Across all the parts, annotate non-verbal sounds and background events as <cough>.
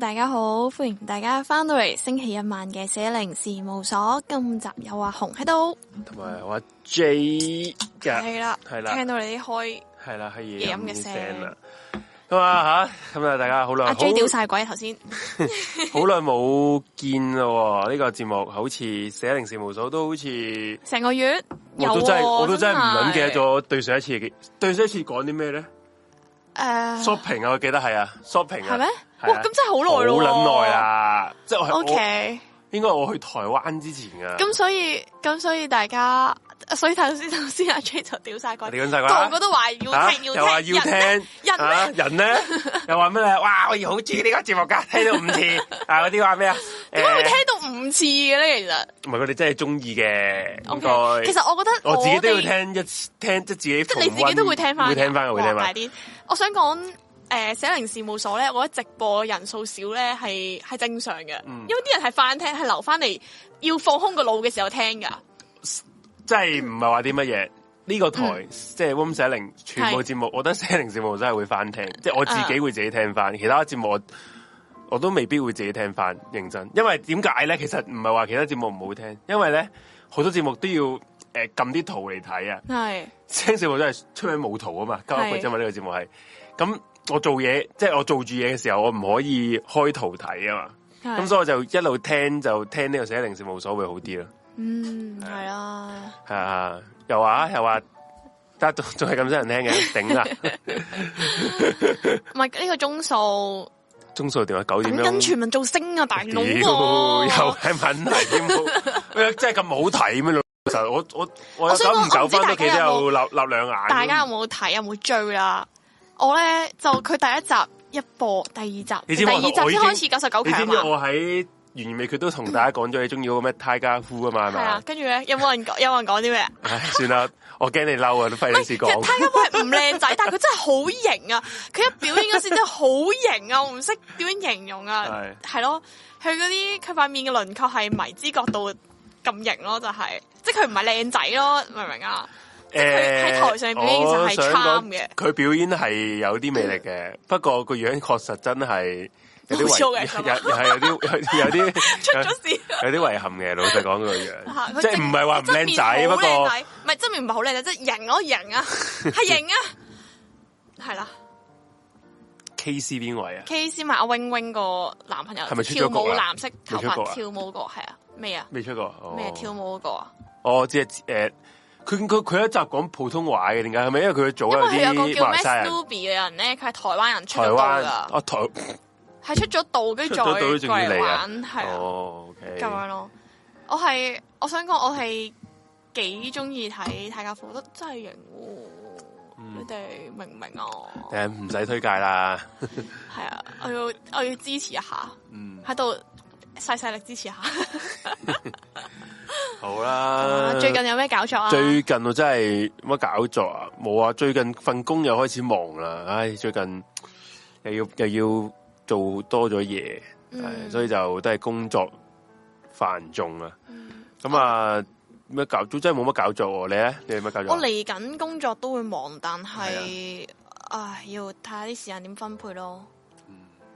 大家好，歡迎大家翻到嚟《星期一晚嘅410事務所》，今集有阿紅喺度，同埋阿 J，係啦，係啦，聽到你啲開係啦，係嘢飲嘅聲啦，咁啊吓，咁 <laughs> 啊，啊大家好耐，阿、啊啊、J 屌晒鬼頭先、 <laughs> 這個，好耐冇見咯，呢個節目好似410事務所都好似成個月，我都真係、哦，我都真係唔諗記得咗對上一次嘅，對上一次講啲咩咧？誒、uh...，shopping 啊，我記得係啊，shopping 啊，係咩、啊？哇，咁真係好耐囉。好耐啊！即係我，OK，應該我去台灣之前噶。咁所以，咁所以大家，所以頭先頭先阿 J 就屌晒鬼，屌晒鬼，個個都話要聽、啊，要聽，人咧，人咧，人呢啊、人呢 <laughs> 又話咩咧？哇，我而好中意呢個節目架，聽到五次。 <laughs> 啊，嗰啲話咩啊？唔似嘅咧，其實唔係，佢哋真係中意嘅。應該其實我覺得我，我自己都要聽一聽，即係自己即係你自己都會聽翻，會聽翻嘅，會聽翻。我想講、呃，410事務所咧，我覺得直播人數少咧係係正常嘅、嗯，因為啲人係翻聽係留翻嚟要放空個腦嘅時候聽㗎、嗯這個嗯。即係唔係話啲乜嘢？呢個台即係 Room410 全部節目，我覺得410事務真係會翻聽，即、嗯、係、就是、我自己會自己聽翻、嗯，其他節目。我都未必會自己聽翻，認真，因為點解咧？其實唔係話其他節目唔好聽，因為咧好多節目都要誒撳啲圖嚟睇啊。係清談節目真係出名冇圖啊嘛，交配啫嘛呢、這個節目係。咁我做嘢，即、就、係、是、我做住嘢嘅時候，我唔可以開圖睇啊嘛。咁所以我就一路聽就聽呢個410事務所，冇所謂好啲咯。嗯，係啦。係啊， <laughs> 又話又話，但係仲係咁多人聽嘅，頂啦唔係呢個鐘數。中數電話九點？跟全民造星啊！大佬，又係問題添， <laughs> 真係咁好睇咩？老實我我我唔走翻屋企都立立兩眼。大家有冇睇？有冇追啦、啊啊？我咧就佢第一集一播，第二集，你知我第二集先開始九十九集嘛。你知我喺《完美》佢都同大家講咗、嗯，你中意嗰咩泰加夫啊嘛？係啊。跟住咧，有冇人 <laughs> 有冇人講啲咩？算啦。 <laughs> 我驚你嬲 <laughs> 啊！都費事講。佢根本係唔靚仔，但係佢真係好型啊！佢一表演嗰時真係好型啊！我唔識點樣形容啊，係 <laughs> 咯，佢嗰啲佢塊面嘅輪廓係迷之角度咁型咯，就係、是，即係佢唔係靚仔咯，明唔明啊？即係佢喺台上表演就係 charm 嘅。佢表演係有啲魅力嘅、嗯，不過個樣確實真係。有啲嘅，又係有啲有啲出咗事，有啲遺憾嘅。老實講個樣， <laughs> 即係唔係話唔靚仔，不過唔係真面唔係好靚仔，即係型咯型啊，係型啊，係啦、啊。K C 邊位啊？K C 埋阿 wing wing 個男朋友係咪跳舞藍色頭髮跳舞個係啊？咩啊？未出過咩跳舞個啊？哦，哦啊、即係誒，佢佢佢一集講普通話嘅，點解係咪？因為佢有個叫咩 Stuby 嘅人咧，佢係台灣人，台灣啊台。係出咗道，跟住再嚟玩，係啊，咁、啊哦 okay、樣咯。我係我想講，我係幾中意睇《泰加虎》，覺得真係型、嗯。你哋明唔明啊？誒、嗯，唔使推介啦。係 <laughs> 啊，我要我要支持一下。喺度細細力支持下。 <laughs> <laughs> 好啦、啊，最近有咩搞作啊？最近我真係乜搞作啊？冇啊！最近份工又開始忙啦。唉，最近又要又要。做多咗嘢、嗯，所以就都係工作繁重、嗯、啊。咁啊咩搞，都真係冇乜搞作喎。你咧，你有乜搞作？我嚟緊工作都會忙，但係唉，要睇下啲時間點分配咯。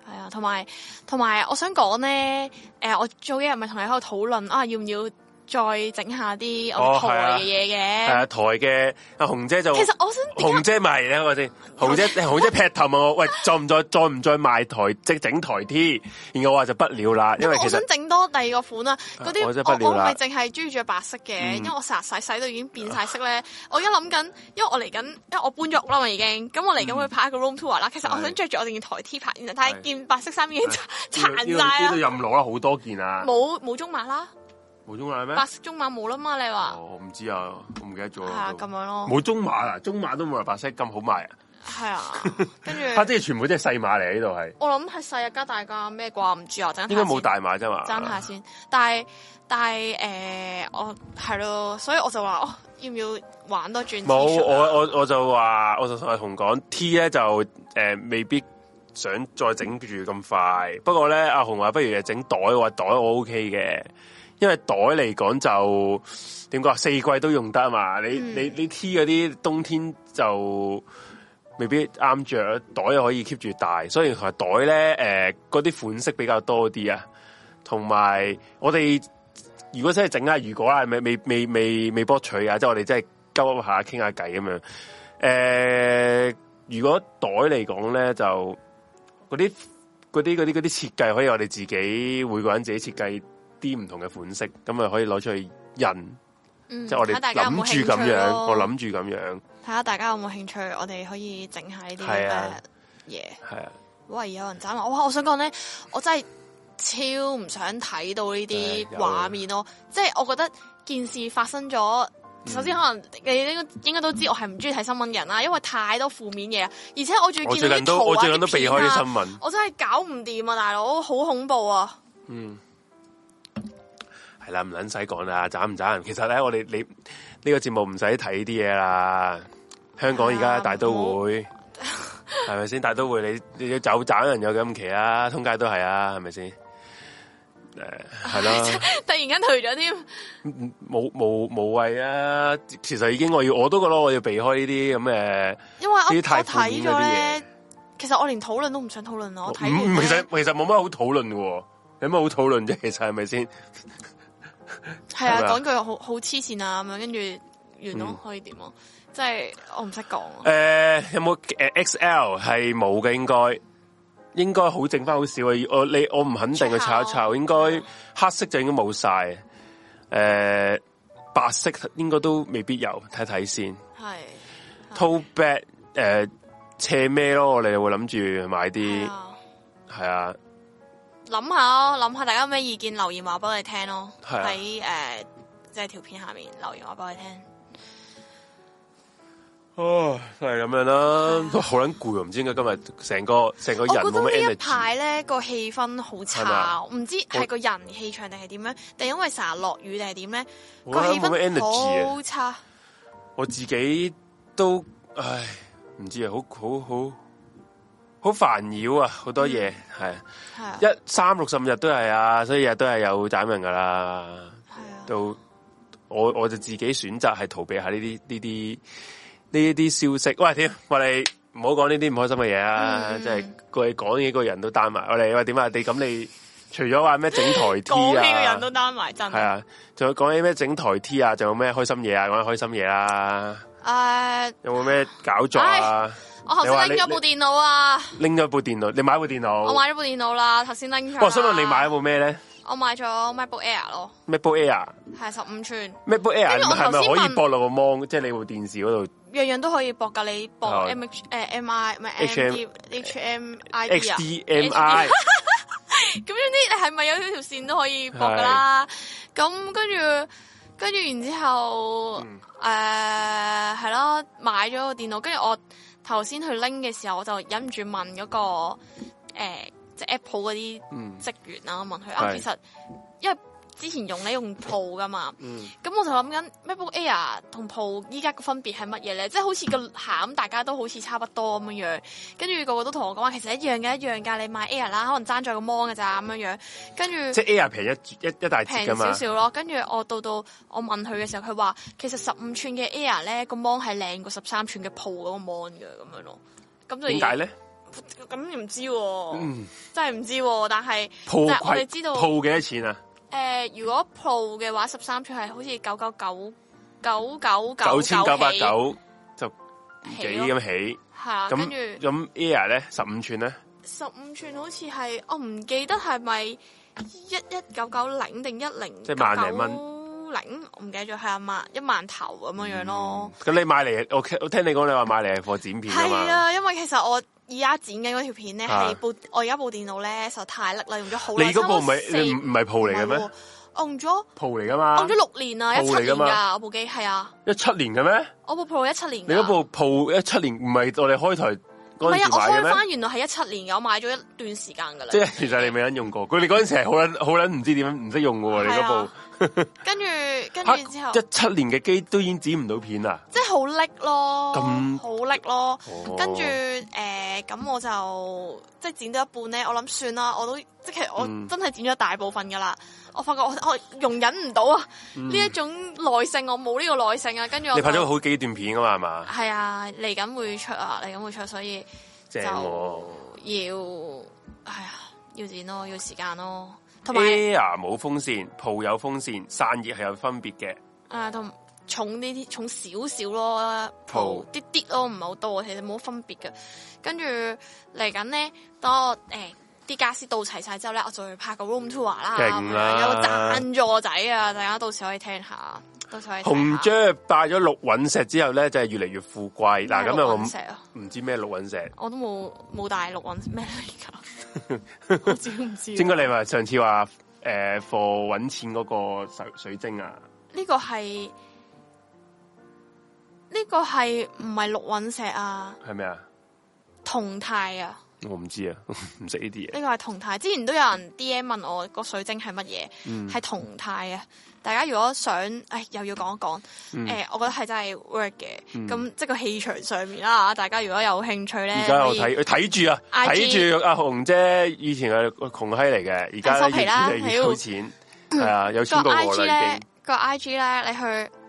係啊，同埋同埋，我想講咧，誒，我早幾日咪同你喺度討論啊，要唔要？再整下啲、哦啊啊、台嘅嘢嘅，係啊台嘅阿紅姐就，其實我想紅姐迷啊，我先？紅姐 <laughs> 紅姐劈頭問我，喂，再唔再再唔再賣台即整台 T？然後我話就不了啦，因為其實我想整多第二個款啦，嗰啲我唔係淨係中意着白色嘅、嗯，因為我成日洗洗到已經變晒色咧、嗯。我而家諗緊，因為我嚟緊，因為我搬咗屋啦嘛已經，咁我嚟緊會拍一個 room tour 啦。其實我想着住我哋件台 T 拍，然後睇見件白色衫已經殘晒啦。啲都任攞啦，好多件啊！冇冇中碼啦。冇中碼咩？白色中碼冇啦嘛？你話、哦？我唔知我啊，我唔記得咗。係啊，咁樣咯。冇中碼啊，中碼 <laughs> 都冇白色咁好賣。係啊，跟住。即係全部都係細碼嚟，呢度係。我諗係細加大加咩啩，唔知啊，等下。應該冇大碼啫嘛。等下先，但係但係誒、呃，我係咯，所以我就話哦，要唔要玩多轉、啊？冇，我我我就話，我就同阿紅講，T 咧就誒、呃、未必想再整住咁快。不過咧，阿紅話不如整袋，話袋我 OK 嘅。因為袋嚟講就點講四季都用得啊嘛！你你你 T 啲冬天就未必啱着，袋又可以 keep 住大，所以同埋袋咧，誒、呃，嗰啲款式比較多啲啊。同埋我哋如果真係整下如果啊，未未未未未搏取啊，即、就、係、是、我哋真係溝下傾下計咁樣。誒、呃，如果袋嚟講咧，就嗰啲嗰啲嗰啲嗰啲設計可以我哋自己每個人自己設計。啲唔同嘅款式，咁咪可以攞出去印、嗯，即係我哋諗住咁樣，我諗住咁樣。睇下大家有冇興趣，我哋可以整下呢啲嘢。係啊,啊，喂，有人斬話，我我想講咧，我真係超唔想睇到呢啲畫面咯。即係我,、就是、我覺得件事發生咗，首先可能你應該應該都知，我係唔中意睇新聞人啦，因為太多負面嘢，而且我最近都我最近都,都避開啲新聞，我真係搞唔掂啊，大佬，好恐怖啊，嗯。啦唔撚使講啦斬唔斬人其實咧我哋你呢個節目唔使睇啲嘢啦香港而家大都會係咪先大都會你你要走斬人有咁奇啊通街都係啊係咪先誒係咯突然間退咗添冇冇冇謂啊其實已經我要我都覺得我要避開呢啲咁嘅因為我太負面其實我連討論都唔想討論我睇其實其實冇乜好討論喎。有乜好討論啫其實係咪先？是係 <laughs> 啊，講句好好黐線啊咁樣，跟住原咯，可以點、嗯、啊？即係我唔識講。誒，有冇誒 XL 係冇嘅？應該應該好剩返好少。我你我唔肯定佢，查一查。應該、oh. 黑色就應該冇晒。誒、uh,，白色應該都未必有，睇睇先。係。Tote 誒，bag, uh, 斜孭咯？我哋會諗住買啲，係、yeah. 啊。諗下咯，諗下大家有咩意見，留言話俾我哋聽咯。喺誒、啊，即係條片下面留言話俾我哋聽。唉，係、就、咁、是、樣啦、啊，好捻攰，唔知點解今日成個成個人冇 energy、哦。一呢一排咧個氣氛好差，唔知係個人氣場定係點樣？定因為成日落雨定係點咧？個氣氛好差。我自己都唉，唔知係好好好。好煩擾啊！好多嘢係、嗯啊、一三六十五日都係啊，所以日都係有揀人㗎啦。到我我就自己選擇係逃避下呢啲呢啲呢啲消息。喂，點你唔好講呢啲唔開心嘅嘢啊！即係佢講呢個人都單埋，我哋喂點啊？你咁你，你除咗話咩整台 T 啊？ <coughs> 個人都單埋真係啊！仲有講起咩整台 T 啊？仲有咩開心嘢啊？講開心嘢啦、啊！誒、呃、有冇咩搞作啊？我頭先拎咗部電腦啊！拎咗部電腦，你買一部電腦？我買咗部電腦啦，頭先拎。我、哦、想問你買咗部咩咧？我買咗 MacBook Air 咯。MacBook Air 係十五寸。MacBook Air 係咪可以播落個 mon 即係你部電視嗰度？樣樣都可以播噶，你播 M H 誒、呃、M I 唔係 H, -M, h -M D H M I h -D, D M I 咁嗰啲，係咪有條線都可以播噶啦咁跟住，跟住，然之後誒係咯，買咗個電腦，跟住我。頭先去拎嘅時候，我就忍唔住問嗰個、呃、即 Apple 嗰啲職員啦，嗯、我問佢啊，其實因為。之前用咧用 Pro 㗎噶嘛，咁、嗯、我就諗緊 MacBook Air 同 Pro 依家個分別係乜嘢咧？即係好似個餡大家都好似差唔多咁樣，樣，跟住個個都同我講話其實一樣嘅，一樣噶，你買 Air 啦，可能爭咗個 mon 噶咋咁樣樣，跟住即係 Air 平一一一大截噶嘛，平少少咯。跟住我到到我問佢嘅時候，佢話其實十五寸嘅 Air 咧個 mon 係靚過十三寸嘅 Pro 嗰個 mon 噶咁樣咯。咁就點解咧？咁唔知、啊，嗯、真係唔知、啊，但係我哋知道 Pro 幾多錢啊？誒、呃，如果 Pro 嘅話，十三寸係好似九九九九九九千九百九就幾咁起。係啊，跟住咁 Air 咧，十五寸咧，十五寸好似係我唔記得係咪一一九九零定一零即係萬零蚊零，我唔記得咗係萬一萬頭咁樣樣咯、嗯。咁你買嚟，我聽我聽你講你話買嚟係貨剪片係啊，因為其實我。而家剪緊嗰條片咧，係、啊、部我而家部電腦咧就太甩啦，用咗好耐。你嗰部唔係唔係 Pro 嚟嘅咩？按咗 Pro 嚟噶嘛？按咗六年啦，一七年噶我部機。係啊，一七年嘅咩？我部 Pro 一七年。你嗰部 Pro 一七年唔係我哋開台嗰陣時買咩？唔係啊，我開翻原來係一七年的，有買咗一段時間噶啦。即係其實你未撚用過佢哋嗰陣時係好撚好撚，唔知點樣唔識用嘅喎，你嗰部。跟 <laughs> 住，跟住之後一七、啊、年嘅機都已經剪唔到片啦，即係好叻咯，咁好叻咯。跟住誒，咁、呃、我就即係剪咗一半咧，我諗算啦，我都即係我真係剪咗大部分噶啦。嗯、我發覺我我容忍唔到啊，呢、嗯、一種耐性我冇呢個耐性啊。跟住你拍咗好幾段片噶嘛，係嘛？係啊，嚟緊會出啊，嚟緊會出、啊，所以就、哦、要，哎呀，要剪咯，要時間咯。Air 冇風扇，Pro 有風扇，散熱係有分別嘅。啊，同重呢啲重少少咯，鋪啲啲都唔係好多，其實冇分別嘅。跟住嚟緊咧，當誒啲、欸、家私到齊晒之後咧，我就去拍個 room tour 啦。勁啦，有贊助仔啊，大家到時可以聽下。到時紅帶咗綠隕石之後咧，就係、是、越嚟越富貴。嗱，咁啊，唔知咩綠隕石，我都冇冇帶綠隕咩嚟噶。 <laughs> 唔 <laughs> 知唔知道，應該你話上次話誒，課、呃、揾錢嗰個水晶啊？呢、這個係呢、這個係唔係綠隕石啊？係咩啊？同泰啊？我唔知啊，唔識呢啲嘢。呢個係同態，之前都有人 D M 問我個水晶係乜嘢？係、嗯、同態啊！大家如果想，誒、哎、又要講一講，誒、嗯呃，我覺得係真係 work 嘅。咁、嗯、即係個氣場上面啦，大家如果有興趣咧，而家有睇，睇住啊，睇住阿紅姐以前係個窮閪嚟嘅，而家咧開始嚟收皮啦要錢，要要要錢，係 <coughs> 啊，有到我啦已、個 I G 咧，個 I G 咧，你去。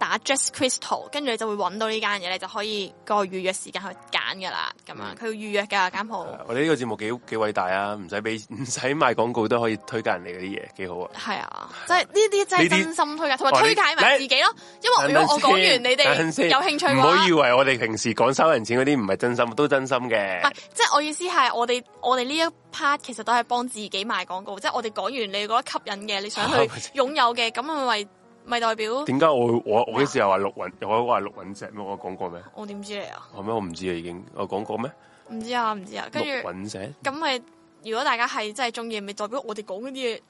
打 Jazz Crystal，跟住你就會揾到呢間嘢，你就可以個預約時間去揀噶啦。咁啊，佢要預約噶間鋪。這間 uh, 我哋呢個節目幾幾偉大啊！唔使俾唔使賣廣告都可以推介人哋嗰啲嘢，幾好的啊！係、uh, 啊、就是，即係呢啲真係真心推介，同埋推介埋自己咯。因為如果我講完你哋有興趣，唔好以為我哋平時講收人錢嗰啲唔係真心，都真心嘅。即係、就是、我意思係我哋我哋呢一 part 其實都係幫自己賣廣告，即、就、係、是、我哋講完你覺得吸引嘅，你想去擁有嘅，咁我為。咪代表點解我我我時又話錄穩又可以話錄穩只咩？我講過咩？我點、啊、知你啊？後尾我唔知啊，已經我講過咩？唔知啊，唔知啊。跟住石？只咁咪，如果大家係真係中意，咪代表我哋講嗰啲嘢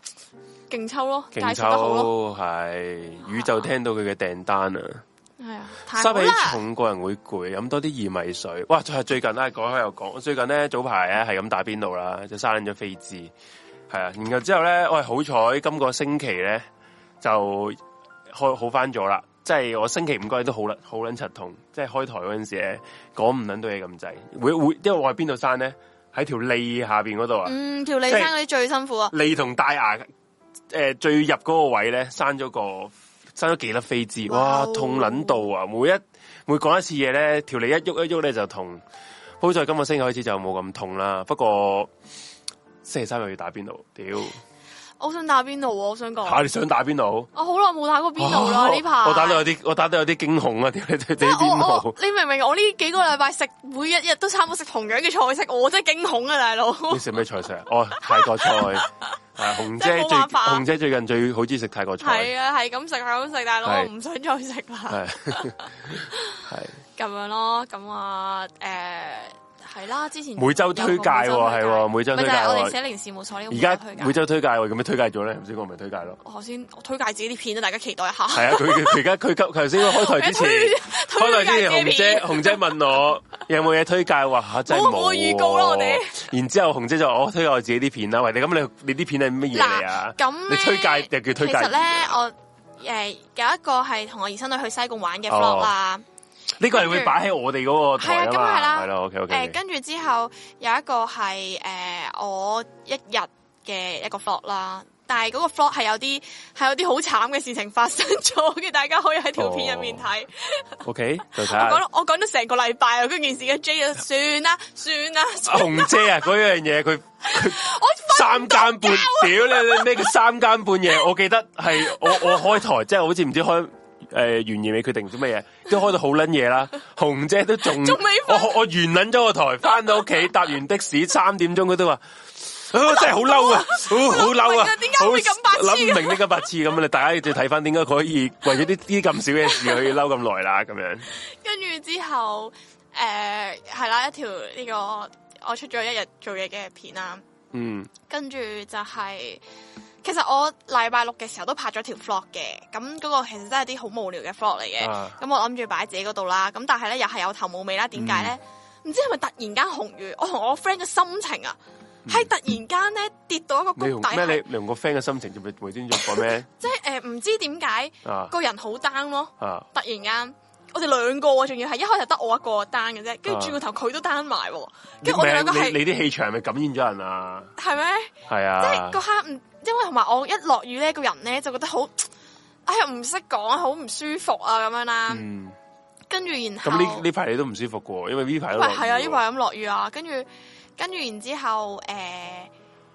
勁抽咯，勁抽，係，宇宙聽到佢嘅訂單啊！係啊，濕氣重個人會攰，飲多啲薏米水。哇！最近咧、啊，講又講，最近咧早排咧係咁打邊爐啦，就生咗痱滋！係啊，然後之後咧，我、哎、係好彩，今個星期咧就。開好，好翻咗啦，即係我星期五嗰日都好捻好卵柒痛，即係開台嗰陣時咧，講唔捻到嘢咁滯，會會，因為我喺邊度生咧，喺條脷下邊嗰度啊，嗯，條脷生嗰啲最辛苦啊，脷同大牙誒、呃、最入嗰個位咧，生咗個生咗幾粒痱滋，哇，痛捻到啊，每一每講一次嘢咧，條脷一喐一喐咧就痛，好在今日星期開始就冇咁痛啦，不過星期三又要打邊度，屌！我想打邊爐啊！我想講，吓、啊、你想打邊爐？我好耐冇打過邊爐啦！呢排我打到有啲，我打到有啲驚恐啊！點解點點邊爐？你明唔明？我呢幾個禮拜食，每一日都差唔多食同樣嘅菜式，我真係驚恐啊，大佬！你食咩菜式啊？我、 <laughs> 哦、泰國菜 <laughs> 啊，紅姐最紅姐最近最好中意食泰國菜，係啊係咁食係咁食，大佬，我唔想再食啦，係咁 <laughs> 樣咯，咁啊誒。呃係啦，之前每周推介喎、哦，係喎，每周推介。但係我哋寫零事務所冇錯。而家每周推介，喎，咁樣推介咗咧，唔知我咪推介咯。我先，我推介自己啲片啦，大家期待一下。係啊，佢佢而家佢頭先開台之前，開台之前紅姐紅姐問我有冇嘢推介，話 <laughs> 下真係冇。我預告咯，我哋。然之後紅姐就我推介自己啲片啦，喂，咁你你啲片係咩嘢嚟啊？咁咧，其實咧，我有一個係同我兒孫女去西貢玩嘅 f l o 呢個係會擺喺我哋嗰個台啦，係啦，OK OK、呃。誒，跟住之後有一個係誒、呃、我一日嘅一個 vlog 啦，但係嗰個 vlog 係有啲係有啲好慘嘅事情發生咗嘅，大家可以喺條片入面睇、哦。OK，再睇。我講，我講咗成個禮拜啊，跟件事嘅 J 啊，算啦，算啦。紅姐啊，嗰 <laughs> 樣嘢佢，我三更半，屌你你咩叫三更半夜？我，得夜 <laughs> 我記得係我我開台，即係好似唔知道開。誒、呃，完未決定做乜嘢，都開到好捻嘢啦。紅 <laughs> 姐都仲，未我我完捻咗個台，翻到屋企搭完的士，三點鐘佢都話， <laughs> 啊、真係好嬲啊，好嬲啊，點解咁諗唔明呢個八次咁樣， <laughs> 大家要睇翻，點解可以為咗啲啲咁少嘅事去嬲咁耐啦？咁樣 <laughs> 。跟住之後，誒、呃，係啦，一條呢個我出咗一日做嘢嘅片啦。嗯跟、就是。跟住就係。其實我禮拜六嘅時候都拍咗條 vlog 嘅，咁嗰個其實真係啲好無聊嘅 vlog 嚟嘅，咁、啊嗯、我諗住擺自己嗰度啦，咁但係咧又係有頭冇尾啦，點解咧？唔、嗯、知係咪突然間紅雨，我同我 friend 嘅心情啊，係、嗯、突然間咧跌到一個谷底。咩你同個 friend 嘅心情，係咪、 <laughs> 就是呃、為咗咩？即係誒，唔知點解個人好 down 咯、啊，突然間我哋兩個啊，仲要係一開頭得我一個 down 嘅啫，跟住轉個頭佢都 down 埋、啊，跟住我哋兩個係你啲氣場咪感染咗人啊？係咪？係啊，即係嗰刻唔～因為同埋我一落雨咧，個人咧就覺得好，哎呀唔識講，好唔舒服啊咁樣啦、啊。嗯。跟住然後。咁呢呢排你都唔舒服噶喎，因為呢排。唔係，係啊，呢排咁落雨啊，跟住跟住然之後誒、呃，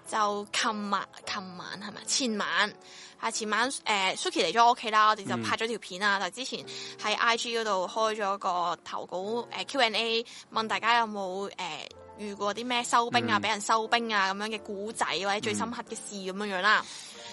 就琴晚，琴晚係咪前晚啊？前晚誒、呃、Suki 嚟咗我屋企啦，我哋就拍咗條片啊。就、嗯、之前喺 IG 嗰度開咗個投稿誒、呃、Q&A，問大家有冇誒。呃遇過啲咩收兵啊，俾、嗯、人收兵啊咁樣嘅古仔，或者最深刻嘅事咁、嗯、樣樣啦。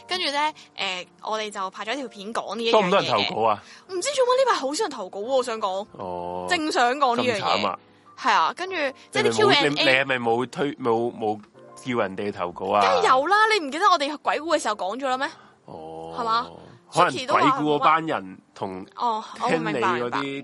跟住咧，誒、呃，我哋就拍咗條片講呢多唔多人投稿嘅、啊。唔知做乜呢排好少人投稿喎、啊，我想講。哦。正想講呢樣嘢。咁慘啊！係啊，跟住。你即係啲 Q&A 你你係咪冇推冇冇叫人哋投稿啊？梗係有啦，你唔記得我哋鬼故嘅時候講咗啦咩？哦。係嘛？可能鬼故班人同哦，我唔明，聽你嗰啲。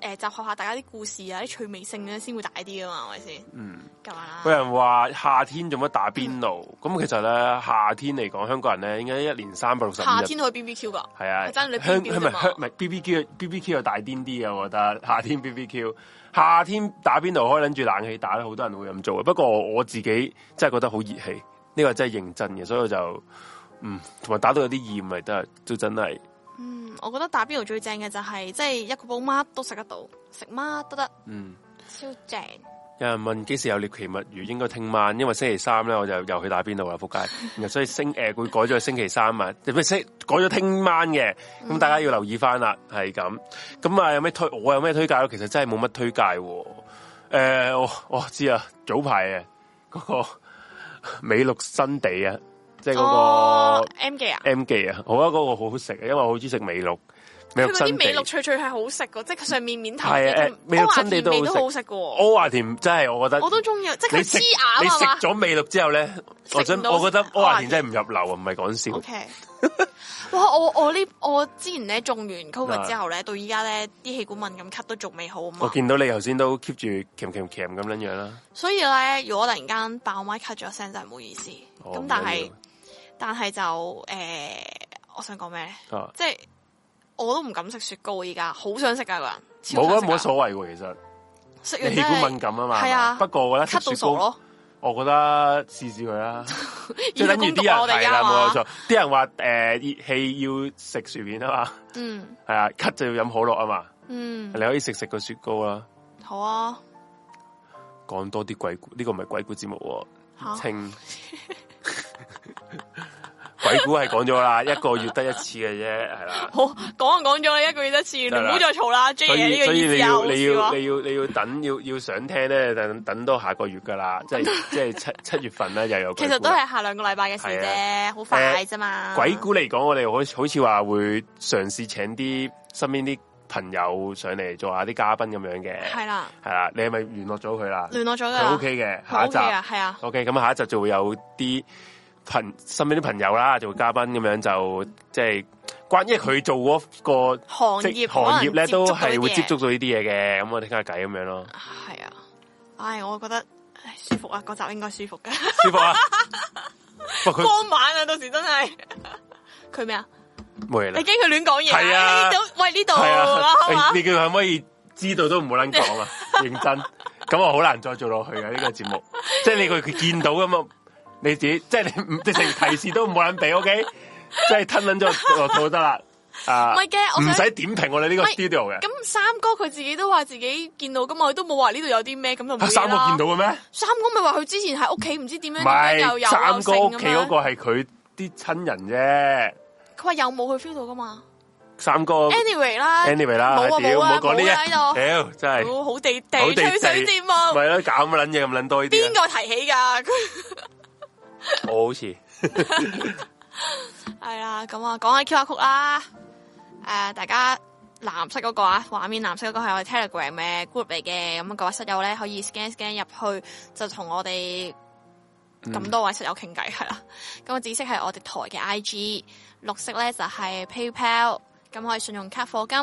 誒、呃，集合下大家啲故事啊，啲趣味性咧，先會大啲啊嘛，係咪先？嗯，咁啊。有人話夏天做乜打邊爐？咁、嗯、其實咧，夏天嚟講，香港人咧，應該一年三百六十日。夏天都去 BBQ 噶？係啊，真唔係 BBQ，BBQ 又大癲啲啊！我覺得夏天 BBQ，夏天打邊爐可以拎住冷氣打好多人會咁做啊。不過我自己真係覺得好熱氣，呢、呢個真係認真嘅，所以我就嗯，同埋打到有啲厭啊，都真係。我覺得打邊爐最正嘅就係，即係一個煲乜都食得到，食乜都得，嗯，超正。有人問幾時有獵奇物魚，應該聽晚，因為星期三咧我就又去打邊爐啦，仆街。然 <laughs> 後所以星誒，佢、呃、改咗星期三嘛，即係星改咗聽晚嘅，咁大家要留意翻啦，係、嗯、咁。咁啊，有咩推？我有咩推介？其實真係冇乜推介。誒、呃，我知啊，早排嘅嗰個美禄新地啊。即係個、oh, M 記啊，M 記啊，好啊，嗰個好好食啊，因為我好中意食美禄，佢嗰啲美禄脆脆係好食噶，即係上面面頭，阿華田味都好食噶。阿華田真係，我覺得我都中意，即係黐牙，你食咗美禄之後咧，食唔到，我覺得阿華田真係唔入流啊，唔係講笑。哇、okay. <laughs> 我我呢，我之前咧中完 covid 之後咧， <laughs> 到依家咧啲氣管敏感咳都仲未好啊嘛、嗯。我見到你頭先都 keep 住鉗鉗鉗咁樣樣啦。所以咧，如果突然間爆麥咳咗一聲就係、是、唔好意思。咁、oh, 但係。Okay. 但係就誒、呃，我想講咩咧？啊、即係我都唔敢食雪糕現在，而家好想食噶個人。冇啊，冇乜所謂喎，其實。食完真氣管敏感啊嘛。係啊。不過我覺得食雪糕，我覺得試試佢啦。熱氣攻人啊！我哋冇錯啲人話，誒、呃，熱氣要食薯片啊嘛。嗯。係啊，咳就要飲可樂啊嘛。嗯。你可以食食個雪糕啦。好啊。講多啲鬼故，呢、這個唔係鬼故節目、啊。好、啊。 <laughs> <laughs> 鬼故係講咗啦， <laughs> 一個月得一次嘅啫，係啦。好講就講咗，一個月一次，唔好再嘈啦，追嘢呢個意思啊，所以你要你要你要你要，你要等要要想聽咧，等等到下個月噶啦，即係 <laughs> 即係七七月份咧又有。其實都係下兩個禮拜嘅事啫，好快啫嘛。鬼故嚟講，我哋好好似話會嘗試請啲身邊啲朋友上嚟做下啲嘉賓咁樣嘅，係啦，係啦。你係咪聯絡咗佢啦？聯絡咗佢？OK 嘅、OK OK。下一集係啊，OK。咁下一集就會有啲。朋身邊啲朋友啦，做嘉賓咁樣就即係關於佢做嗰、嗰個行業行業咧，都係會接觸到呢啲嘢嘅。咁我哋聽下偈咁樣咯。係啊，唉，我覺得舒服啊，嗰集應該舒服嘅。舒服啊！服服啊 <laughs> 光猛啊，到時真係佢咩啊？冇嘢啦。你驚佢亂講嘢？係啊。到喂呢度係啊。你，是啊、欸、你叫佢可唔可以知道都唔好撚講啊？ <laughs> 認真咁我好難再做落去啊呢、呢個節目。即 <laughs> 係你佢見到咁啊。你自己即係你即成提示都冇人俾，OK？即係吞捻咗個套得啦。啊，唔係嘅，我唔使點評我哋呢個 studio 嘅。咁三哥佢自己都話自己見到噶嘛，佢都冇話呢度有啲咩咁同。三哥見到嘅咩？三哥咪話佢之前喺屋企唔知點樣三哥又有屋企嗰個係佢啲親人啫。佢話有冇佢 feel 到噶嘛？三哥，anyway 啦，anyway 啦，冇啊呢啊，屌、啊啊啊啊這個、真係，好地地,好地地,吹水添啊！咪咯，搞咁捻嘢咁捻多啲。邊個提起噶？ <laughs> 我好似係啦，咁啊，講下 Q R code 啦。誒，大家藍色嗰個啊，畫面藍色嗰個係我哋 Telegram 嘅 group 嚟嘅，咁各位室友咧可以 scan scan 入去，就同我哋咁多位室友傾偈係啦。咁、嗯、紫色係我哋台嘅 I G，綠色咧就係 PayPal，咁可以信用卡、課金，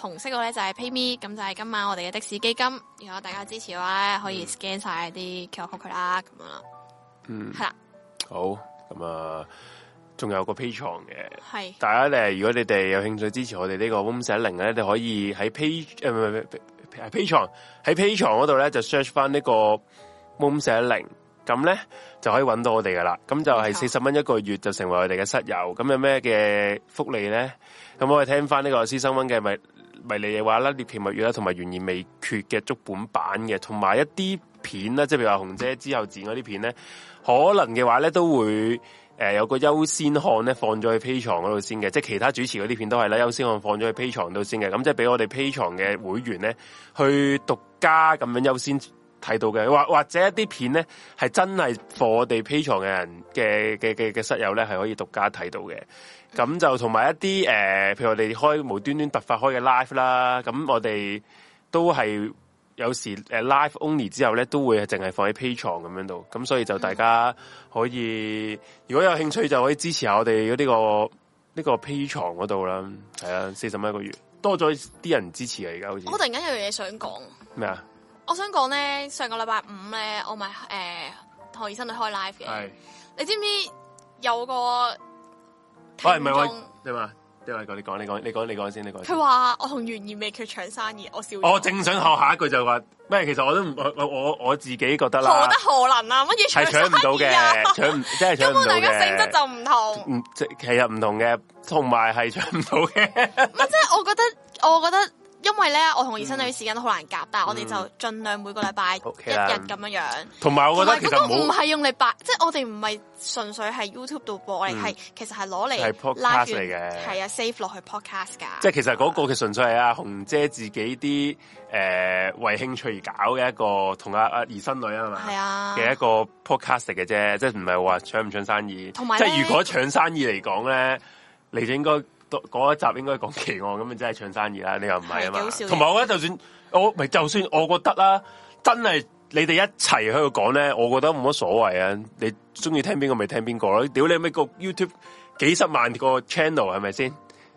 紅色嗰咧就係 PayMe，咁就係今晚我哋嘅的、的士基金。如果大家支持嘅話咧，可以 scan 晒啲 Q R code 佢啦，咁樣咯。嗯，係啦。嗯好，咁、嗯、啊，仲有個 Patreon 嘅，係大家咧。如果你哋有興趣支持我哋呢個 Room410 咧，你可以喺 Patreon 誒唔係唔 Patreon 係 Patreon 喺 Patreon 嗰度咧就 search 翻呢個 Room410，咁咧就可以搵到我哋噶啦。咁就係四十蚊一個月就成為我哋嘅室友。咁有咩嘅福利咧？咁我哋聽翻呢個私生蚊嘅迷迷你嘅話啦，獵奇物語啦，同埋懸而未決嘅足本版嘅，同埋一啲片啦，即係譬如話紅姐之後剪嗰啲片咧。可能嘅話咧，都會、呃、有個優先看咧，放咗去 P 床嗰度先嘅，即係其他主持嗰啲片都係咧優，優先看放咗去 P 床度先嘅，咁即係俾我哋 P 床嘅會員咧去獨家咁樣優先睇到嘅，或或者一啲片咧係真係貨我哋 P 床嘅人嘅嘅嘅嘅室友咧係可以獨家睇到嘅，咁就同埋一啲、呃、譬如我哋開無端端突發開嘅 live 啦，咁我哋都係。有時 live only 之後咧，都會淨係放喺 P 床咁樣度，咁所以就大家可以、嗯、如果有興趣就可以支持下我哋呢、這個呢、這個 P 牀嗰度啦，係啊，四十蚊一個月，多咗啲人支持啊而家好似。我突然間有嘢想講。咩啊？我想講咧，上個禮拜五咧，我咪同、呃、醫生去開 live 嘅，你知唔知有個唔電中、哎，係嘛？啲話你講，你講，你講，你講先，你講。佢話我同袁二未佢搶生意，我笑了。我正想學下一句就話咩，其實我都唔我我我自己覺得啦。何得何能啊，乜嘢搶唔到嘅，搶唔真係搶唔到嘅。 <laughs> 根本大家性質就唔同。唔，其實唔同嘅，同埋係搶唔到嘅。乜即係我覺得，我覺得。因為咧，我同我姨甥女時間都好難夾、嗯，但係我哋就盡量每個禮拜、嗯、一日咁樣樣。同埋，我覺得其實唔係用嚟白，即係我哋唔係純粹係 YouTube 度播，嗯、我哋係其實係攞嚟拉嚟嘅，係啊，save 落去 podcast 噶。即係其實嗰個嘅純粹係阿紅姐自己啲誒、嗯呃、為興趣而搞嘅一個同阿阿姨甥女啊嘛，係啊嘅一個 podcast 嚟嘅啫，即係唔係話搶唔搶生意。同埋，即係如果搶生意嚟講咧，你就應該。嗰一集應該講奇案咁樣，真係搶生意啦？你又唔係啊嘛？同埋我覺得，就算 <laughs> 我咪就算我覺得啦，真係你哋一齊喺度講咧，我覺得冇乜所謂啊！你中意聽邊個咪聽邊個咯？屌你咩個 YouTube 幾十萬個 channel 係咪先？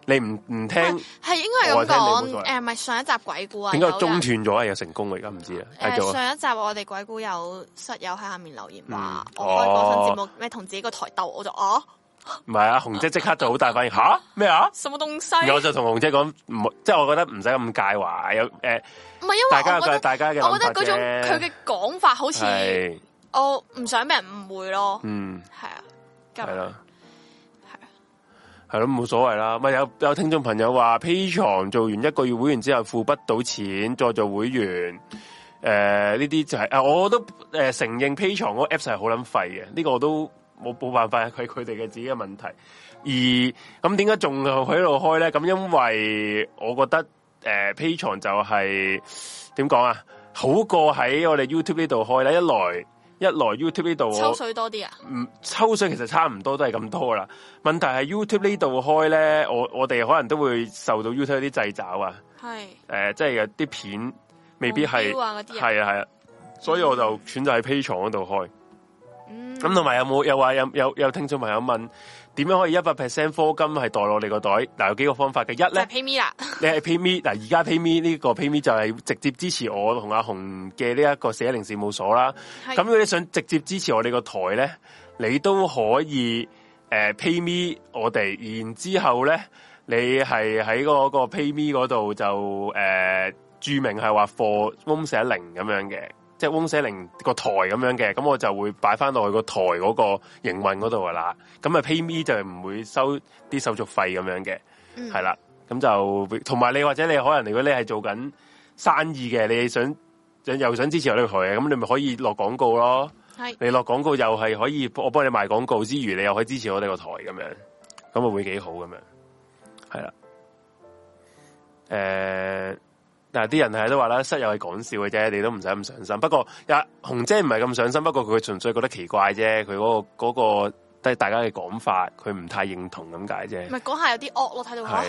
你唔唔聽係應該係咁講誒？咪係、呃、上一集鬼故啊？點解中斷咗又成功啊？而家唔知啊、呃！上一集我哋鬼故有室友喺下面留言話、嗯，我開嗰新節目咩同、哦、自己個台鬥，我就哦。唔係啊，紅姐即刻就好大反應吓咩啊？什麼東西？我就同紅姐講，唔即係我覺得唔使咁介懷有誒，唔、呃、係因為覺得大家嘅大家嘅，我覺得嗰種佢嘅講法好似我唔想俾人誤會咯。嗯，係啊，係咯，係啊，係咯，冇所謂啦。唔有有聽眾朋友話 Patreon 做完一個月會員之後付不到錢再做會員，誒呢啲就係、是、啊、呃，我都誒、呃、承認 Patreon 嗰個 apps 係好捻廢嘅，呢、這個我都。冇冇辦法，係佢佢哋嘅自己嘅問題。而咁點解仲同佢喺度開咧？咁因為我覺得誒，Pat、呃、reon 就係點講啊，好過喺我哋 YouTube 呢度開啦。一來一來 YouTube 呢度抽水多啲啊、嗯，抽水其實差唔多都係咁多啦。問題係 YouTube 呢度開咧，我我哋可能都會受到 YouTube 啲掣肘啊。係誒，即係啲片未必係，係啊係啊，所以我就選擇喺 Patreon 嗰度開。咁同埋有冇又話有有有聽眾朋友問點樣可以一百 percent 課金係袋落你個袋？嗱、嗯、有幾個方法嘅，一咧、就是，pay me 啦， <laughs> 你係 pay me 嗱，而家 pay me 呢個 pay me 就係直接支持我同阿紅嘅呢一個四一零事務所啦。咁如果你想直接支持我哋個台咧，你都可以誒 pay me 我哋，然之後咧你係喺嗰個 pay me 嗰度就誒註明係話 for Room 四一零咁樣嘅。即係翁舍玲個台咁樣嘅，咁我就會擺翻落去個台嗰個營運嗰度噶啦。咁啊 PayMe 就唔會收啲手續費咁樣嘅，係、嗯、啦。咁就同埋你或者你可能如果你係做緊生意嘅，你想又想支持我呢個台嘅，咁你咪可以落廣告咯。你落廣告又係可以，我幫你賣廣告之餘，你又可以支持我哋個台咁樣，咁啊會幾好咁樣。係啦，誒、呃。但係，啲人係都話啦，室友係講笑嘅啫，你都唔使咁上心。不過，阿紅姐唔係咁上心，不過佢純粹覺得奇怪啫。佢嗰個、嗰個大家嘅講法，佢唔太認同咁解啫。唔係講下有啲惡咯，睇到嚇，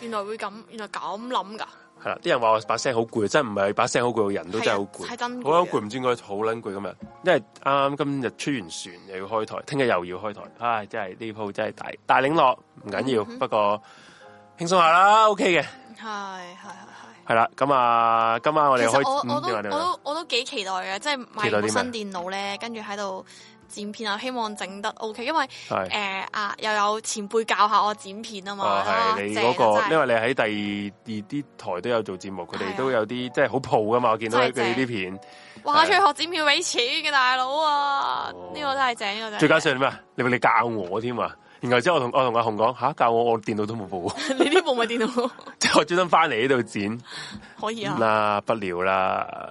原來會咁，原來咁諗噶。係啦，啲人話我把聲好攰，真唔係把聲好攰，個人都真係好攰。好攰，唔知點解好撚攰今日。因為啱啱今日出完船又要開台，聽日又要開台，唉，真係呢鋪真係大，大領落唔緊要，不過輕鬆下啦、嗯、，OK 嘅。係係。係啦，咁、嗯、啊，今晚我哋開，我都、嗯、我都我都幾期待嘅，即係買部新電腦咧，跟住喺度剪片啊，希望整得 OK，因為誒、呃、啊又有前輩教下我剪片啊嘛，係、哦、你嗰、嗰個，因為你喺第二啲台都有做節目，佢哋都有啲即係好蒲噶嘛，我見到佢哋啲片,片，哇，出去學剪片俾錢嘅大佬啊，呢、哦這個真係正，呢、這個真係。加上咩啊？你你教我添啊！然後之後我同我同阿雄講吓，啊、教我我電腦都冇部。 <laughs> 你呢部咪電腦咯？即 <laughs> 係我專登翻嚟，呢度剪，可以啊？嗱，嗯，不聊啦，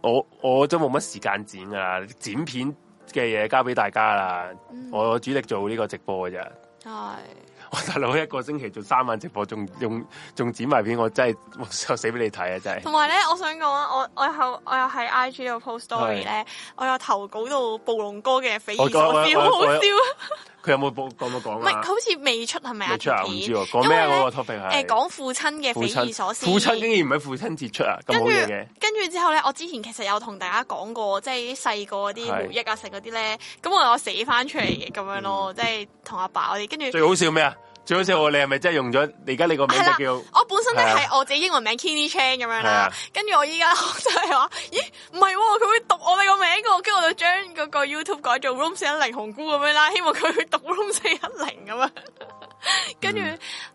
我我都冇乜時間剪噶啦，剪片嘅嘢交俾大家啦，嗯。我主力做呢個直播嘅啫，係我大佬一個星期做三晚直播，仲用仲剪埋片，我真係我死俾你睇啊！真係。同埋咧，我想講啊，我我又我又喺 IG 度 post story 咧，我又投稿到暴龍哥嘅匪夷所思，好好笑佢有冇講冇講啊？唔係，佢、啊、好似未出，係咪啊？未出啊？唔知喎，講咩嗰個 topic 係誒，講、呃、父親嘅匪夷所思。父親竟然唔係父親節出啊，咁跟住，好嘢嘅。跟住之後咧，我之前其實有同大家講過，即係啲細個啲回憶啊，成嗰啲咧，咁我死翻出嚟嘅咁樣咯，即係同阿爸我哋跟住。最好笑咩啊？最好笑喎！你係咪真係用咗你而家你個名就叫是我本身咧，係我自己英文名 Kenny Chan 咁樣啦，跟住我依家就係話咦，唔係喎，佢會讀我哋個名嘅，跟住我就將嗰個 YouTube 改做 Room 四一零紅姑咁樣啦，希望佢讀 Room 四一零咁樣。跟住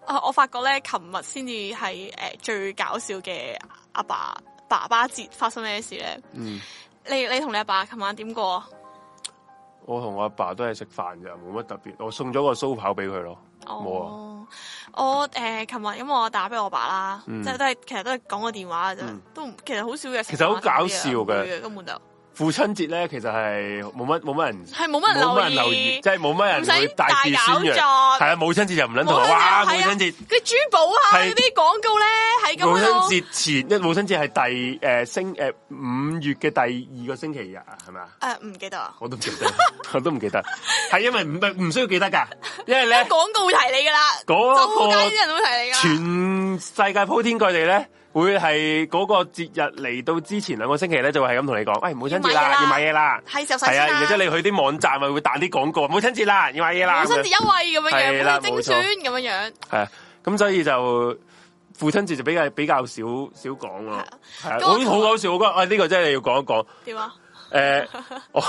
啊，我發覺咧，琴日先至係誒最搞笑嘅，阿爸爸爸節發生咩事咧？嗯，你你同你阿爸琴晚點過啊？我同我阿爸，爸都係食飯咋，冇乜特別。我送咗個酥跑俾佢咯。哦、啊嗯我呃嗯，我誒琴日因為我打俾我爸啦，即係都係其實都係講個電話嘅啫，都唔其實好少嘅。其實好搞笑嘅，根本就。父親節咧，其實係冇乜冇乜人，係冇乜冇乜人留意，即係冇乜人會大肆宣揚。係啊，母親節就唔撚同，哇！母親節嗰啲珠寶啊，啲廣、啊、告咧喺咁。母親節前，一母親節係第誒、呃、星誒、呃、五月嘅第二個星期日係咪啊？誒，唔、呃、記得啊，我都唔記得， <laughs> 我都唔記得。係 <laughs> 因為唔唔需要記得噶，因為咧廣告會提你噶啦，中、那個、周街啲人會提你噶，全世界鋪天蓋地咧。會係嗰個節日嚟到之前兩個星期咧，就係咁同你講，唔、哎、母親節啦，要買嘢啦，係就使，係啊，亦即係你去啲網站咪會彈啲廣告，母親節啦，要買嘢啦，母親節優惠咁樣樣，精選咁樣樣，係啊，咁所以就父親節就比較比較少少講咯，係啊，好，好搞笑、哎這個啊呃、笑、呃，好呢個真係要講一講，點啊？誒，我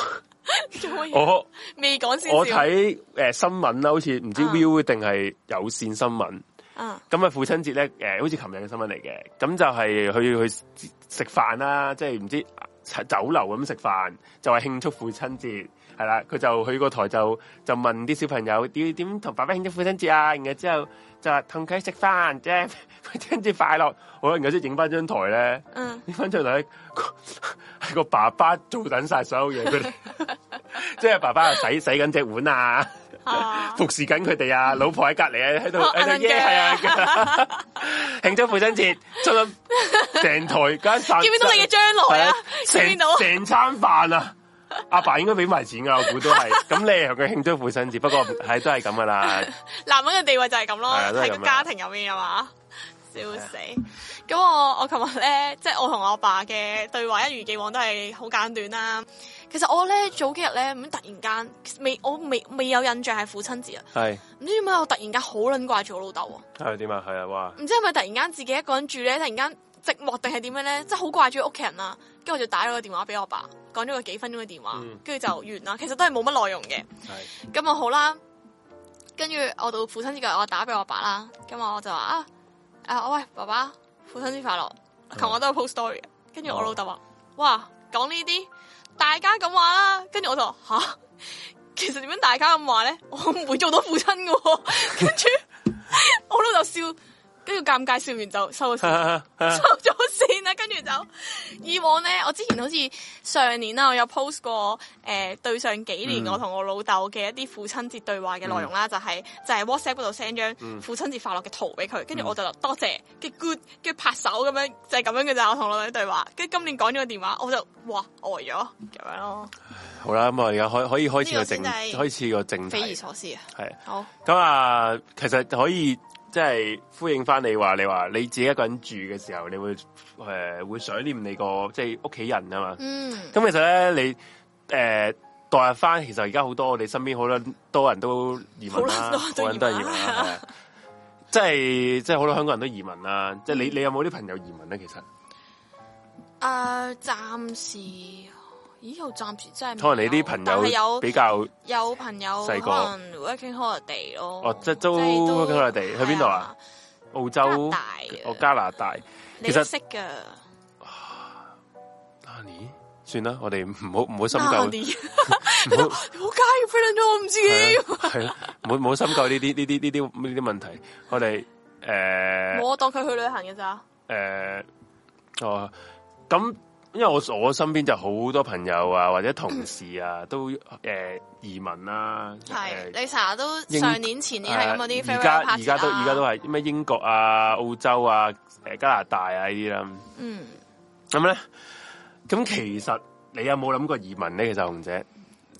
我未講先，我睇誒新聞啦，好似唔知 Viu 定係有線新聞。咁、嗯、啊，那個、父親節咧，好似琴日嘅新聞嚟嘅，咁就係去去食飯啦、啊，即係唔知酒樓咁食飯，就係慶祝父親節，係啦。佢就去個台就就問啲小朋友點點同爸爸慶祝父親節啊？然後之後就話同佢食飯啫，父親節快樂。我然後先影翻張台咧，影、嗯、翻張台，係、那個、 <laughs> 個爸爸做緊晒所有嘢，佢 <laughs> 哋即係爸爸洗 <laughs> 洗緊隻碗啊！啊、服侍緊佢哋啊，老婆喺隔籬啊，喺度喺度係啊，慶 <laughs> <laughs> 祝父親節，出咗成台間飯，見到你嘅將來，見到成餐飯啊，阿爸應該俾埋錢噶，我估都係，咁你同佢慶祝父親節，不過係都係咁噶啦， <laughs> 男人嘅地位就係咁咯，喺個家庭入面啊嘛。笑死 <laughs> 咁 <laughs> 我我琴日咧，即、就、係、是、我同我阿爸嘅對話，一如既往都係好簡短啦。其實我咧早幾日咧，咁突然間未，我未未有印象係父親節啦。係唔知點解我突然間好撚掛住我老豆。係點啊？係、哎、啊、哎，哇！唔知係咪突然間自己一個人住咧，突然間寂寞定係點樣咧？即係好掛住屋企人啦、啊。跟住我就打咗個電話俾我爸，講咗個幾分鐘嘅電話，跟、嗯、住就完啦。其實都係冇乜內容嘅。係咁我好啦，跟住我到父親節我就打俾我爸啦。咁我就話啊。啊、uh,！喂，爸爸，父親節快樂！琴、okay. 晚都係 post story，s t 跟住我老豆話：，oh. 哇，講呢啲，大家咁話啦。跟住我就話吓，其實點樣大家咁話咧？我唔會做到父親嘅、哦，跟 <laughs> 住我老豆笑。跟住尷尬笑完就收、啊啊、收咗線啦，跟、啊、住、啊、就以往咧，我之前好似上年啦，我有 post 過誒、呃，對上幾年我同我老豆嘅一啲父親節對話嘅內容啦，嗯、就係、是、就係、是、WhatsApp 嗰度 send 張父親節快樂嘅圖俾佢，跟、嗯、住我就、嗯、多謝，跟 good，跟拍手咁樣，就係、是、咁樣嘅咋，我同老豆對話，跟住今年講咗個電話，我就哇呆咗咁樣咯。好啦，咁啊而家可以可以開始個正，開、這、始個非正體，匪夷所思啊，係好咁啊、嗯，其實可以。即係呼應翻你話，你話你自己一個人住嘅時候，你會誒、呃、會想念你個即係屋企人啊嘛。咁其實咧，你誒代入翻，其實而家好多我哋身邊好多，多人都移民啦，好多人都移民，都移民、嗯、 <laughs> 即係即係好多香港人都移民啦。即、嗯、係你你有冇啲朋友移民咧？其實誒，暫、uh, 時。咦，又暫時真係可能你啲朋友，但係有比較有朋友細個 working holiday 咯。哦，即係都 working holiday，去邊度啊？澳洲、加拿大、加拿大，其實識噶。Danny，算啦，我哋唔好唔好深究。阿尼，好介意 friend 咗我唔知。係咯，唔好唔好深究呢啲呢啲呢啲呢啲問題。我哋誒，我當佢去旅行嘅咋。誒哦，咁。因為我我身邊就好多朋友啊，或者同事啊，都誒、呃、移民啦、啊。係、呃、你成日都上年前年係咁嗰啲。而家而家都而家都係咩英國啊，啊、澳洲啊、誒加拿大啊呢啲啦。嗯。咁咧，咁其實你有冇諗過移民呢？其實紅姐，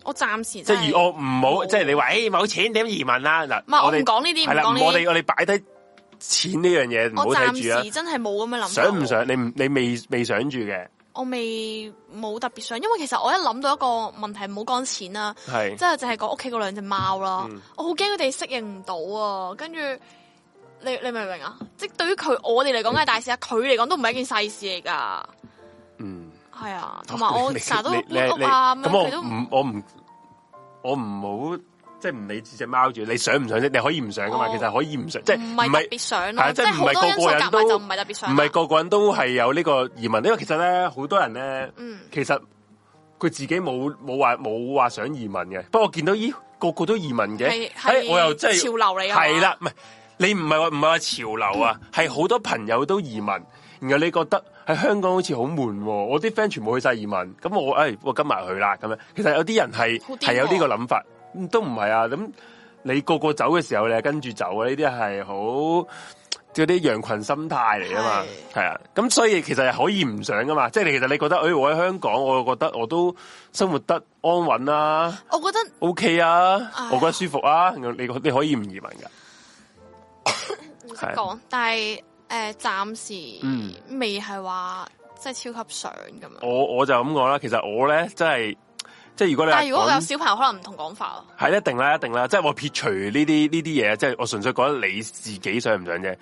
我暫時即係我唔好，即係、就是、你話誒冇錢點移民啦、啊、嗱。唔係我哋講呢啲，我哋我哋擺低錢呢樣嘢、啊，唔好睇住啦。暫時真係冇咁嘅諗法想唔想？你你未未想住嘅？我未冇特別想，因為其實我一諗到一個問題，唔好講錢啦、啊，即係淨係講屋企嗰兩隻貓啦，我好驚佢哋適應唔到啊！跟住你你明唔明啊？即係對於佢我哋嚟講梗係大事啊，佢嚟講都唔係一件細事嚟噶。嗯，係、嗯、啊，同埋我成日都搬屋啊，咩、哦、佢都唔我唔我唔好。即係唔理隻隻貓住，你想唔想啫？你可以唔想噶嘛、哦，其實可以唔想，即係唔係特別想即係唔係個個人都唔係特別想，唔係個個人都係有呢個移民。因為其實咧，好多人咧、嗯，其實佢自己冇冇話冇話想移民嘅。不過見到咦，個個都移民嘅、哎，我又即係潮流嚟。係啦，唔係你唔係話唔係話潮流啊，係、嗯、好多朋友都移民，然後你覺得喺香港好似好悶，我啲 friend 全部去晒移民，咁我誒、哎、我跟埋去啦咁樣。其實有啲人係係有呢個諗法。都唔係啊！咁你個個走嘅時候，你係跟住走啊！呢啲係好嗰啲羊群心態嚟啊嘛，係啊！咁所以其實係可以唔想噶嘛，即係你其實你覺得，哎，我喺香港，我覺得我都生活得安穩啦。我覺得 okay 啊、哎呀，我覺得舒服啊，你你可以唔移民噶。講 <laughs> ，但係誒，暫時未係話即係超級想咁啊！我我就咁講啦，其實我咧真係。即係如果你但如果有小朋友可能唔同講法啊，係一定啦，一定啦，即係我撇除呢啲呢啲嘢，即係我純粹覺得你自己想唔想啫。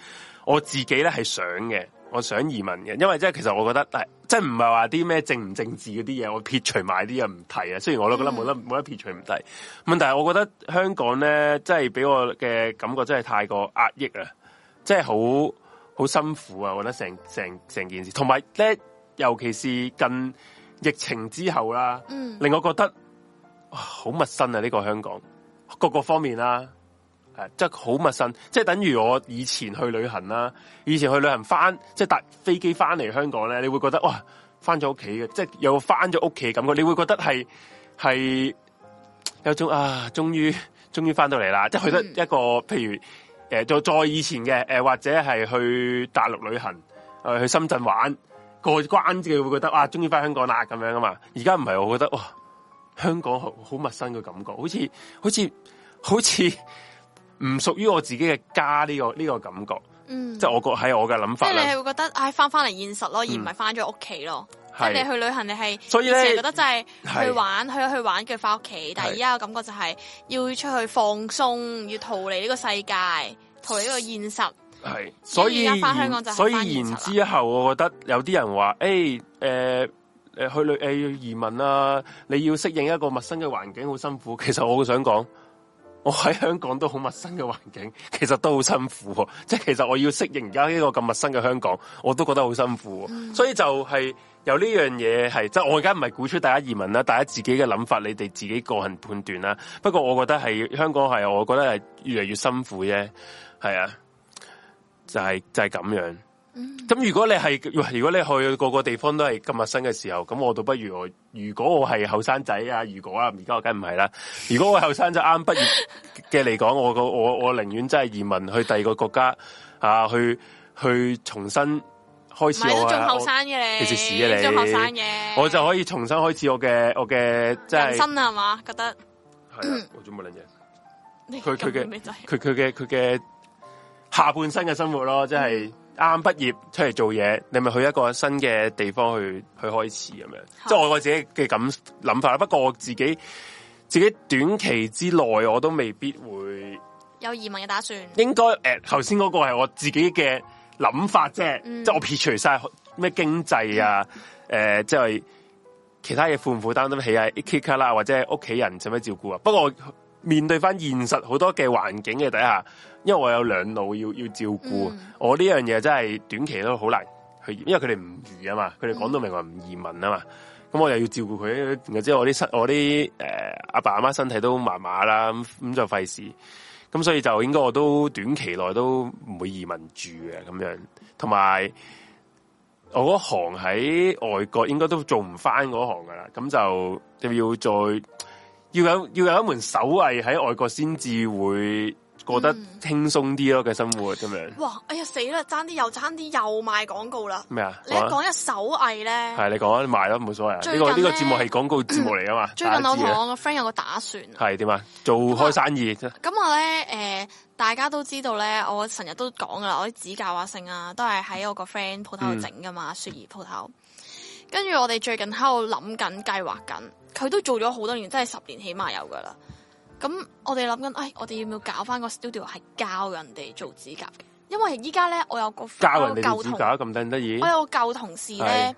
我自己咧係想嘅，我想移民嘅，因為即係其實我覺得，係即係唔係話啲咩政唔政治嗰啲嘢，我撇除埋啲嘢唔提啊。雖然我都覺得冇得、嗯、冇得撇除唔提。問題係我覺得香港咧，即係俾我嘅感覺真係太過壓抑啦，即係好好辛苦啊！我覺得成成成件事，同埋咧，尤其是近。疫情之後啦，令我覺得好陌生啊！呢、這個香港各個方面啦、啊，誒，即係好陌生，即、就、係、是、等於我以前去旅行啦，以前去旅行翻，即係搭飛機翻嚟香港咧，你會覺得哇，翻咗屋企嘅，即、就、係、是、又翻咗屋企嘅感覺，你會覺得係係有種啊，終於終於翻到嚟啦！即係、就是、去得一個，譬如誒，再、呃、再以前嘅誒、呃，或者係去大陸旅行，誒、呃，去深圳玩。過關自己會覺得，啊，終於翻香港啦，咁樣啊嘛！而家唔係，我覺得哇，香港好好陌生嘅感覺，好似好似好似唔屬於我自己嘅家呢、這個呢、這個感覺。嗯，即係我覺喺我嘅諗法。即係你係會覺得唉，翻翻嚟現實咯，而唔係翻咗屋企咯。嗯、即係你去旅行，你係，所以咧，以前覺得就係去玩去一去玩嘅翻屋企。但係而家嘅感覺就係要出去放鬆，要逃離呢個世界，逃離呢個現實。係，所以所以然之後，我覺得有啲人話誒，誒、欸、誒、呃、去旅誒、呃、移民啊，你要適應一個陌生嘅環境好辛苦。其實我想講，我喺香港都好陌生嘅環境，其實都好辛苦、啊。即、就、係、是、其實我要適應而家呢個咁陌生嘅香港，我都覺得好辛苦、啊嗯。所以就係有呢樣嘢係，即、就、係、是、我而家唔係鼓吹大家移民啦、啊，大家自己嘅諗法，你哋自己個人判斷啦、啊。不過我覺得係香港係，我覺得係越嚟越辛苦啫。係啊。就係、是、就係、是、咁樣，咁、嗯、如果你係如果你去個個地方都係咁陌生嘅時候，咁我倒不如我，如果我係後生仔啊，如果啊，而家我梗唔係啦。如果我後生仔啱畢業嘅嚟講，我我我寧願真係移民去第二個國家啊，去去重新開始我啊。我做後生嘅你，你做後生嘅，我就可以重新開始我嘅我嘅即係人生啦，係、就、嘛、是？覺得係啊，我做乜撚嘢。佢佢嘅佢嘅佢嘅。下半生嘅生活咯，即係啱啱畢業出嚟做嘢，你咪去一個新嘅地方去去開始咁樣，即係我我自己嘅噉諗法。不過我自己自己短期之內我都未必會有移民嘅打算。應該誒，頭先嗰個係我自己嘅諗法啫、嗯，即係我撇除晒咩經濟啊，誒、嗯、即、呃、係、就是、其他嘢負唔負擔都得起啊，kick 卡啦或者屋企人使唔使照顧啊？不過。面對翻現實好多嘅環境嘅底下，因為我有兩老要要照顧，嗯、我呢樣嘢真係短期都好難去，因為佢哋唔住啊嘛，佢哋講到明話唔移民啊嘛，咁、嗯、我又要照顧佢，然之後我啲我啲誒阿爸阿媽身體都麻麻啦，咁咁就費事，咁所以就應該我都短期內都唔會移民住嘅咁樣，同埋我嗰行喺外國應該都做唔翻嗰行噶啦，咁就要再。要有要有一門手藝喺外國先至會過得輕鬆啲咯嘅生活咁樣，嗯嗯。哇，哎呀死啦，爭啲又爭啲又賣廣告啦。咩啊？你講一手藝咧？係你講啊，你賣咯冇所謂啊。呢、這個呢、這個節目係廣告節目嚟噶嘛？最近我同我個 friend 有個打算。係點啊？做開生意。咁我咧誒、呃，大家都知道咧，我成日都講噶啦，我啲指甲啊、剩啊，都係喺我個 friend 鋪頭整噶嘛，嗯，雪兒鋪頭。跟住我哋最近喺度諗緊計劃緊。佢都做咗好多年，真係十年起碼有噶啦。咁我哋諗緊，哎，我哋要唔要搞翻個 studio 係教人哋做指甲嘅？因為依家咧，我有個教人哋做指甲咁得唔得意？我有個舊同事咧。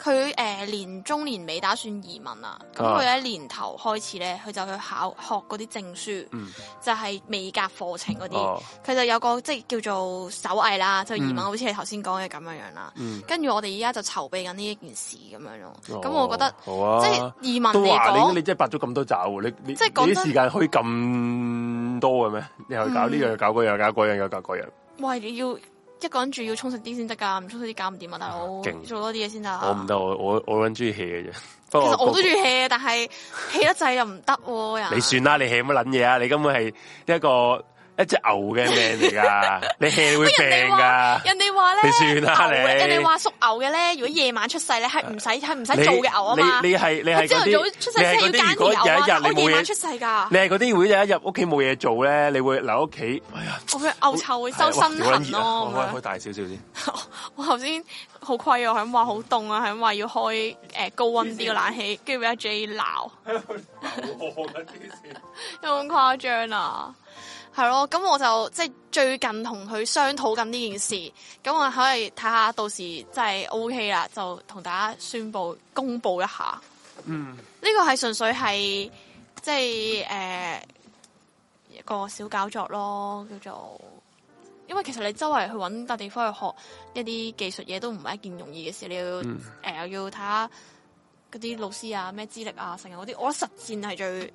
佢誒、呃、年中年尾打算移民啊，咁佢喺年頭開始咧，佢就去考學嗰啲證書，嗯、就係、是、美甲課程嗰啲。佢、哦、就有個即係叫做手藝啦，就移民好似你頭先講嘅咁樣樣啦、嗯。跟住我哋而家就籌備緊呢一件事咁樣咯。咁、哦、我覺得，好啊、即係移民嚟講，都話你你即係拔咗咁多肘，你多你啲、就是、時間可以咁多嘅咩？又、嗯、搞呢、這個、樣，又搞嗰樣，又搞嗰樣，又搞嗰樣。喂，你要。一個人住要充實啲先得噶，唔充實啲搞唔掂啊大佬！做多啲嘢先得。我唔得，我我我搵住氣 e 嘅啫。其實我都住意 e，但係氣 <laughs> 得滯又唔得。你算啦， <laughs> 你氣 e 撚乜嘢啊？你根本係一個，一隻牛嘅命嚟噶，你氣會病噶。人哋話咧，人哋話屬牛嘅咧，如果夜晚出世咧，係唔使係唔使做嘅牛啊嘛。你你係你係嗰啲，如果有一日你會，你係嗰啲會有一日屋企冇嘢做咧，你，你，你會留屋企。哎呀，我臭臭收身痕咯、啊、開大少少先。我頭先好虧啊，係咁話好凍啊，係咁話要開誒高溫啲嘅冷氣，跟住畀阿 J 鬧。咁誇張啊！ <laughs> 誇 <laughs> 係咯，咁我就即係最近同佢商討緊呢件事，咁我可以睇下到時真係 OK 啦，就同大家宣布公布一下。嗯，呢、這個係純粹係即係誒、呃、一個小搞作咯，叫做因為其實你周圍去搵笪地方去學一啲技術嘢都唔係一件容易嘅事，你要誒、嗯呃、要睇下嗰啲老師啊咩資歷啊成日嗰啲，我諗實戰係最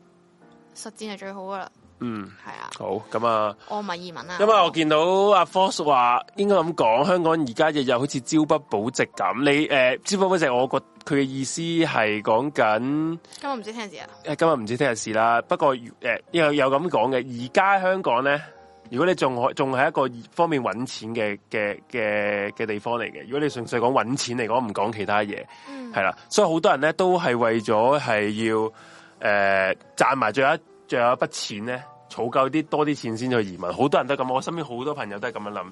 實戰係最好噶啦。嗯，係啊，好咁啊，我咪移民啦。因為我見到阿 Force 話應該咁講，香港而家日日好似朝不保夕咁。你誒，知、呃、不保夕我，我覺佢嘅意思係講緊。今日唔知聽日事啊！今日唔知聽日事啦。不過，誒、呃，又又咁講嘅，而家香港咧，如果你仲可仲係一個方面搵錢嘅嘅嘅嘅地方嚟嘅。如果你純粹講搵錢嚟講，唔講其他嘢，係、嗯、啦、啊。所以好多人咧都係為咗係要誒賺埋最後一。仲有一筆錢咧，儲夠啲多啲錢先去移民。好多人都咁，我身邊好多朋友都係咁樣諗，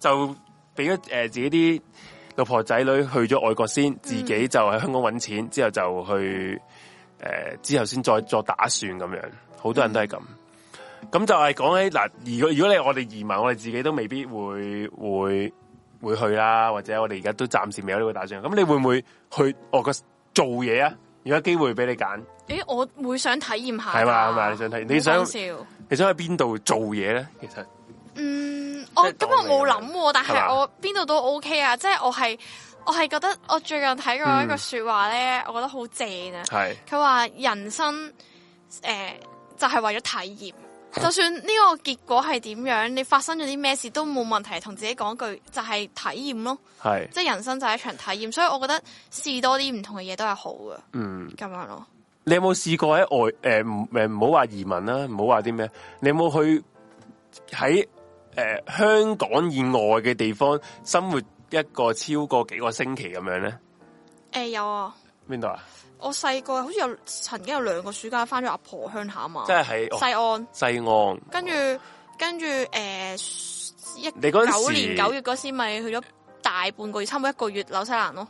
就俾咗、呃、自己啲老婆仔女去咗外國先，自己就喺香港揾錢，之後就去、呃、之後先再作打算咁樣。好多人都係咁。咁、嗯、就係講起嗱、呃，如果如果你我哋移民，我哋自己都未必會會會去啦，或者我哋而家都暫時未有呢個打算。咁你會唔會去外國做嘢啊？如果機會俾你揀，誒，我會想體驗下。係嘛係嘛，你想體驗？想笑你想，你想喺邊度做嘢咧？其實，嗯，我咁我冇諗喎，但係我邊度都 OK 啊！即係我係我係覺得我最近睇過一個説話咧，嗯、我覺得好正啊！係佢話人生誒、呃，就係為咗體驗。就算呢個結果係點樣，你發生咗啲咩事都冇問題，同自己講句就係、是、體驗咯。係，即係人生就係一場體驗，所以我覺得試多啲唔同嘅嘢都係好嘅。嗯，咁樣咯。你有冇試過喺外誒誒唔好話移民啦，啊，唔好話啲咩？你有冇去喺誒、呃、香港以外嘅地方生活一個超過幾個星期咁樣咧？誒、呃，有啊。邊度啊？我細個好似有曾經有兩個暑假翻咗阿婆鄉下啊嘛，即係喺西安，西安、哦、跟住、哦、跟住誒一你嗰陣19年九月嗰時咪去咗大半個月，差唔多一個月紐西蘭咯。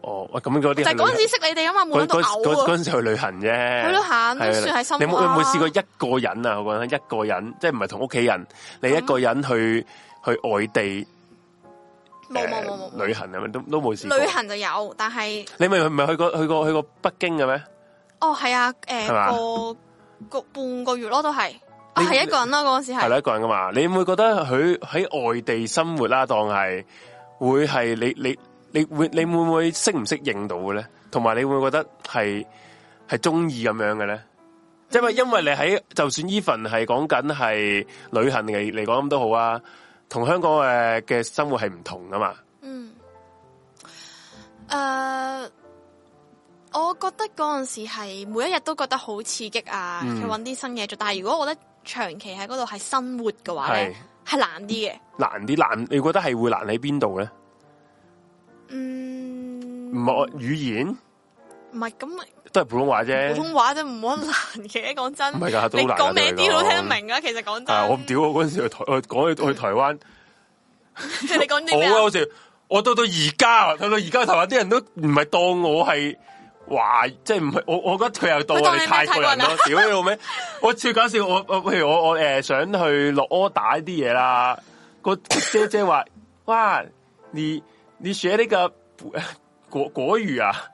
哦，喂、啊，咁嗰啲就嗰、是、陣時識你哋啊嘛，冇諗到嗰嗰陣時去旅行啫，去到行都算係深。你有冇試過一個人啊？我覺得一個人，一個人即係唔係同屋企人，你一個人去、嗯、去外地。冇冇冇冇，旅行咁都都冇事。旅行就有，但係你咪唔係去過去過去過去過北京嘅咩？哦，係啊，誒，個個半個月咯，都係啊，係一個人咯，嗰陣時係。係啦，一個人噶嘛？你會唔會覺得佢喺外地生活啦，當係會係你你你會你會唔會適唔適應到嘅咧？同埋你會唔會覺得係係中意咁樣嘅咧？因為因為你喺就算 even 係講緊係旅行嚟嚟講咁都好啊。同香港誒嘅生活係唔同噶嘛？嗯，誒、呃，我覺得嗰陣時係每一日都覺得好刺激啊！嗯、去揾啲新嘢做，但係如果我覺得長期喺嗰度係生活嘅話咧，係難啲嘅。難啲難，你覺得係會難喺邊度咧？嗯，唔係，語言。唔係咁，都係普通話啫。普通話都唔好難嘅，講真。唔係噶，都好難。你講明啲，我聽得明噶。其實講真、啊，我屌， <laughs> 我嗰陣時去台，去講去台灣。你講啲嘅。我笑，我到到而家，到到而家台灣啲人都唔係當我係華，即係唔係我，我覺得佢又當我哋泰國人咯。屌 <laughs> 你老味！我最搞笑，我譬如我我誒、呃、想去落柯打啲嘢啦，個姐姐話： <laughs> 哇，你你學呢、這個果國語啊？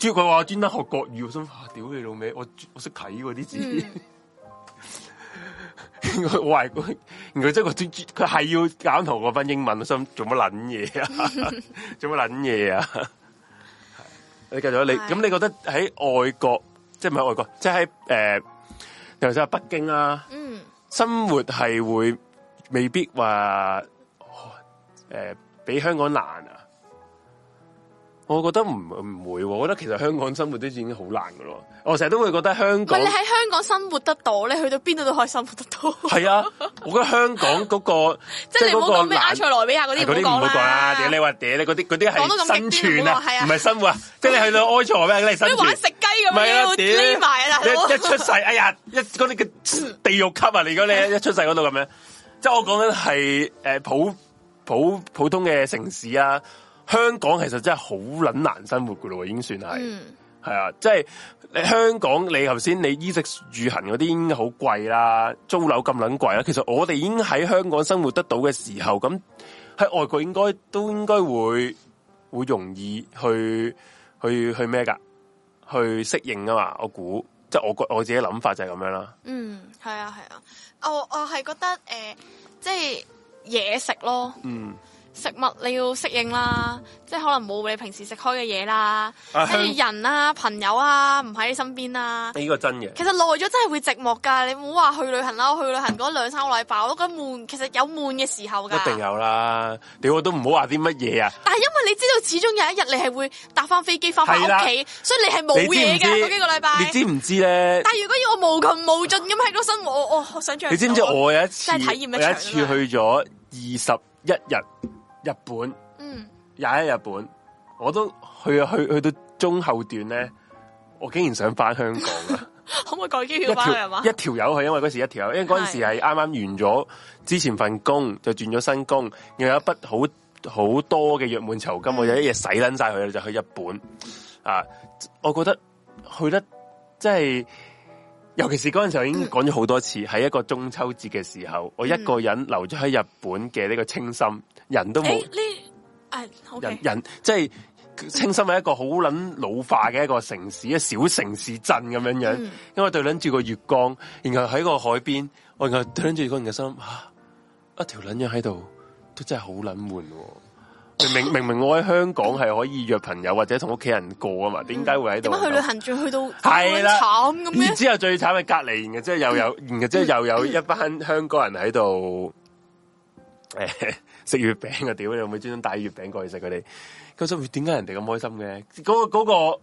主要佢話我專登學國語，我心話屌你老味，我我識睇啲字。嗯、 <laughs> 我係佢，佢真係佢，佢係要揀同我份英文，心做乜撚嘢啊？ <laughs> 做乜撚嘢啊？係你繼續，你咁你覺得喺外國，即係唔係外國，即係誒，尤其是喺北京啊，嗯，生活係會未必話誒、呃、比香港難啊。我覺得唔唔會，我覺得其實香港生活都已經好難嘅咯。我成日都會覺得香港。你喺香港生活得到你去到邊度都可以生活得到。係 <laughs> 啊，我覺得香港嗰、嗰個即係唔好講咩埃塞羅比亞嗰啲，嗰啲唔好講啊。屌你話屌你嗰啲嗰啲係生存啊，唔係、啊、 <laughs> 生活。啊， <laughs> 即係你去到埃塞羅比亞，你生存。你玩食雞咁樣，匿埋啦！一出世 <laughs> 哎呀，一嗰啲嘅地獄級啊！你講你一出世嗰度咁樣， <laughs> 即係我講緊係誒普普普，普通嘅城市啊。香港其實真係好撚難生活噶咯，已經算係，係、嗯、啊，即係你香港，你頭先你衣食住行嗰啲應該好貴啦，租樓咁撚貴啦。其實我哋已經喺香港生活得到嘅時候，咁喺外國應該都應該會會容易去去去咩噶？去適應啊嘛，我估即係我個我自己諗法就係咁樣啦。嗯，係啊，係啊，我我係覺得誒、呃，即係嘢食咯，嗯。食物你要適應啦，即係可能冇你平時食開嘅嘢啦，跟、啊、住人啊、嗯、朋友啊唔喺你身邊啦、啊。呢、這個真嘅。其實耐咗真係會寂寞噶，你唔好話去旅行啦，我去旅行嗰兩三個禮拜，我覺得悶，其實有悶嘅時候噶。一定有啦，你我都唔好話啲乜嘢啊！但係因為你知道，始終有一日你係會搭翻飛機翻翻屋企，所以你係冇嘢㗎。嗰幾個禮拜。你知唔知咧？但係如果要我無窮無盡咁喺度生活，我，我，我，我，我想住。你知唔知我有一次，真係體驗一,一次去咗二十一日。日本，嗯，廿一日本，我都去、啊、去去到中後段咧，我竟然想翻香港啊！可唔可以改機票翻去啊？一條友係因為嗰時一條友，因為嗰陣時係啱啱完咗之前份工，就轉咗新工，又有一筆好好多嘅約滿酬金，嗯、我有一嘢洗撚晒佢，就去日本啊！Uh, 我覺得去得即係，尤其是嗰陣時候已經講咗好多次，喺、嗯、一個中秋節嘅時候，我一個人留咗喺日本嘅呢個清心。人都冇呢，誒、欸啊 okay，人人即係清新係一個好捻老化嘅一個城市，一小城市鎮咁樣樣、嗯。因為對捻住個月光，然後喺個海邊，我然後對撚住個人嘅心，吓、啊、一條捻樣喺度，都真係好捻悶。明明明明我喺香港係可以約朋友或者同屋企人過啊嘛，點解會喺度？點解去旅行住去到係啦？慘咁樣。然之後最慘係隔籬，即係又有，即、嗯、係又有一班香港人喺度，誒、嗯。 <laughs> 食月餅啊，屌，你有冇專登帶月餅過去食佢哋？咁所以點解人哋咁開心嘅？嗰個嗰個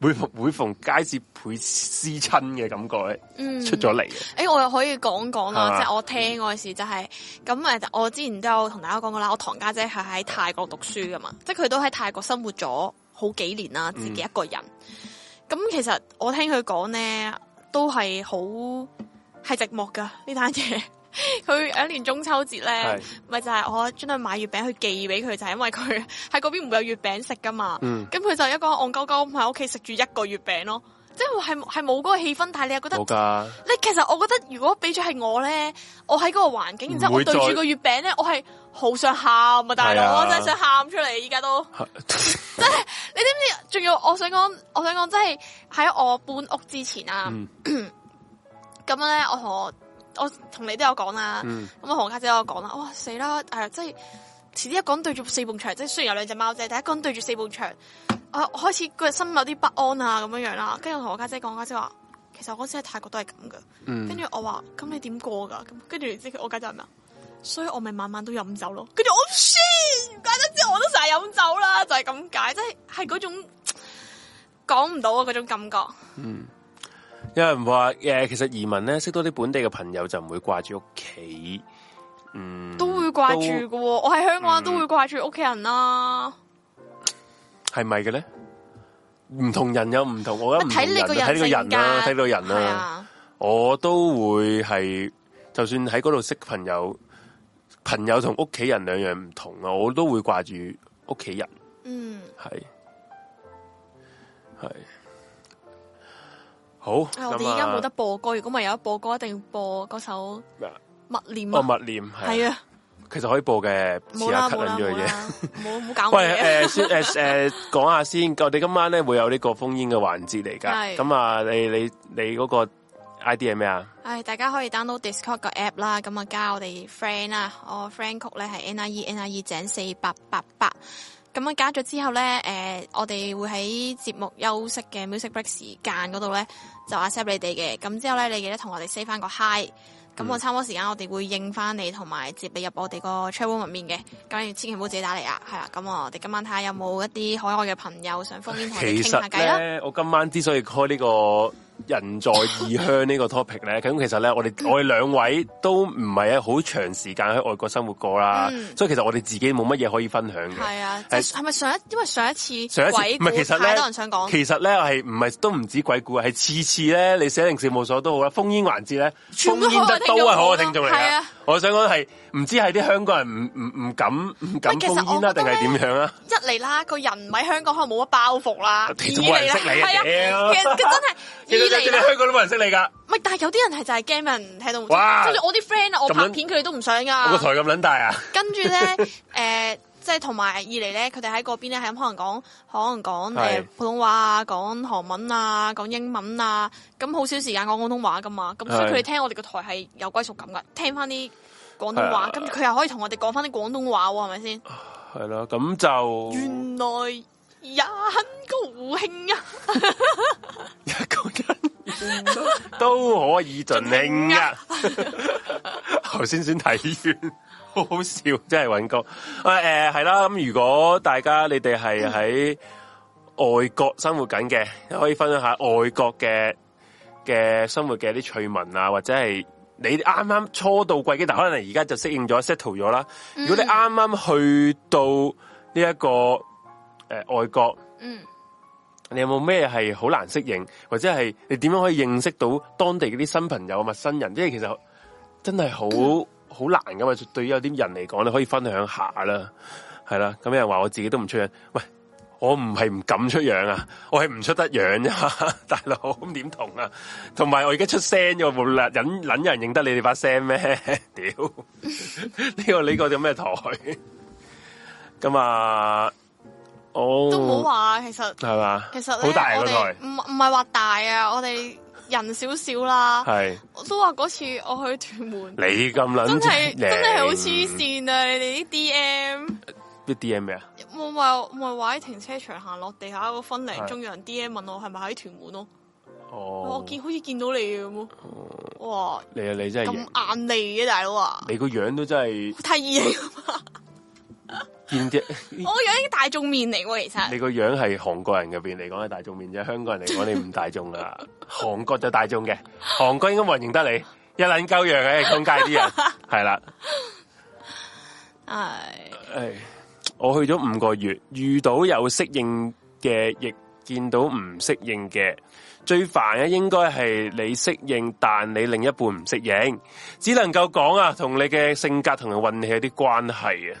每每逢佳節倍思親嘅感覺、嗯、出咗嚟，誒，我又可以講講啦，即係我聽嗰件事就係咁啊！我之前都有同大家講過啦，我堂家姐係喺泰國讀書噶嘛，即係佢都喺泰國生活咗好幾年啦，自己一個人。咁、嗯、其實我聽佢講呢，都係好係寂寞噶呢單嘢。佢 <laughs> 有一年中秋節咧，咪就係、是、我專登買月餅去寄俾佢，就係、是、因為佢喺嗰邊唔會有月餅食噶嘛。咁、嗯、佢就一個戇鳩鳩咁喺屋企食住一個月餅咯。即係係係冇嗰個氣氛，但係你又覺得，你其實我覺得如果俾咗係我咧，我喺嗰個環境，然之後我對住個月餅咧，我係好想喊啊！大佬，我真係想喊出嚟，依家都即係。你知唔知？仲要我想講，我想講，即係喺我搬屋之前啊，咁、嗯、 <coughs> 樣咧，我同我。我同你都有講啦、啊，咁、嗯、我同我家姐都有講啦、啊，哇死啦，誒即係遲啲一講對住四埲牆，即係雖然有兩隻貓仔，但係一個人對住四埲牆、呃，我開始個心有啲不安啊咁樣樣、啊、啦。我跟住我同我家姐講，家姐話其實我嗰時喺泰國都係咁噶，跟、嗯、住我話咁你點過噶？咁跟住之後我家姐話咩啊？所以我咪晚晚都飲酒咯。跟住我唔怪得，家姐之後我都成日飲酒啦，就係咁解，即係係嗰種講唔到啊嗰種感覺。嗯。有人話，誒，其實移民咧識多啲本地嘅朋友就唔會掛住屋企，嗯，都會掛住嘅。我喺香港都會掛住屋企人啦，係咪嘅咧？唔同人有唔同，我睇，你個人性格，睇到人啊，睇到人啊。我都會係，就算喺嗰度識朋友，朋友同屋企人兩樣唔同啊，我都會掛住屋企人。嗯，係係。好，我哋而家冇得播歌，如果咪有得播歌，一定要播嗰首《默、哦、念》啊，《默念》係啊，其實可以播嘅，冇啦冇啦嘅嘢，冇冇搞。喂，誒、呃，誒誒，講下先，呃先呃、 <laughs> 下我哋今晚咧會有呢個烽煙嘅環節嚟噶，咁啊，你你你嗰個 idea 係咩啊？唉，大家可以 download Discord 個 app 啦，咁啊加我哋 friend 啦，我 friend code 咧係 NIE NIE 井四八八八。咁樣加咗之後咧、呃，我哋會喺節目休息嘅 music break 時間嗰度咧，就 accept 你哋嘅。咁之後咧，你記得同我哋 say 翻個 hi。咁我差唔多時間，我哋會應翻你，同埋接你入我哋個 travel 入面嘅。咁你千祈唔好自己打嚟啊，係啦。咁我哋今晚睇下有冇一啲海外嘅朋友想方便同我哋傾下偈咧、其實啊，我今晚之所以開呢、這個，人在異鄉呢個 topic 咧，咁其實咧，我哋我哋兩位都唔係好長時間喺外國生活過啦，嗯、所以其實我哋自己冇乜嘢可以分享嘅。係啊，係、就、咪、是、上一因為上一次鬼唔係其實呢，太多人想講其實咧，係唔係都唔止鬼故係次次咧，你寫定事務所都好啦，烽煙環節咧，烽煙都都係好嘅聽眾嚟我、啊啊、我想講係唔知係啲香港人唔唔唔敢唔敢烽煙啦定係點樣啊？一嚟啦，個人喺香港可能冇乜包袱啦。二啊，其實佢、 <laughs> 啊、真係 <laughs> 即係你香港都冇人識你噶，唔係，但係有啲人係就係驚俾人睇到。哇！我啲 friend 啊，我拍片佢哋都唔想㗎。我個台咁撚大啊！跟住咧，誒、 <laughs> 呃，即係同埋二嚟咧，佢哋喺嗰邊咧係咁可能講，可能講誒普通話啊，講韓文啊，講英文啊，咁好少時間講廣東話噶嘛，咁所以佢哋聽我哋個台係有歸屬感噶，聽翻啲廣東話，咁佢、啊、又可以同我哋講翻啲廣東話喎、啊，係咪先？係啦、啊，咁就原來。也很高興啊 <laughs> <laughs> 一個人都可以盡興啊。頭先先睇完，好好笑，真係穩哥。誒、哎、係、呃、啦，咁如果大家你哋係喺外國生活緊嘅、嗯，可以分享下外國嘅嘅生活嘅啲趣聞啊，或者係你啱啱初到貴境，但可能而家就適應咗 settle 咗啦。如果你啱啱去到呢、這、一個誒、呃，外國，嗯，你有冇咩係好難適應，或者係你點樣可以認識到當地啲新朋友、陌生人？因為其實真係好好難噶嘛，對於有啲人嚟講，你可以分享一下啦，係啦。咁有人話我自己都唔出樣，喂，我唔係唔敢出樣啊，我係唔出得樣啊。大佬咁點同啊？同埋我而家出聲有冇啦，忍，忍人認得你哋把聲咩？屌、 <laughs> 這個，呢、這個呢個叫咩台？咁啊？哦、都唔好話，其實係嘛，其實好大嗰台，唔唔係話大啊，我哋、啊、 <laughs> 人少少啦，係都話嗰次我去屯門，你咁卵真係真係好黐線啊！嗯、你哋啲 D M，啲 D M 咩啊？我咪我咪話喺停車場行落地下個分零鐘有人 D M 問我係咪喺屯門咯、啊，哦、我見好似見到你咁咯、啊哦，哇！你啊你真係咁眼利嘅、啊、大佬啊！你個樣都真係太型啊！ <laughs> 我個樣係大眾面嚟，其實你個樣係韓國人入邊嚟講係大眾面，即係香港人嚟講你唔大眾啦。韓 <laughs> 國就大眾嘅，韓國應該冇人認得你一捻鳩樣嘅中介啲人係啦。係， <laughs> 我去咗五個月，嗯、遇到有適應嘅，亦見到唔適應嘅。最煩嘅，應該係你適應，但你另一半唔適應，只能夠講啊，同你嘅性格同埋運氣有啲關係啊。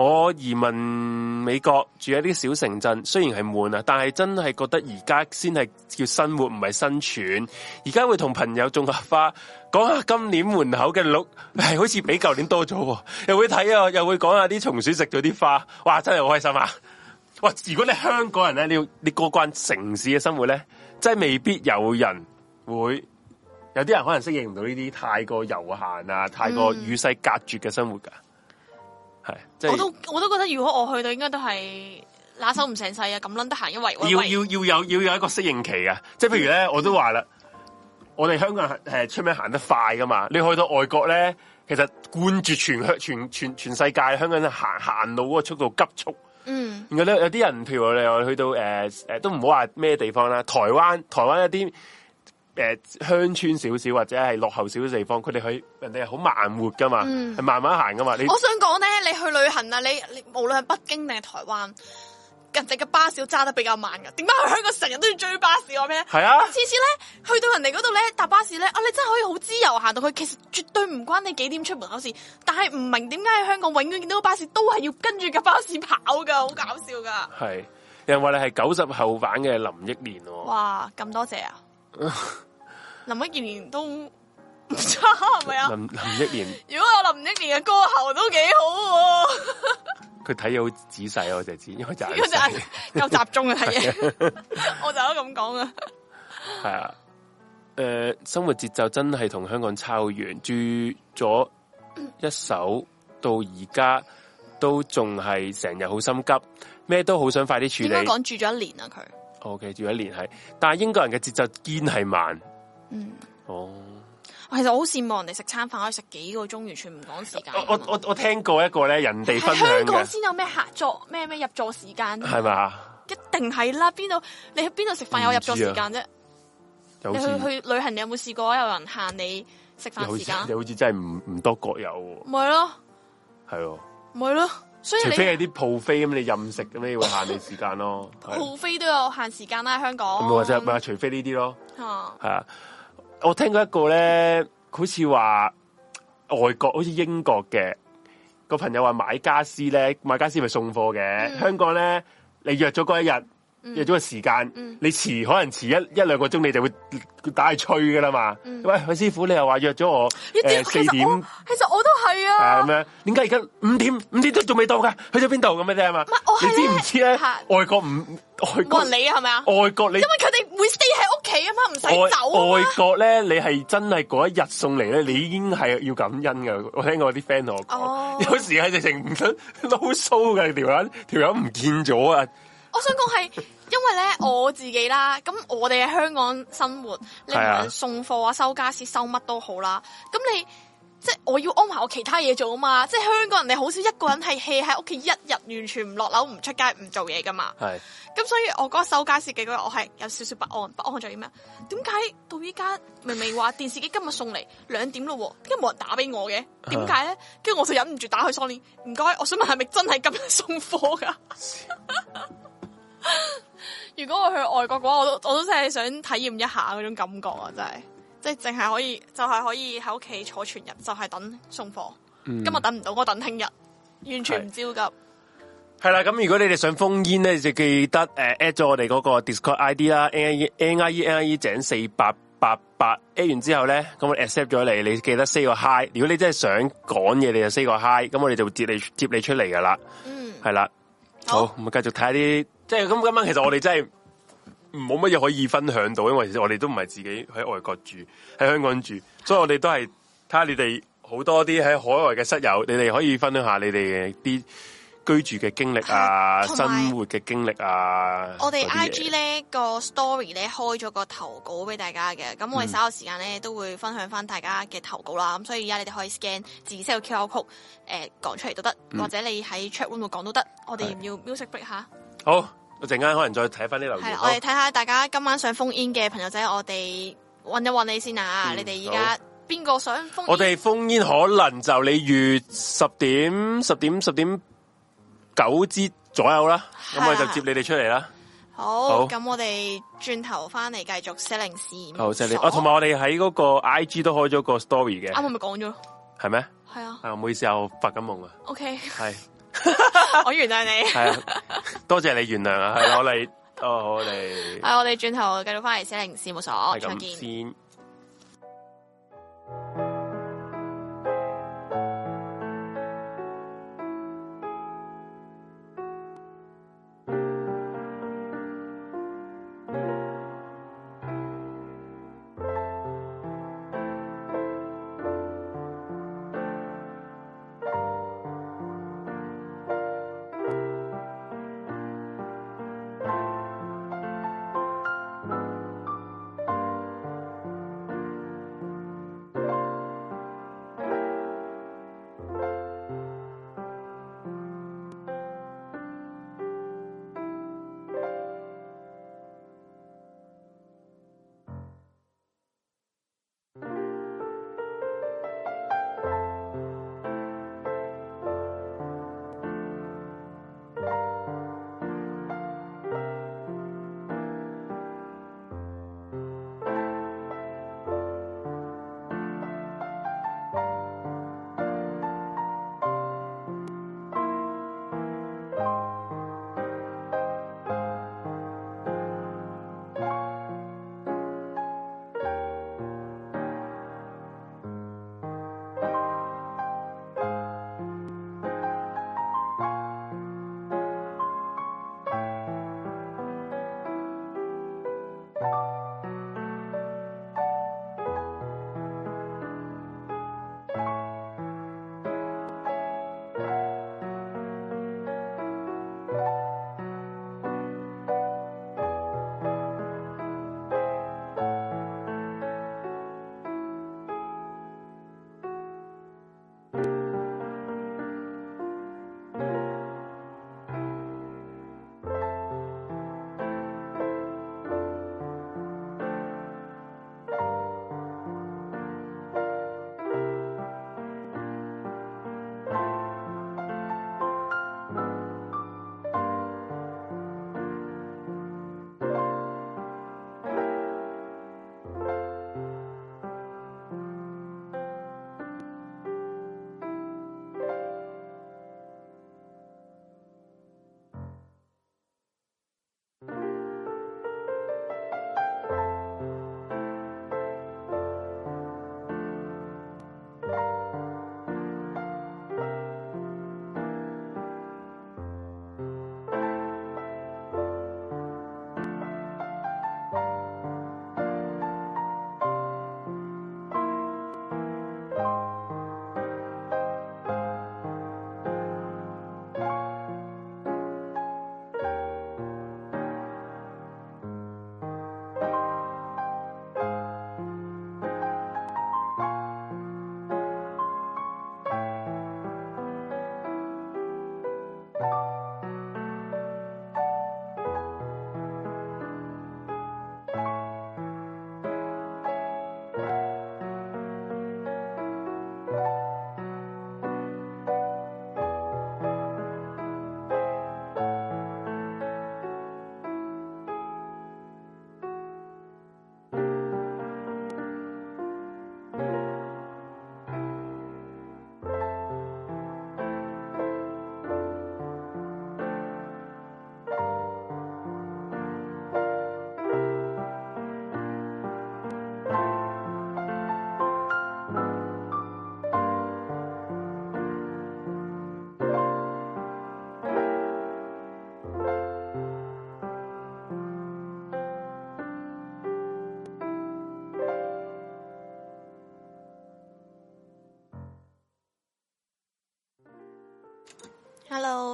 我移民美國住喺啲小城鎮，雖然係悶啊，但係真係覺得而家先係叫生活，唔係生存。而家會同朋友種下花，講下今年門口嘅鹿，係好似比舊年多咗，又會睇啊，又會講下啲松鼠食咗啲花，哇，真係好開心啊！哇，如果你香港人咧，你要你過慣城市嘅生活咧，真係未必有人會。有啲人可能適應唔到呢啲太過悠閒啊，太過與世隔絕嘅生活噶。嗯就是、我都我都覺得如果我去到，應該都係拿手唔成世啊！咁捻得閒，因為要要要有要有一個適應期啊！即係譬如咧、嗯，我都話啦，我哋香港係出名行得快噶嘛，你去到外國咧，其實冠住全全全全世界，香港人行行路嗰個速度急速，嗯，然後咧有啲人譬如我哋去到誒誒、呃，都唔好話咩地方啦，台灣台灣一啲。誒，鄉村少少或者係落後少少地方，佢哋去人哋係好慢活噶嘛，係、嗯、慢慢行噶嘛。你我想講咧，你去旅行啊，你你，你無論係北京定係台灣，人哋嘅巴士都揸得比較慢噶，點解去香港成日都要追巴士我咩？係啊！次次咧去到人哋嗰度咧搭巴士咧，啊你真係可以好自由行到佢。其實絕對唔關你幾點出門口事，但係唔明點解喺香港永遠見到巴士都係要跟住架巴士跑噶，好搞笑噶。係人話你係九十後版嘅林憶蓮喎、哦。哇，咁多謝啊！ <laughs> 林憶蓮都唔差係咪啊？林林憶蓮，如果有林憶蓮嘅歌喉都幾好，佢睇好仔細啊！ <laughs> 細我就知，因為集，因為係夠集中嘅睇嘢， <laughs> 是的 <laughs> 我就咁講啊。係啊，誒、呃，生活節奏真係同香港差好遠。住咗一首、嗯、到而家，都仲係成日好心急，咩都好想快啲處理。香港住咗一年啊？佢 OK 住咗一年係，但係英國人嘅節奏堅係慢。嗯，哦，其實我好羨慕人哋食餐飯可以食幾個鐘，完全唔講時間。我我我聽過一個咧，人哋香港先有咩客座咩咩入座時間，係咪啊？一定係啦，邊度你喺邊度食飯有入座時間啫？你去去旅行，你有冇試過有人限你食飯時間？你好似真係唔唔多國有、啊，咪係咯，係咯，咪係咯。所以你除非係啲 buffet 咁，你任食咁會限你時間咯。buffet 都有限時間啦、啊，香港。冇係即除非呢啲咯，係、uh. 啊。我聽過一個咧，好似話外國好似英國嘅、嗰個朋友話買家私咧，買家私咪送貨嘅、嗯。香港咧，你約咗嗰一日、嗯，約咗個時間、嗯，你遲可能遲一一兩個鐘，你就會打去催㗎喇嘛。喂、嗯哎，師傅，你又話約咗我，四、呃、點，其實我都係啊。咁、啊、樣，點解而家五點五點都仲未到㗎？去咗邊度咁嘅啫嘛？你知唔知，知呢？外國五外國人你係咪啊？外國你，因為佢哋會 stay 喺屋企啊嘛，唔使走，外外國咧，你係真係嗰一日送嚟咧，你已經係要感恩嘅。我聽過啲 friend 同我講，oh. 有時係直情唔想嬲騷嘅條友，友、no、唔見咗啊！我想講係因為咧我自己啦，咁 <laughs> 我哋喺香港生活，你唔送貨啊、收家俬，收乜都好啦，咁你。即係我要安埋我其他嘢做啊嘛！即係香港人，你好少一個人係 hea 喺屋企一日，完全唔落樓、唔出街、唔做嘢噶嘛。係咁，所以我嗰收家私嘅嗰日，我係有少少不安。不安就係咩？點解到依家，明明話電視機今日送嚟，兩點咯，點解冇人打俾我嘅？點解咧？跟、啊、住我就忍唔住打去 Sony。唔該，我想問係咪真係今日送貨噶？ <laughs> 如果我去外國嗰，我都我都真係想體驗一下嗰種感覺啊！真係。即係淨係可以，就係、是、可以喺屋企坐全日，就係、是、等送貨、嗯。今日等唔到，我等聽日，完全唔焦急。係啦，咁如果你哋想 phone in 咧，就記得誒 at 咗我哋嗰個 Discord ID 啦，N I E N I E N I E 井四八八八，at 完之後咧，咁我 accept 咗你，你記得 say 個 hi。如果你真係想講嘢，你就 say 個 hi，咁我哋就會接你接你出嚟噶啦。嗯，係啦，好，咁啊繼續睇下啲，即係咁今晚其實我哋真係、嗯。冇乜嘢可以分享到，因為其實我哋都唔係自己喺外國住，喺香港住，所以我哋都係睇下你哋好多啲喺海外嘅室友，你哋可以分享下你哋嘅啲居住嘅經歷啊，生活嘅經歷啊。我哋 I G 咧，個 story 咧開咗個投稿俾大家嘅，咁我哋稍後時間咧都會分享翻大家嘅投稿啦。咁、嗯、所以而家你哋可以 scan 自己 set 個 Q R Code，誒講出嚟都得、嗯，或者你喺 chat room 度講都得。我哋要唔要 music break 下？好。一陣間可能再睇翻啲留言。係我哋睇下大家今晚想 phone in 嘅朋友仔，我哋搵一搵你先啊、嗯！你哋而家邊個想 phone in？我哋 phone in 可能就你預，十點、十點、十點九之左右啦。咁、嗯、我就接你哋出嚟啦、啊。好，咁我哋轉頭翻嚟繼續 s e t t i n g 試。好犀利、哦啊！啊，同埋我哋喺嗰個 I G 都開咗個 story 嘅。啱，我咪講咗咯。係咩？係啊。係唔好意思啊，我發緊夢啊。O、okay. K。係。 <laughs> <laughs> 我原諒你， <laughs> 多謝你原諒啊！係我哋，我哋係我哋轉頭繼續翻嚟，410事務所再見先。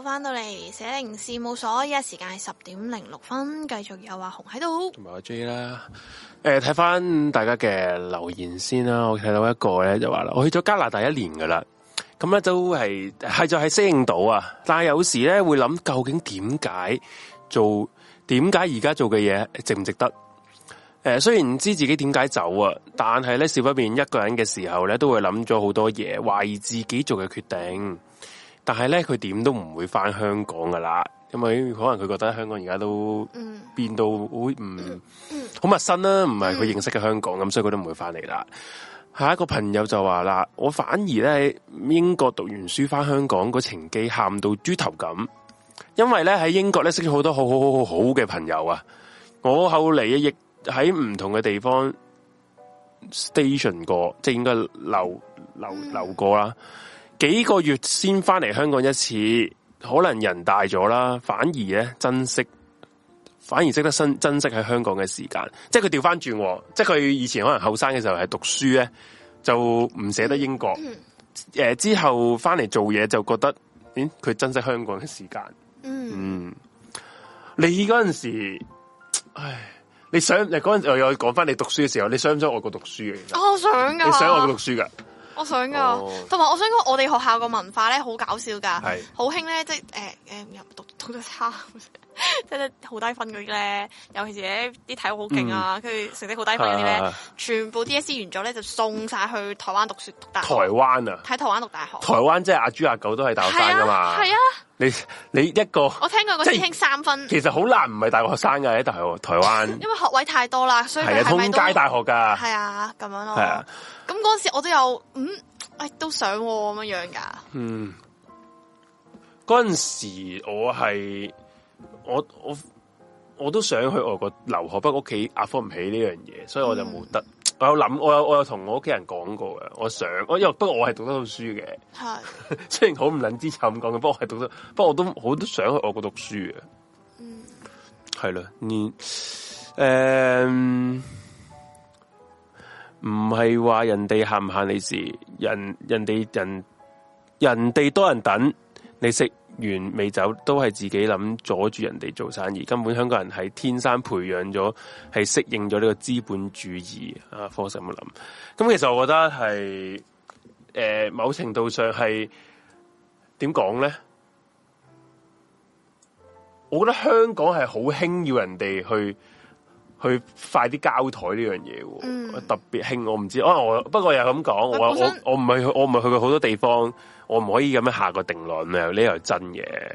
翻到嚟四一零事務所，依家時間係十點零六分，繼續有阿紅喺度，同埋阿 J 啦，呃。誒，睇翻大家嘅留言先啦，我睇到一個咧就話啦，我去咗加拿大一年噶啦，咁咧都係係就係適應到啊，但係有時咧會諗究竟點解做，點解而家做嘅嘢值唔值得？誒，呃，雖然唔知自己點解走啊，但係咧少不免一個人嘅時候咧都會諗咗好多嘢，懷疑自己做嘅決定。但係咧，佢點都唔會翻香港噶啦，因為可能佢覺得香港而家都變到好唔好陌生啦、啊，唔係佢認識嘅香港，咁所以佢都唔會翻嚟啦。下一個朋友就話啦，我反而咧喺英國讀完書翻香港，個情機喊到豬頭咁，因為咧喺英國咧識咗好多好好好好好嘅朋友啊，我後嚟亦喺唔同嘅地方 station 過，即係應該留留留過啦。幾個月先翻嚟香港一次，可能人大咗啦，反而咧珍惜，反而識得珍珍惜喺香港嘅時間。即係佢調翻轉，即係佢以前可能後生嘅時候係讀書咧，就唔捨得英國。誒、嗯嗯，之後翻嚟做嘢就覺得，嗯，佢珍惜香港嘅時間、嗯。嗯，你嗰陣時，唉，你想你嗰陣時又講翻你讀書嘅時候，你想唔想外國讀書啊？我想噶，你想外國讀書噶？我想噶，同、oh. 埋我想講，我哋學校個文化咧好搞笑噶，好興咧，即係誒誒入讀讀得差。即係好低分嗰啲咧，尤其是啲體育好勁啊，佢、嗯、成績好低分嗰啲咧，全部 DSE 完咗咧就送晒去台灣讀書讀大。台灣啊，喺台灣讀大學。台灣即係阿豬阿狗都係大學生噶嘛？係啊，啊，你你一個我聽過個師兄三分，就是、其實好難，唔係大學生嘅，喺台台灣， <laughs> 因為學位太多啦，所以係啊，通街大學噶，係啊咁樣咯。係啊，咁嗰、啊啊、時我都有嗯，誒都想咁樣樣噶。嗯，嗰、哎、陣、嗯、時我係。我我我都想去外國留學，不過屋企壓服唔起呢樣嘢，所以我就冇得、嗯。我有諗，我有我有同我屋企人講過嘅，我想，我因為不過我係讀得到書嘅，係 <laughs> 雖然好唔捻知，就咁講嘅，不過我係讀得，不過我都好都想去外國讀書嘅。嗯，係咯，你、嗯、誒，唔係話人哋喊唔喊你事人人哋人人哋多人等你食。完未走都係自己諗，阻住人哋做生意，根本香港人係天生培養咗，係適應咗呢個資本主義啊方式咁諗。咁、啊嗯、其實我覺得係，誒、呃，某程度上係點講咧？我覺得香港係好興要人哋去去快啲交枱呢樣嘢，嗯、特別興我唔知，我不，我我不過又係咁講，我我我唔係我唔係去過好多地方。我唔可以咁樣下個定論啊！呢個係真嘢。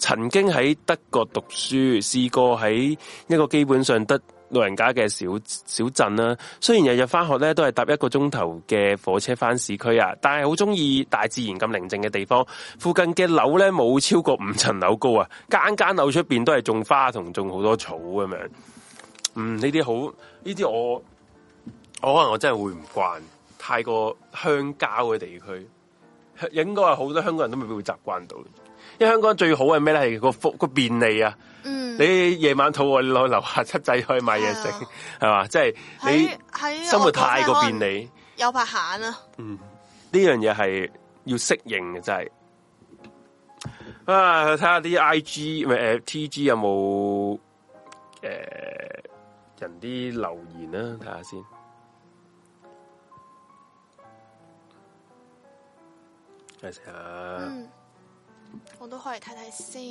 曾經喺德國讀書，試過喺一個基本上得老人家嘅小小鎮啦。雖然日日翻學咧都係搭一個鐘頭嘅火車翻市區啊，但係好中意大自然咁寧靜嘅地方。附近嘅樓咧冇超過五層樓高啊，間間樓出邊都係種花同種好多草咁樣。嗯，呢啲好呢啲我，我可能我真係會唔慣。太過鄉郊嘅地區，應該係好多香港人都未必會習慣到。因為香港最好係咩咧？係個福個便利啊！嗯，你夜晚肚餓，你落樓下七仔去以買嘢食，係嘛？即係、就是、你喺生活太過便利，是是有排閒啊！嗯，呢樣嘢係要適應嘅，真係。啊，去睇下啲 I G 咪、呃、誒 T G 有冇誒、呃、人啲留言啦、啊，睇下先。一下嗯、我都可以睇睇先。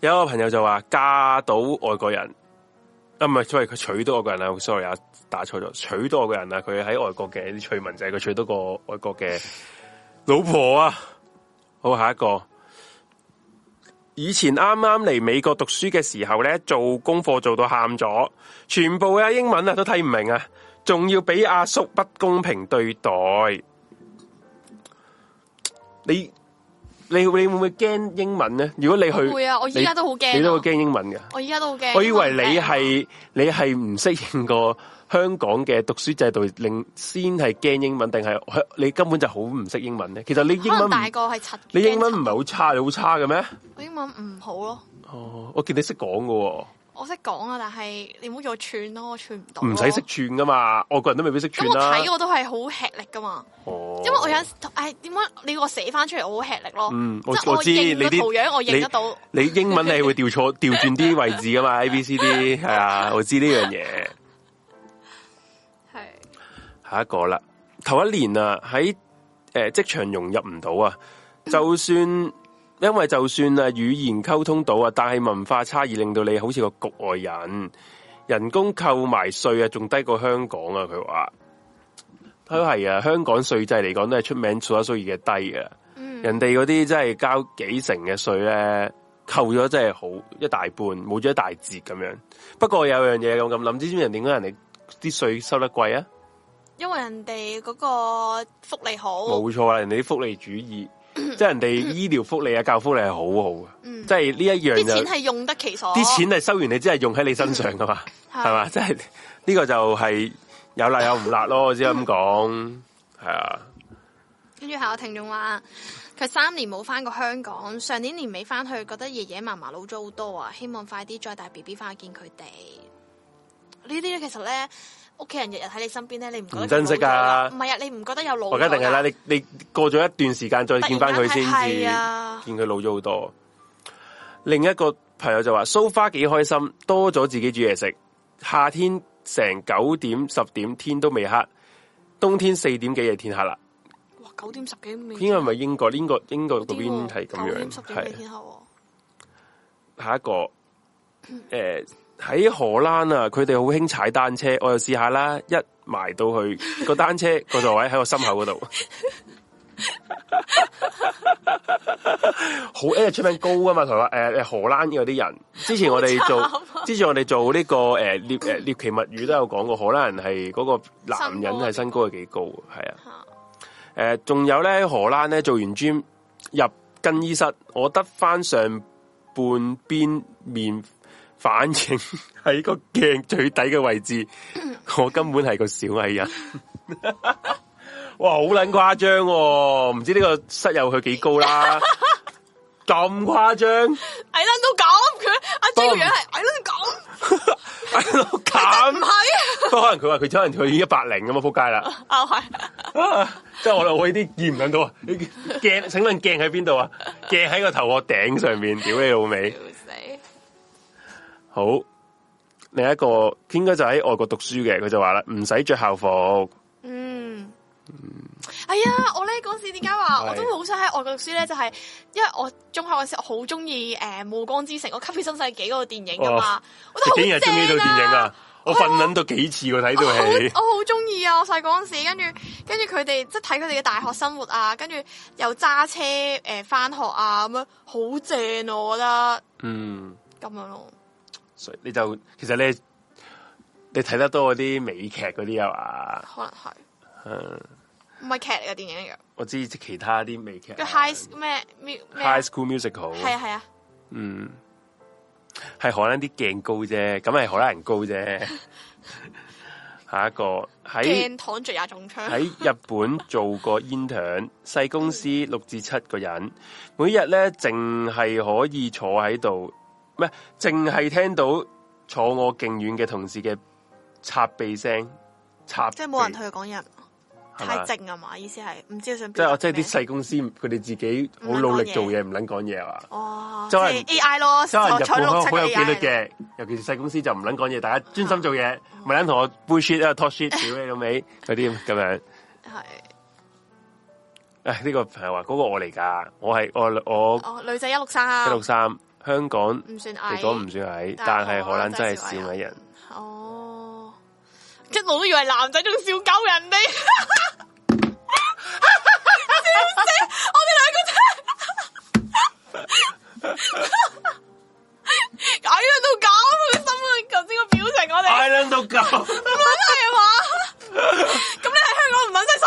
有一個朋友就話嫁到外國人，啊，唔係 sorry，佢娶到外國人啊，sorry 啊，打錯咗娶到外國人啊，佢喺外國嘅啲趣聞就係佢娶到個外國嘅老婆啊。好，下一個，以前啱啱嚟美國讀書嘅時候咧，做功課做到喊咗，全部嘅、啊、英文啊都睇唔明啊。仲要俾阿叔不公平對待，你你你會唔會驚英文咧？如果你去，會啊！我依家都好驚，你都會驚英文嘅。我依家都好驚。我以為你係你係唔適應過香港嘅讀書制度，令先係驚英文，定係你根本就好唔識英文咧？其實你英文大個係七，你英文唔係好差，你好差嘅咩？我英文唔好咯。哦，我見你識講嘅。我，我，我了了識講啊，但係你唔好叫我串咯，我串唔到。唔使識串噶嘛，外國人都未必識串啦。我睇我都係好吃力噶嘛，因為我有誒點解你個寫翻出嚟我好吃力咯。嗯，我、就是、我，認我知你啲圖樣。你，我認得到你，你英文你會會調錯調轉啲位置噶嘛 <laughs> ？A B C D 係啊，我知呢樣嘢。係下一個啦，頭一年啊，喺誒職場融入唔到啊，就算。 <laughs> 因為就算啊語言溝通到啊，但係文化差異令到你好似個局外人，人工扣埋稅啊，仲低過香港啊。佢話都係啊，香港稅制嚟講都係出名數一數二嘅低啊。嗯。人哋嗰啲真係交幾成嘅稅咧，扣咗真係好一大半，冇咗一大截咁樣。不過有一樣嘢咁咁諗，知唔知人哋點解人哋啲稅收得貴啊？因為人哋嗰個福利好，冇錯啊，人哋啲福利主義。即係人哋醫療福利啊、嗯，教福利係好好嘅、嗯，即係呢一樣就啲錢係用得其所，啲錢係收完你，真係用喺你身上噶嘛，係、嗯、嘛， <laughs> 即係呢、這個就係有，有辣有唔辣咯，只係咁講，係啊。跟住下有聽眾話佢三年冇翻過香港，上年年尾翻去，覺得爺爺嫲嫲老咗好多啊，希望快啲再帶 B B 翻去見佢哋。呢啲咧，其實咧。屋企人日日喺你身邊咧，你唔珍惜噶？唔係啊，你唔覺得有老？我一定係啦，你你過咗一段時間再見翻佢先啊！見佢老咗好多。另一個朋友就話，蘇花幾開心，多咗自己煮嘢食。夏天成九點十點天都未黑，冬天四點幾就天黑啦。哇，九點十幾未？應該係咪英國？英國英國嗰邊係咁樣？係。下一個誒。 <coughs> 欸喺荷蘭啊，佢哋好興踩單車，我又試下啦，一埋到去個單車個座位喺我心口嗰度， <laughs> <laughs> 好誒，出 <laughs> 名高㗎嘛，同我誒，荷蘭有啲人，之前我哋做，之前我哋做呢、這個誒獵誒獵奇物語都有講過，荷蘭人係嗰、那個男人係身高係幾高的，係啊，誒、呃，仲有咧荷蘭咧做完 gym 入更衣室，我得翻上半邊面。反應喺個鏡最底嘅位置，我根本係個小矮人。哇，好捻誇張，唔知呢個室友佢幾高啦？咁誇張，矮撚都咁佢？阿朱樣係矮到咁？矮到咁係？都可能佢話佢可能佢一百零咁啊，仆街啦。啊係，即係我咧，我呢啲見唔到鏡啊！鏡，請問鏡喺邊度啊？鏡喺個頭殼頂上面，屌你老味！好，另一個應該就喺外國讀書嘅，佢就話啦，唔使着校服。嗯，嗯，哎呀，我呢個時點解話我都好想喺外國讀書咧？ <laughs> 就係因為我中學嗰時好中意誒《暮、呃、光之城》嗰個《吸血新世紀》嗰個電影啊嘛，哦，我都好中意呢套電影啊！我瞓捻咗幾次，我睇到係，我好中意啊！我細個嗰時，跟住跟住佢哋即係睇佢哋嘅大學生活啊，跟住又揸車誒翻、呃、學啊，咁樣好正啊！我覺得，嗯，咁樣咯。所以你就其實咧，你睇得多嗰啲美劇嗰啲啊嘛，可能係，唔係劇嚟嘅電影嚟嘅。我知道其他啲美劇，High 咩 High School Musical，係啊係啊，嗯，係荷蘭啲鏡高啫，咁係荷蘭人高啫。 <laughs> 下一個喺躺著也中槍，喺日本做過 intern，細 <laughs> 公司六至七個人，嗯、每日咧淨係可以坐喺度。咩淨淨係聽到坐我勁遠嘅同事嘅插鼻聲，插，即係冇人同佢講嘢，太靜啊嘛！意思係唔知佢想，即係即係啲細公司，佢哋自己好努力做嘢，唔撚講嘢啊！哇、哦！即係 A I 咯，即係，好有紀律嘅，尤其是細公司就唔撚講嘢，大家專心做嘢，咪撚同我 bullshit 啊，talk shit 屌 <laughs> 你老味嗰啲咁樣。係，誒、哎、呢、這個朋友話嗰、那個我嚟㗎，我係我我，我哦、女仔一六三啊，一六三。香港唔算，算矮，但係荷蘭真係少矮人。哦，一、oh. 路都以為男仔仲笑鳩人哋， <laughs> 知知我哋兩個真係矮 <laughs> 到狗，心啊！頭先個表情我們，我哋矮到狗，係嘛？ <laughs>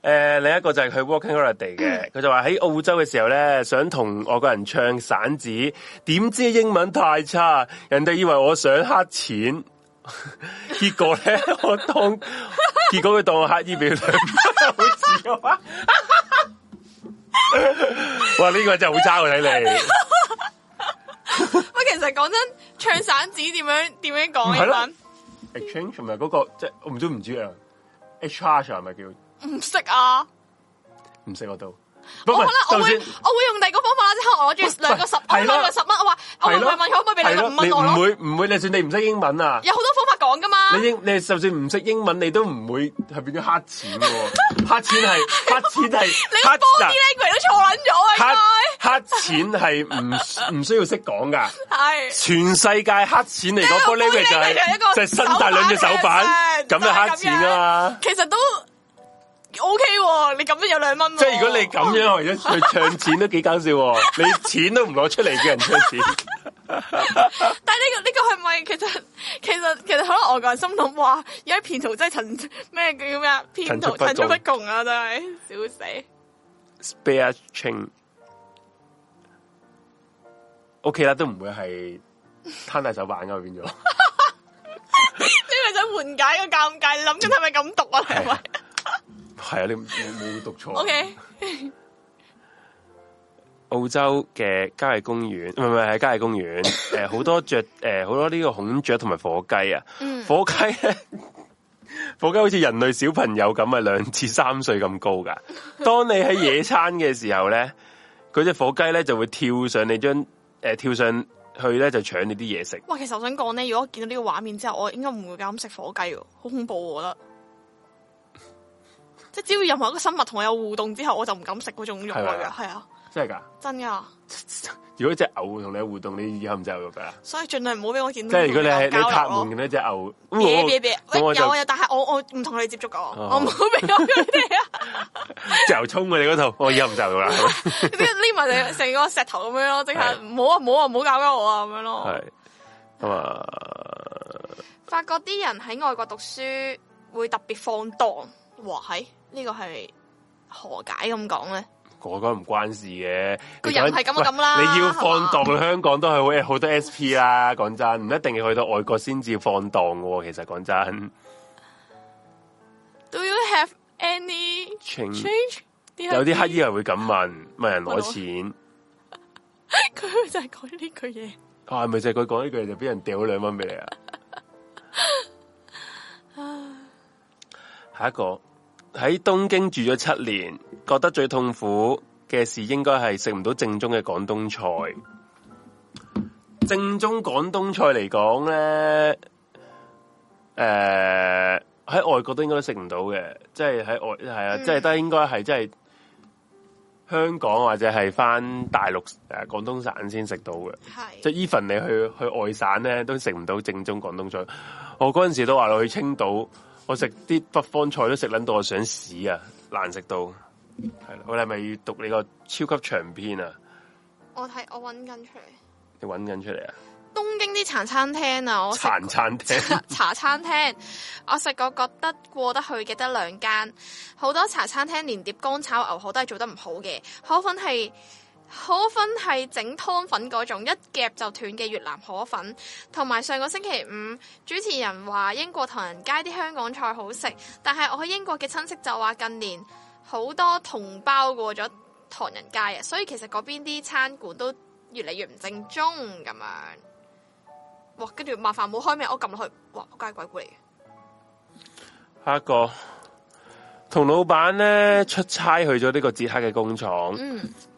誒、呃，另一個就係佢 w o r k i n g h o l i d a y 嘅，佢就話喺澳洲嘅時候咧，想同外國人唱散紙，點知英文太差，人哋以為我想黑錢，結果咧我當，結果佢當我黑衣表， <laughs> <laughs> 哇！呢、這個真係好差喎， <laughs> 你哋！喂， <laughs> 其實講真，唱散紙點樣點 <laughs> 樣講英 e x c h a n g e 咪嗰個即係我唔知唔知啊，HR 係咪叫？唔識啊，唔識我都，我咧我會我會用第二個方法啦，即係我攞住兩個十蚊，兩個十蚊，我話我咪問可唔可以俾你，五蚊我，唔會唔會，就算你唔識英文啊，有好多方法講噶嘛，你英你就算唔識英文，你都唔會係變咗黑錢喎 <laughs> 錢是。 <laughs> 黑錢係 <laughs> 黑，黑錢係，你 body language 都錯捻咗啦，黑 <laughs> 黑錢係唔唔需要識講噶，係全世界黑錢嚟講 body language 就係伸大兩隻手板，咁 <laughs> 就黑錢啊來嘛，其實都。 <laughs> <laughs> 來 <laughs> 來 <laughs> O、okay、K，哦、你咁樣有兩蚊。即、就、係、是、如果你咁樣為咗去唱錢都幾搞笑， <laughs> 你錢都唔攞出嚟叫人出錢。 <laughs> 但係、這、呢個呢、這個係咪其實其實其實可能我個人心諗，哇，而家騙徒真係陳咩叫咩啊？騙陳，陳出不窮啊，真係笑死。Spare change，O、okay、K 啦，都唔會係攤大手板噶變咗。 <laughs> <laughs> <laughs> 你係想緩解個尷尬？ <laughs> 你諗緊係咪咁讀啊？係咪？ <laughs> 係啊，你冇冇讀錯？O K，澳洲嘅郊野公園，唔係係係喺郊野公園，誒 <laughs> 好、呃、多雀，誒、呃、好多呢個孔雀同埋火雞啊，火雞咧，火雞好似人類小朋友咁啊，兩至三歲咁高噶。當你喺野餐嘅時候咧，佢 <laughs> 隻火雞咧就會跳上你張誒、呃、跳上去咧就搶你啲嘢食。哇，其實我想講咧，如果我見到呢個畫面之後，我應該唔會咁食火雞，好恐怖啊，我覺得。只要任何一個生物同我有互動之後，我就唔敢食嗰種肉類嘅，係啊，真係噶，真噶。如果隻牛會同你有互動，你以後唔食肉㗎啦。所以盡量唔好俾我見到。即係如果你係你塔門見到隻牛，野野野有有，但係我我唔同佢接觸噶，我唔好俾我佢哋啊。牛衝啊你嗰套，我以後唔食肉啦。即係匿埋成成個石頭咁樣，啊啊啊、樣咯，即係唔好啊唔好啊唔好教鳩我啊咁樣咯。係同埋，發覺啲人喺外國讀書會特別放蕩哇係。呢、這個係何解咁講咧？嗰、那個唔關事嘅，個人係咁就咁啦。你要放蕩，香港都係好好多 SP 啦。講真，唔一定要去到外國先至放蕩嘅。其實講真，Do you have any change？有啲乞衣人會咁問，問人攞錢。佢、啊、就係講呢句嘢。係咪就係佢講呢句嘢，就俾人掉兩蚊俾你啊？下一個。喺東京住咗七年，覺得最痛苦嘅事應該係食唔到正宗嘅廣東菜。正宗廣東菜嚟講咧，誒、呃、喺外國都應該都食唔到嘅，即係喺外係啊，即係都應該係即係香港或者係翻大陸誒廣東省先食到嘅。係即係 even 你去去外省咧，都食唔到正宗廣東菜。我嗰陣時都話去青島。我食啲北方菜都食捻到我想屎啊！難食到，係啦，我哋係咪要讀你個超級長篇啊？我睇我揾緊出嚟，你揾緊出嚟啊？東京啲茶餐廳啊，我茶餐廳茶，茶餐廳，我食過覺得過得去嘅得兩間，好多茶餐廳連碟乾炒牛河都係做得唔好嘅，好粉係。河粉係整湯粉嗰種，一夾就斷嘅越南河粉，同埋上個星期五主持人話英國唐人街啲香港菜好食，但係我去英國嘅親戚就話近年好多同胞過咗唐人街啊，所以其實嗰邊啲餐館都越嚟越唔正宗咁樣。嘩，跟住麻煩冇開咩，我撳落去，哇，仆街鬼故嚟嘅。下一個。同老闆咧出差去咗呢個捷克嘅工廠，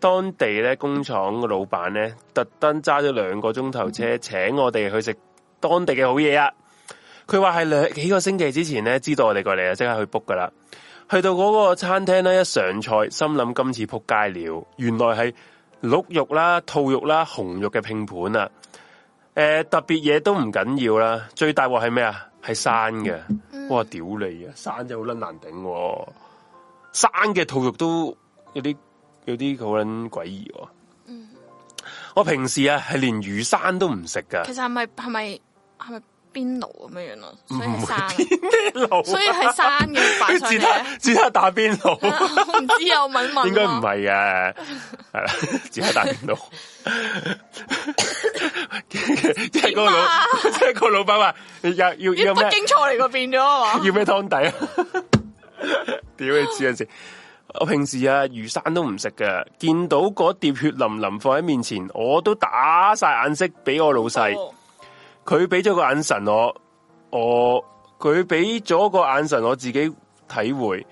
當地咧工廠嘅老闆咧特登揸咗兩個鐘頭車請我哋去食當地嘅好嘢啊！佢話係兩幾個星期之前咧知道我哋過嚟啊，即刻去 book 噶啦。去到嗰個餐廳咧，一上菜，心諗今次撲街了，原來係鹿肉啦、兔肉啦、紅肉嘅拼盤啊、呃！誒，特別嘢都唔緊要啦，最大鑊係咩啊？係生嘅，哇屌你啊！生就係好捻難頂，啊，生嘅兔肉都有啲有啲好捻詭異。嗯，我平時啊係連魚生都唔食噶。其實係咪係咪係咪？是不是是不是邊爐咁樣樣咯，所以係山嘅。只係只係打邊爐，唔知有問問。應該唔係啊，係啦，只係打邊爐。即 <laughs> 係 <laughs> <laughs> <laughs> 樣、啊、 <laughs> 個老，即係個老闆話：，又要要咩？北京菜嚟變咗要咩湯底啊？屌 <laughs> 你知唔知？ <laughs> 我平時啊魚生都唔食㗎。見到嗰碟血淋淋放喺面前，我都打晒眼色俾我老細。佢俾咗個眼神我，我佢俾咗個眼神我自己體會，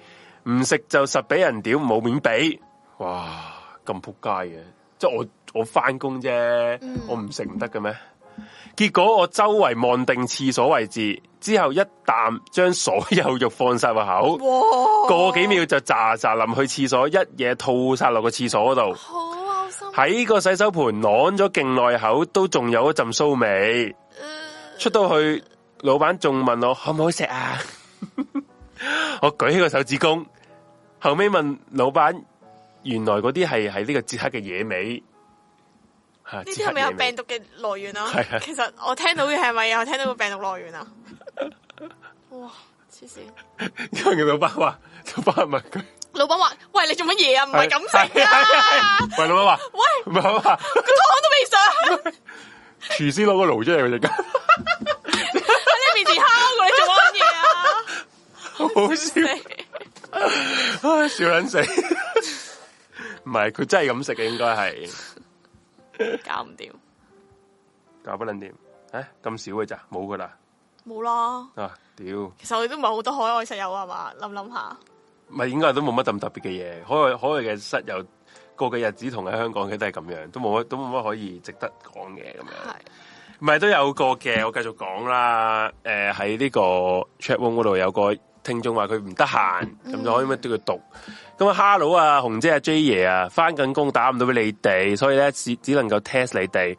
唔食就實俾人屌，冇面俾，哇咁撲街嘅，即係我我翻工啫，我唔食唔得嘅咩？結果我周圍望定廁所位置，之後一啖將所有肉放晒落口，過幾秒就咋咋淋去廁所，一嘢吐晒落個廁所嗰度，好嘔心，喺個洗手盆攣咗勁耐口，都仲有一陣騷味。嗯、出到去，老闆仲問我可唔可以食啊？ <laughs> 我舉起個手指公，後尾問老闆，原來嗰啲係喺呢個捷克嘅野味，呢啲係咪有病毒嘅來源啊？啊其實我聽到嘅係咪有聽到個病毒來源啊？哇，黐線！因為個老闆話，老闆問佢，老闆話，喂，你做乜嘢啊？唔係咁食啊，啊？喂，老闆話，喂，喂，唔好啊，佢湯 <laughs> 都未上。廚師攞個爐出嚟，佢就咁喺你面前烤，你做乜嘢啊？好笑，笑撚、 <laughs> <laughs> 哎、死！唔係佢真係咁食嘅，應該係 <laughs> 搞唔掂，搞不撚掂。誒、啊，咁少嘅咋？冇噶啦，冇囉。啊，屌！其實我哋都唔係好多海外室友啊嘛，諗諗下，唔係應該都冇乜咁特別嘅嘢。海外海外嘅室友。過嘅日子同喺香港嘅都係咁樣，都冇乜都冇乜可以值得講嘅咁樣。係，唔係都有個嘅。我繼續講啦。誒、呃，喺呢個 chat room 嗰度有個聽眾話佢唔得閒，咁、嗯、就可以咩對佢讀。咁、嗯、啊、嗯、hello 啊，紅姐啊，J 爺啊，翻緊工打唔到俾你哋，所以咧只只能夠 test 你哋。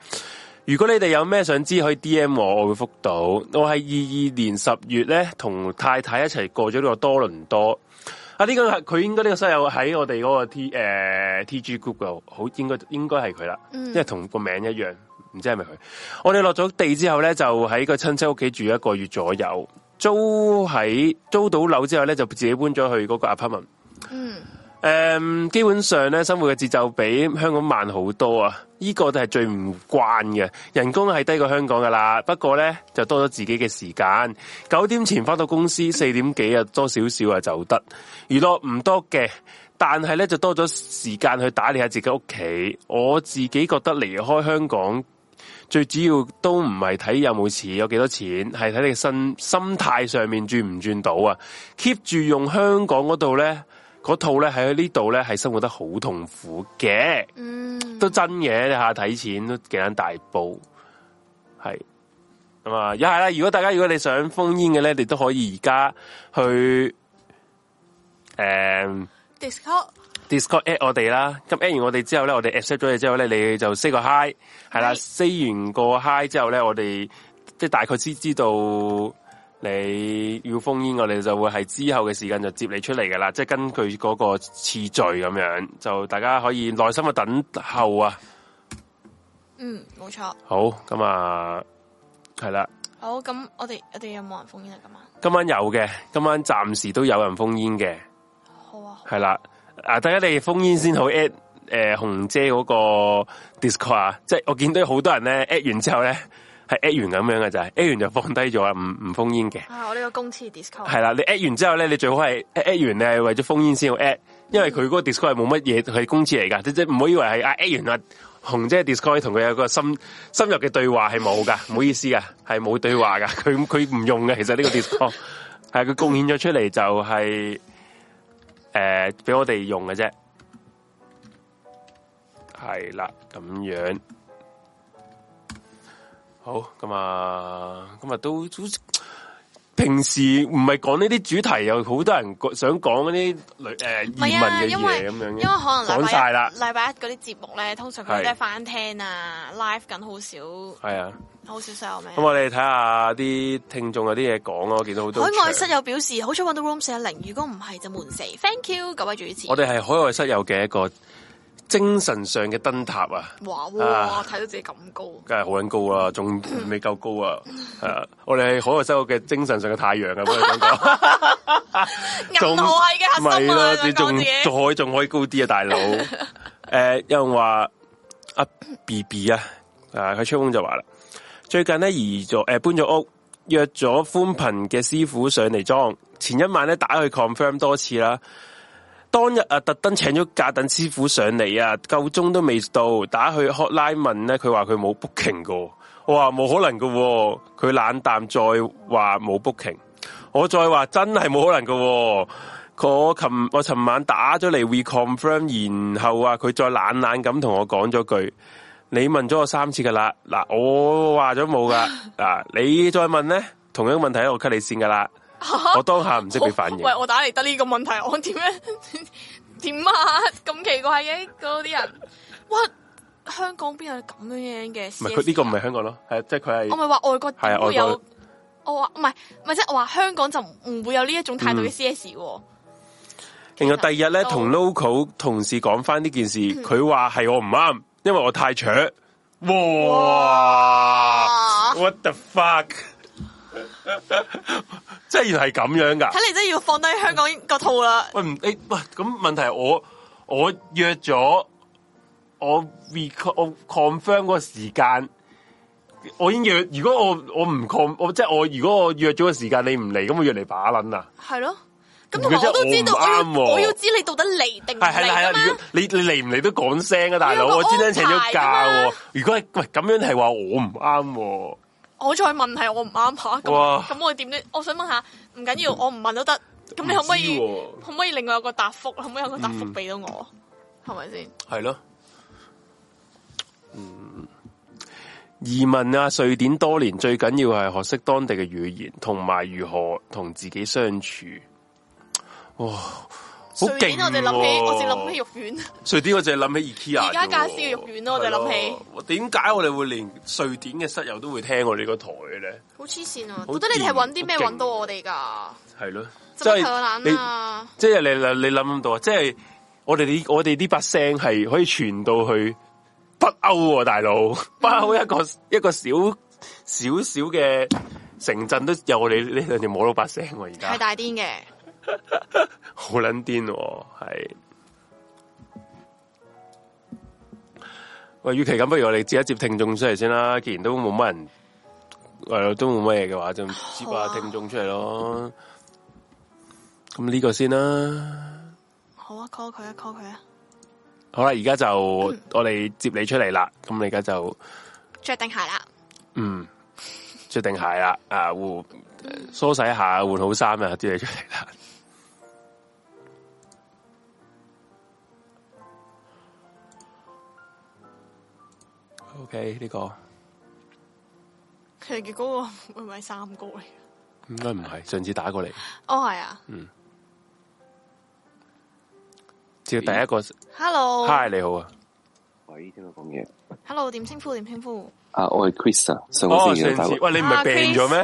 如果你哋有咩想知，可以 DM 我，我會覆到。我喺二二年十月咧，同太太一齊過咗呢個多倫多。啊！呢個佢應該呢個室友喺我哋嗰個 T 誒、呃、T G Group 度，好應該應該係佢啦，嗯、因為同個名一樣，唔知係咪佢。我哋落咗地之後咧，就喺個親戚屋企住一個月左右，租喺租到樓之後咧，就自己搬咗去嗰個 apartment。嗯,嗯，誒，基本上咧，生活嘅節奏比香港慢好多啊。呢、這個都係最唔慣嘅，人工係低過香港噶啦。不過呢，就多咗自己嘅時間，九點前翻到公司，四點幾啊多少少啊就得。娛樂唔多嘅，但係呢，就多咗時間去打理下自己屋企。我自己覺得離開香港最主要都唔係睇有冇錢，有幾多錢，係睇你嘅心心態上面轉唔轉到啊。keep 住用香港嗰度呢。嗰套咧喺呢度咧，係生活得好痛苦嘅、嗯，都真嘅吓睇錢都幾捻大煲，係咁啊！又、嗯、係啦，如果大家如果你想 phone in 嘅咧，你都可以而家去誒、呃、Discord，Discord at 我哋啦。咁、嗯、at 完我哋之後咧，我哋 accept 咗你之後咧，你就 say 個 hi，係啦，say 完個 hi 之後咧，我哋即係大概知知道。你要封煙，我哋就會係之後嘅時間就接你出嚟㗎喇，即係根據嗰個次序咁樣，就大家可以耐心嘅等候啊。嗯，冇錯。好、嗯，咁啊，係啦。好，咁我哋我哋有冇人封煙啊？今晚？今晚有嘅，今晚暫時都有人封煙嘅。好啊。係、啊、啦，啊，大家你封煙先好，好，at 誒、呃、紅姐嗰個 Discord 啊，即係我見到好多人咧 at 完之後咧。係 at 完咁樣嘅就係 at 完就放低咗啊，唔唔封煙嘅。啊，我呢個公廁 Discord 係啦，你 at 完之後咧，你最好係 at 完咧為咗封煙先要 at，因為佢嗰個 Discord 係冇乜嘢，佢係公廁嚟噶，即即唔好以為係啊 at 完啊紅姐 Discord 同佢有個深深入嘅對話係冇噶，唔 <laughs> 好意思噶，係冇對話噶，佢佢唔用嘅，其實呢個 Discord 係佢貢獻咗出嚟就係誒俾我哋用嘅啫，係啦咁樣。好咁啊！今日都平時唔係講呢啲主題，有好多人想講嗰啲女誒移民嘅嘢咁樣因為可能講晒啦！禮拜一嗰啲節目咧，通常佢都係翻聽啊，live 緊好少。係啊，好少收名。咁、嗯、我哋睇下啲聽眾有啲嘢講咯，見到好多。海外室友表示、嗯、好彩搵到 room 四一零，如果唔係就悶死。Thank you，各位主持。我哋係海外室友嘅一個。精神上嘅燈塔啊！哇、哦，睇到自己咁高，梗係好撚高啊，仲未夠高啊！係啊， <laughs> 啊，我哋海外生活嘅精神上嘅太陽啊！咁 <laughs> <laughs> 啊，仲未咯，你仲仲可以，仲可以高啲啊！大佬，誒、 <laughs> uh,，有人話阿 B B 啊，啊，佢吹風就話啦，最近咧移咗，誒、呃，搬咗屋，約咗寬頻嘅師傅上嚟裝，前一晚咧打去 confirm 多次啦。當日啊，特登請咗格頓師傅上嚟啊，夠鐘都未到，打去 Hotline 問咧，佢話佢冇 booking 過，我話冇可能噶，佢冷淡再話冇 booking，我再話真係冇可能噶，我琴我琴晚打咗嚟 reconfirm，然後啊，佢再懶懶咁同我講咗句，你問咗我三次噶啦，嗱我話咗冇噶，你再問咧，同一個問題我 cut 你線噶啦。啊、我當下唔識點反應，喂！我打嚟得呢個問題，我點樣點啊？咁、啊、奇怪嘅嗰啲人，哇！香港邊有咁樣樣嘅、啊？唔係佢呢個唔係香港咯，係即係佢係。我咪話外國點會有？我話唔係，唔係即係我話香港就唔會有態、啊嗯、呢一種態度嘅 C S。另外第二日咧，同 local 同事講翻呢件事，佢話係我唔啱，因為我太蠢。哇，哇！What the fuck？即係原係咁樣噶，睇嚟真係要放低香港個套啦。喂唔誒，喂，咁問題我我約咗我 reconfirm 嗰個時間，我已經約。如果我我唔 confirm，即係我如果我約咗個時間，你唔嚟，咁我約嚟把捻啊。係咯，咁、嗯、我都知道啱。我要知你到底嚟定唔嚟，如果你你嚟唔嚟都講聲啊，大佬、那個，我專登請咗假、那個。如果係喂咁樣，係話我唔啱、啊。我再問係我唔啱吓，咁咁我點呢？我想問下，唔緊要，我唔問都得。咁、嗯、你可唔可以、啊、可唔可以另外有個答覆嗯、可唔可以有個答覆俾到我？係咪先？係咯，嗯，移民啊，瑞典多年最緊要係學識當地嘅語言，同埋如何同自己相處。哇！瑞典我哋諗起，我哋諗起肉丸，瑞典我就諗起 IKEA，而家介紹嘅肉丸咯，我哋諗起。點解我哋會連瑞典嘅室友都會聽我哋個台嘅咧？好黐線啊！覺得你係揾啲咩揾到我哋噶？係咯，真係難啊，即係你，即係你你諗到啊！即係我哋，我哋呢把聲係可以傳到去北歐啊，大佬北歐一個一個小小小嘅城鎮都有我哋呢兩條摸佬把聲而家。係大癲嘅。好撚癲喎，係喂，與其咁，不如我哋接一接聽眾出嚟先啦。既然都冇乜人，誒、哎，都冇乜嘢嘅話，就接下聽眾出嚟咯。咁呢個先啦。好啊，call 佢啊，call 佢啊。好啦，而家就我哋接你出嚟啦。咁你而家就着定鞋啦。嗯，着定鞋啦。啊、嗯，換、呃、梳洗下，換好衫啊啲嘢出嚟啦。OK，呢個佢哋嘅嗰個會唔會係三哥嚟？應該唔係，上次打過嚟。哦，係啊，嗯。接第一個、hey.，Hello，Hi，你好啊。喂，聽到講嘢。Hello，點稱呼？點稱呼？啊、uh, uh,，我係 Chris 啊，上次上次，喂、呃，你唔係病咗咩？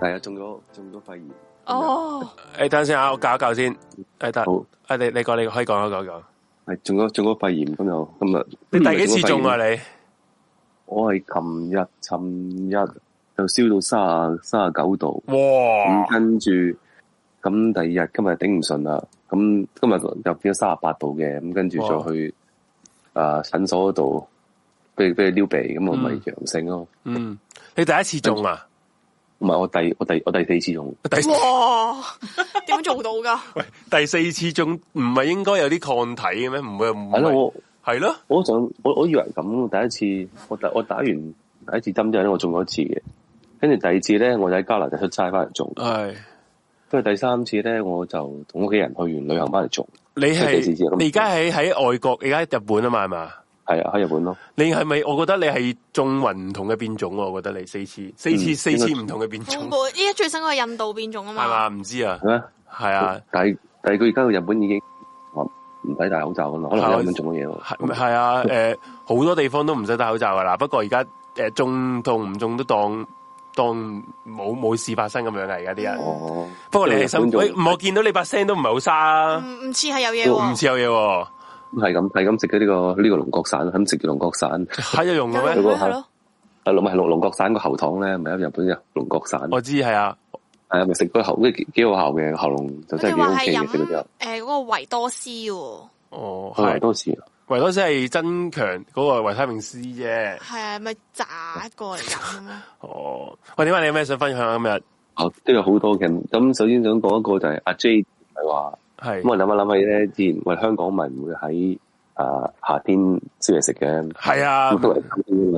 係、ah, 啊， <music> 中咗中咗肺炎。哦，誒，等下先啊，我教一教先。係、欸、得，好，啊，你你講，你，你可以講一講講。係中咗中咗肺炎，今日今日。你第幾次中啊？你？我係琴日，琴日就燒到三啊三啊九度，咁跟住咁第二日今日頂唔順啦，咁今日又變咗三十八度嘅，咁跟住再去啊呃、診所嗰度，俾俾佢撩鼻，咁我咪陽性咯、嗯。嗯，你第一次中啊？唔係我第我第我第，我第四次中。第哇！點 <laughs> 做到噶？喂，第四次中唔係應該有啲抗體嘅咩？唔 <laughs> 會唔係。係咯，我就我我以為咁，第一次我打我打完第一次針之後咧，我中咗一次嘅，跟住第二次咧，我就喺加拿大出差翻嚟中，係跟住第三次咧，我就同屋企人去完旅遊翻嚟中。你係你而家喺喺外國，而家喺日本啊嘛係嘛，係啊喺日本咯。你係咪？我覺得你係中勻唔同嘅變種，啊，我覺得你四次、四次、嗯、四次唔同嘅變種。依家最新嗰個印度變種啊嘛，係嘛？唔知啊，係啊。第第個而家去日本已經。唔使戴口罩咁嘛，可能有冇種咗嘢喎？係係啊，誒， <laughs> 好、啊呃、多地方都唔使戴口罩噶啦。不過而家誒，種同唔中都當當冇冇事發生咁樣啊！而家啲人、哦，不過你係新喂，我見到你把聲都唔係好沙唔似係有嘢、啊、唔、哦、似有嘢、啊，係咁係咁食咗呢個呢、這個龍角散，咁食叫龍角散，係 <laughs> 有用嘅的咩？係咯，啊龍係龍龍角散個喉糖咧，咪喺日本啊龍角散， <laughs> 我知係啊。係咪食個喉都幾幾有效嘅喉嚨，就真係幾 OK 嘅，食嗰啲誒嗰個維多斯喎、哦。哦，維多斯，維多斯係增強嗰個維他命 C 啫。係啊，咪炸過嚟 <laughs> 哦，喂，點解你有咩想分享、啊、今日？哦，都有好多嘅。咁首先想講一個就係阿 J 係話，係咁、嗯、我諗下諗起咧，之前我哋香港民會喺、呃、夏天燒嘢食嘅，係啊，都係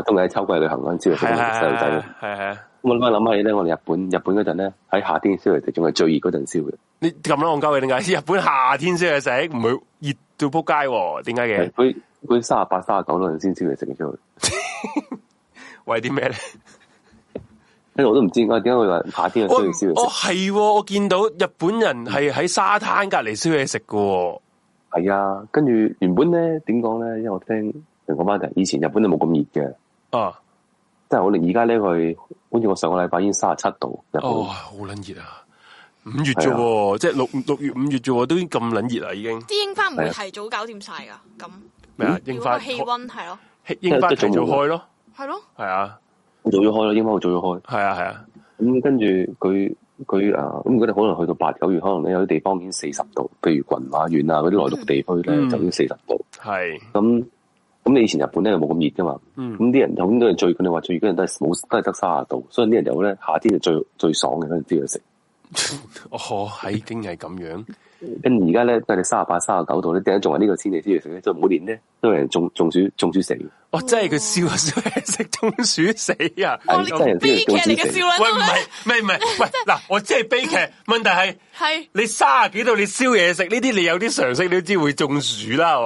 都係喺秋季旅行嗰陣燒嘅細路仔，係係、啊。是啊是啊。我諗返諗返起咧，我哋日本日本嗰陣咧喺夏天燒嚟食，仲係最熱嗰陣燒嘅。你咁啦我鳩嘅點解？日本夏天燒嘢食唔會熱到扑街？點解嘅？佢佢三十八、三十九嗰陣先燒嘢食嘅出去。為啲咩咧？呢我都唔知點解，點解會話夏天就燒嚟燒嚟食？哦係、哦，我見到日本人係喺沙灘隔籬燒嘢食嘅。係啊，跟住原本咧點講咧？因為我聽同我媽講，以前日本都冇咁熱嘅。啊。即係我哋而家咧，佢好似我上個禮拜已經三十七度。哇，好捻熱啊！五月啫，啊、即係六六月、五月啫，都已經咁捻熱啦！已經，已經。啲櫻花唔會提早搞掂晒噶，咁、 <laughs> 嗯。咩啊？櫻花氣溫係咯，櫻花 <noise> 早咗開咯，係咯，係啊，早咗開咯，櫻花早咗開。係啊係啊，咁跟住佢佢啊，咁佢哋可能去到八九月，可能咧有啲地方已經四十度，譬如群馬縣啊嗰啲內陸地區咧、嗯，就已經四十度。係咁。嗯咁你以前日本咧，又冇咁熱噶嘛？咁啲人，好多人最佢哋話最熱嘅人都係冇都係得卅度，所以啲人有咧夏天就最最爽嘅嗰啲嘢食。哦，係經係咁樣。咁而家咧都係三十八、三十九度，你掟仲係呢個天氣啲嘢食咧，就每年咧都有人中中暑、中暑死。哦，真係佢燒啊燒嘢食中暑死啊！哦，真係悲劇嚟嘅笑料。喂唔係唔係，喂嗱，我真係悲劇。問題係係你卅幾度，你燒嘢食呢啲，你有啲常識你都知會中暑啦，係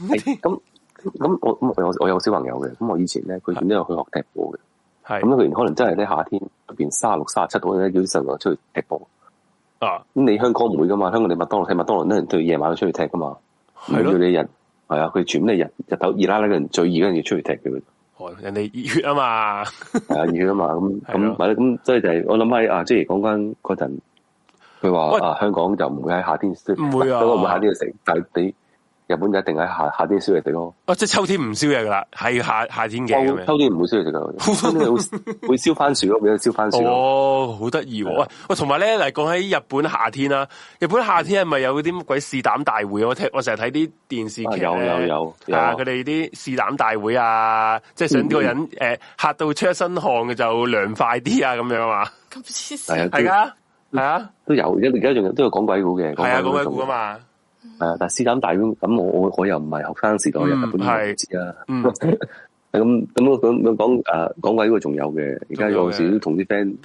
嘛？咁。咁我我我有個小朋友嘅，咁我以前咧佢點都有去學踢波嘅，係咁佢可能真係咧夏天入邊卅六卅七度咧叫啲細路出去踢波，啊咁你香港唔會噶嘛？香港你麥當勞睇麥當勞啲人對夜晚都出去踢噶嘛？係咯，佢哋人係啊，佢全部人日日頭熱拉拉嘅人最熱嘅人要出去踢嘅，哦人哋熱血啊嘛， <laughs> 嘛，係熱血啊嘛，咁咁係啦，咁所以就係、是、我諗喺啊，即係講翻嗰陣，佢話啊香港就唔會喺夏天，唔會啊，都唔會喺呢度食，但係你。日本一定喺夏夏天燒嘢食咯，哦，即係秋天唔燒嘢噶啦，係夏夏天嘅秋天唔會燒嘢食噶，秋天會燒 <laughs> 番薯咯，變咗燒番薯咯，哦，好得意喎，喂喂，同埋咧，嚟講喺日本夏天啦，啊，日本夏天係咪有啲乜鬼試膽大會？我睇我成日睇啲電視劇，有有有，啊，佢哋啲試膽大會啊，嗯、即係想啲個人誒吓、呃、到出一身汗嘅就涼快啲啊，咁樣啊，嘛、嗯，咁黐線！啊！係啊，係、嗯、啊、嗯，都有而家仲有都有講鬼故嘅，係啊，講鬼故啊嘛。啊，但係私產大咁，我我我又唔係學生時代，嗯、日本啲嘢唔知咁咁咁講誒，講鬼嘅仲有嘅，而家有陣時都同啲 friend，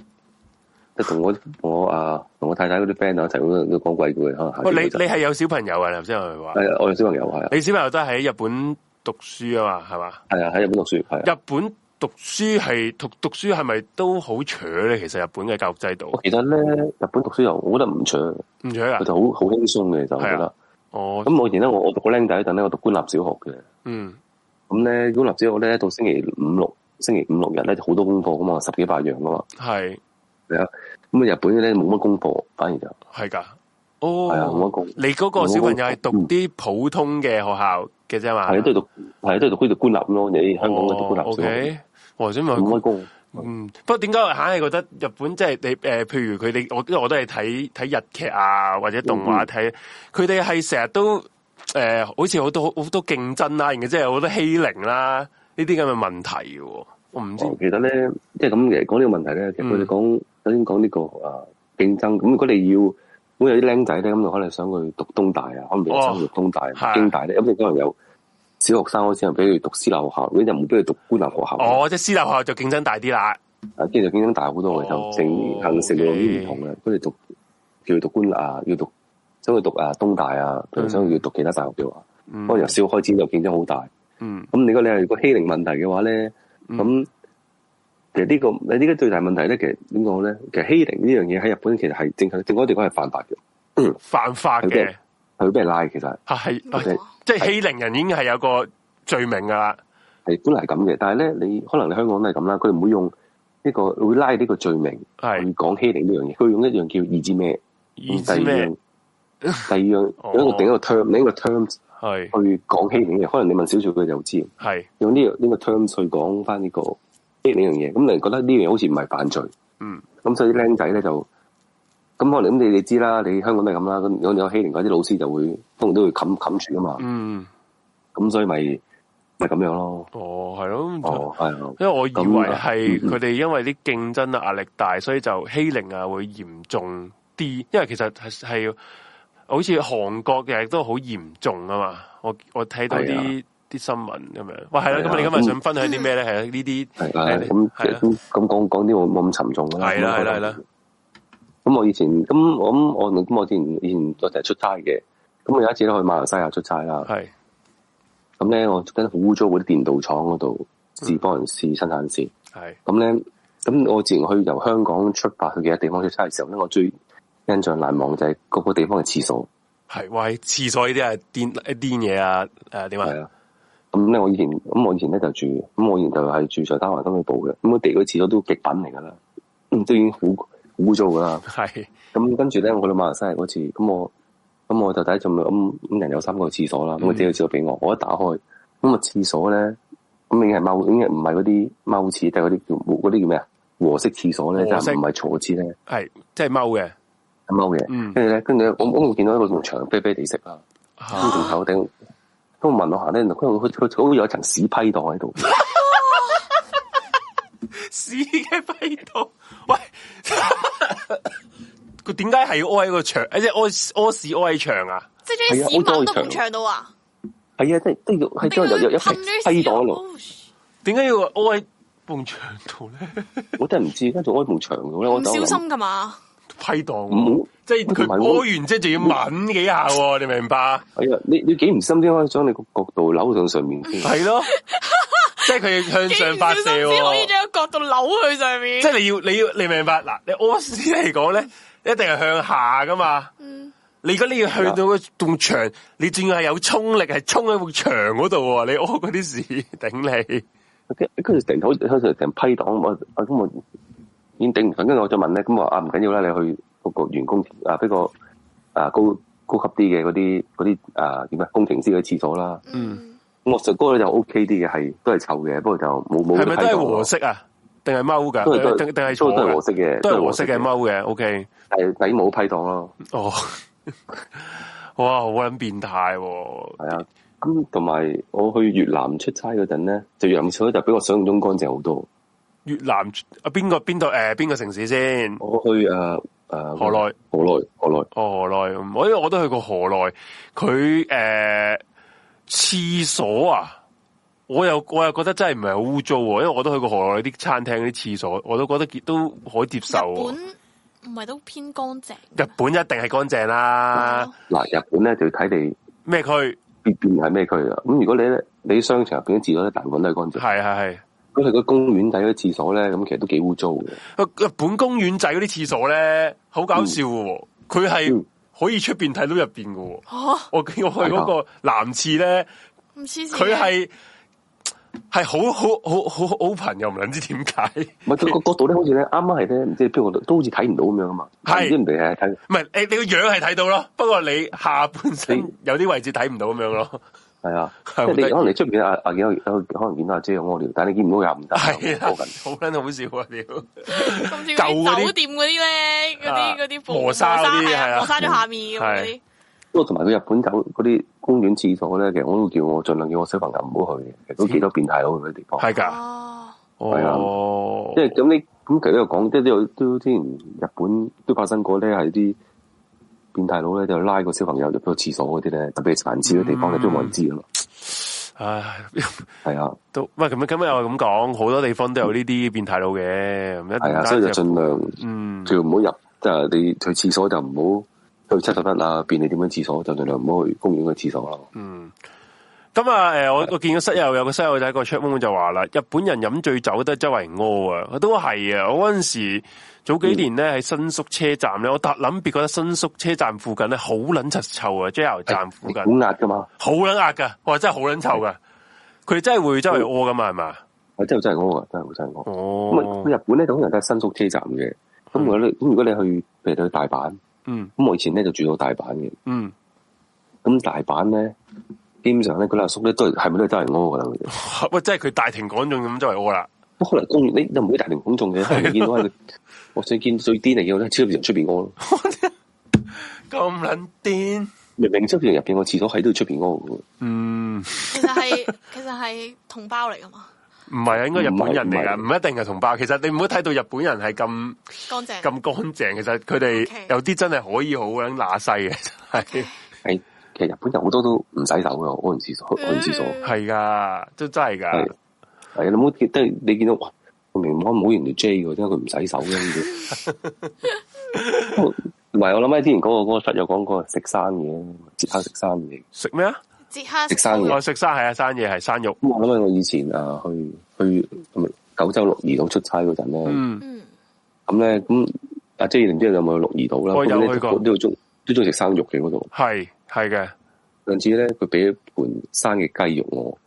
即同我同我啊，同、嗯 <laughs> 啊我， <laughs> 我，我，啊、我太太嗰啲 friend 啊，我一齊都講鬼嘅。你你係有小朋友啊？頭先話係，我有小朋友係、啊。你小朋友都喺日本讀書的是是啊？嘛，係嘛？係啊，喺日本讀書係、啊。日本讀書係讀讀書係咪都好扯咧？其實日本嘅教育制度，嗯、其實咧日本讀書又我覺得唔扯，唔扯啊，他就好好輕鬆嘅就係啦、啊。哦，咁、哦嗯、我以前咧，我讀我讀個僆仔，但咧我讀官立小學嘅。嗯，咁咧官立小學咧到星期五六、星期五六日咧就好多功課噶嘛，十幾百樣噶嘛。係，係、嗯、啊，咁啊日本呢，咧冇乜功課，反而就係噶，哦，係啊冇乜功。你嗰個小朋友係讀啲普通嘅學校嘅啫嘛？係、嗯，都係讀，係都係讀嗰讀官立囉。咯。你香港嗰讀官立。哦，O K。我先問。冇乜嗯，不過點解我硬係覺得日本即係你誒、呃？譬如佢哋，我因為我都係睇睇日劇啊，或者動畫睇、啊，佢哋係成日都誒、呃，好似好多好多競爭啦、啊，然即係好多欺凌啦、啊，呢啲咁嘅問題嘅、啊。我唔知、哦。其實咧，即係咁嚟講呢個問題咧，其實佢哋講首先講呢、這個啊競爭。咁如果你要，如果有啲僆仔咧，咁就可能想去讀東大啊，可能你想入東大、京、哦、大啲咁佢可能有。小學生開始又俾佢讀私立學校，你就唔會俾佢讀官立學校。哦，即係私立學校就競爭大啲啦。啊，跟住競爭大好多嘅，成成兩啲唔同嘅。佢哋、okay. 讀叫佢讀官啊，要讀想佢讀啊東大啊，譬如想去要讀其他大學嘅話，不過由小學開始就競爭好大，嗯。咁你講你係個欺凌問題嘅話咧，咁、嗯、其實呢、這個而家、這個、最大問題咧，其實點講咧？其實欺凌呢樣嘢喺日本其實係正確正我哋係犯法嘅，犯法嘅。佢俾人拉，其實吓、就是、即係欺凌人已經係有個罪名噶啦。係本來係咁嘅，但係咧，你可能你香港都係咁啦。佢唔會用呢、呢個會拉呢個罪名，係講欺凌呢樣嘢。佢用一樣叫二字咩？二知咩？第二樣，有 <laughs> 一個定一個 term 另一個 terms 係去講欺凌嘅。可能你問少少佢就知，係用呢、呢個呢、呢個 terms 去講翻呢個呢樣嘢。咁你覺得呢樣好似唔係犯罪，嗯，咁所以啲僆仔咧就。咁我哋你知啦，你香港都係咁啦。咁如果你有欺凌嗰啲老師，就會通常都會冚冚住噶嘛。嗯，咁所以咪咪咁樣咯。哦、oh，係咯。哦，係啊。因為我以為係佢哋因為啲競爭啊壓力大，嗯，所以就欺凌啊會嚴重啲。因為其實係好似韓國嘅亦都好嚴重啊嘛。我我睇到啲啲新聞咁樣。喂，係啦。咁你今日想分享啲咩咧？係、嗯、啊，呢啲係咁咁咁講講啲冇冇咁沉重啦。係啦，係啦，係啦。咁我以前咁我咁我我之前以前我就係出差嘅，咁我有一次咧去馬來西亞出差啦。係，咁咧我跟好污糟嗰啲電鍍廠嗰度試幫人試生產線。係，咁咧咁我之前去由香港出發去其他地方出差嘅時候咧，我最印象難忘就係各個地方嘅廁所。係，喂，廁所呢啲係癲一癲嘢啊？誒、呃，點啊？咁咧我以前咁我以前咧就住咁我以前就係住,住,住在單華公去報嘅，咁我地個廁所都極品嚟噶啦，都已經好。污糟噶，係咁跟住咧，我去到馬來西亞嗰次，咁我咁我就第一仲咁咁人有三個廁所啦，咁佢借個廁所俾我、嗯，我一打開，咁、個廁所咧，咁已經係踎，應該唔係嗰啲踎廁，得嗰啲叫嗰啲叫咩啊？和式廁所咧，但係唔係坐廁咧，係即係踎嘅，踎、就、嘅、是，跟住咧，跟、嗯、住我我見到一個牆啤啤地色啦，跟、啊、住頭頂，咁我問我下咧，佢佢佢好似有一層屎批袋喺度。 <laughs> 屎嘅味道，喂！佢點解係要屙喺個牆？ <laughs> 即係屙屙屎屙喺牆啊！即係屎埋都冇牆到啊！係啊，即係都要喺張入入一皮袋咯。點解要屙喺埲牆度咧？我真係唔知而家仲屙喺埲牆度呢，咧。唔小心噶嘛？批檔， <noise> 即係佢屙完即係就要抿幾下，啊嗯，你明白？哎呀，你你幾唔心啲？可以將你個角度扭上上面先，啊，係 <laughs> 咯，即係佢要向上發射，可以將角度扭去上面。即係你要你要你明白嗱？你屙屎嚟講咧，一定係向下噶嘛。嗯，你如果你要去到個棟牆，你仲要係有衝力，係衝喺個牆嗰度。你屙嗰啲屎頂你，佢跟成頂好，好似成批檔咁啊！已經頂唔順，跟住我再問咧，咁我話啊唔緊要啦，你去嗰個員工啊，呢個啊高高級啲嘅嗰啲嗰啲啊點啊工程師嘅廁所啦。嗯，我上嗰個就 O K 啲嘅，係都係臭嘅，不過就冇冇。係咪都係黃色啊？定係踎噶？定係都係。都係都係黃色嘅，都係黃色嘅踎嘅。O K。第第冇批檔咯。哦、oh。 <laughs> 哇，好捻變態。係啊。咁同埋，我去越南出差嗰陣咧，就入廁就比我想象中乾淨好多。越南啊，邊個邊度誒？邊個、呃、個城市先？我去啊啊！河、呃、內，河內，河內。河內，我因為我都去過河內，佢誒廁所啊，我又我又覺得真係唔係好污糟喎，因為我都去過河內啲餐廳啲廁所，我都覺得都可以接受，啊。日本唔係都偏乾淨。日本一定係乾淨啦，嗱、哦啊，日本咧就睇你咩區，邊邊係咩區啊？咁、嗯、如果你咧，你商場入面治咗咧，大部分，都係乾淨。係係係。咁佢個公園仔啲廁所咧，咁其實都幾污糟嘅。日本公園仔嗰啲廁所咧，好搞笑，佢、嗯、係可以出邊睇到入邊嘅。吓、啊！我我去嗰個男廁咧，佢係係好好好好 open 又唔知點解。唔係、嗰個角度咧，好似咧，啱啱係咧，唔知邊個都好似睇唔到咁樣啊嘛。係唔係睇？唔係你知知你個樣係睇到咯，不過你下半身有啲位置睇唔到咁樣咯。 <laughs> 係啊，你可能你出面啊，阿阿阿可能見到阿姐有屙尿，但係你見唔到又唔得，係啊，好卵好笑啊！尿，舊酒店嗰啲咧，嗰啲嗰啲磨砂啲啊，磨砂咗下面咁嗰啲。不過同埋佢日本酒嗰啲公園廁所咧，其實我都叫我儘量叫我小朋友唔好去嘅，其實都幾多變態佬去啲地方。係㗎，係啊，即係咁你咁其實又講即係都有都之前日本都發生過咧係啲。變態佬咧就拉個小朋友入咗廁所嗰啲咧，特別殘次嘅地方就都冇人知咯。唉，係啊，都喂咁樣又咁講，好多地方都有呢啲變態佬嘅。係、嗯、啊，所以就盡量，嗯，就唔好入，即係你去廁所就唔好去七十一啊，便利點樣廁所就盡量唔好去公園嘅廁所咯。嗯，咁啊，誒、呃，我我見個室友有個室友仔個 chat 就話啦，日本人飲醉酒都周圍屙啊，都係啊，我嗰陣時。早幾年咧喺新宿車站咧，我特諗，別覺得新宿車站附近咧好撚柒臭啊！JR 站附近好壓噶嘛，好撚壓噶，我真係好撚臭噶，佢真係會周圍屙噶嘛，係、哦、嘛？係真係真係屙噶，真係好真係屙。咁、哦、日本咧通常都係新宿車站嘅。咁我咁如果你去，譬如去大阪，嗯，咁我以前咧就住到大阪嘅，嗯。咁大阪咧，基本上咧佢阿叔咧都係，咪都係周圍屙噶啦？喂、哦，真係佢大庭廣眾咁周圍屙啦？咁可能公園，你都唔會大庭廣眾嘅，見到佢。 <laughs> 我正見最癲嚟嘅咧，廁所入出邊屙咯。咁撚癲！明明超邊入邊個廁所喺都要出邊屙嗯 <laughs> 其是，其實係其實係同胞嚟噶嘛？唔係啊，應該日本人嚟噶，唔一定係同胞。其實你唔好睇到日本人係咁乾淨咁乾淨，其實佢哋、okay. 有啲真係可以好樣乸細嘅，真、那、係、個。係、就是 okay. <laughs> 其實日本人好多都唔洗手嘅，安完廁所安完廁所。係噶，嗯、都真真係噶。係你冇記得你見到。明唔好唔好原嚟 J 嘅，因為佢唔洗手嘅。唔 <laughs> 係， <laughs> 我諗起之前嗰個哥叔有講過食生嘢，節下食生嘢。食咩、哦、啊？節下食生嘢。我食生係啊，生嘢係生肉。咁我諗起我以前啊去去，去九州鹿兒島出差嗰陣咧，咁咧咁阿 J 唔知有冇去鹿兒島啦、哦？有去過。呢度中都中意食生肉嘅度。係係嘅。上次咧佢俾一盤生嘅雞肉我。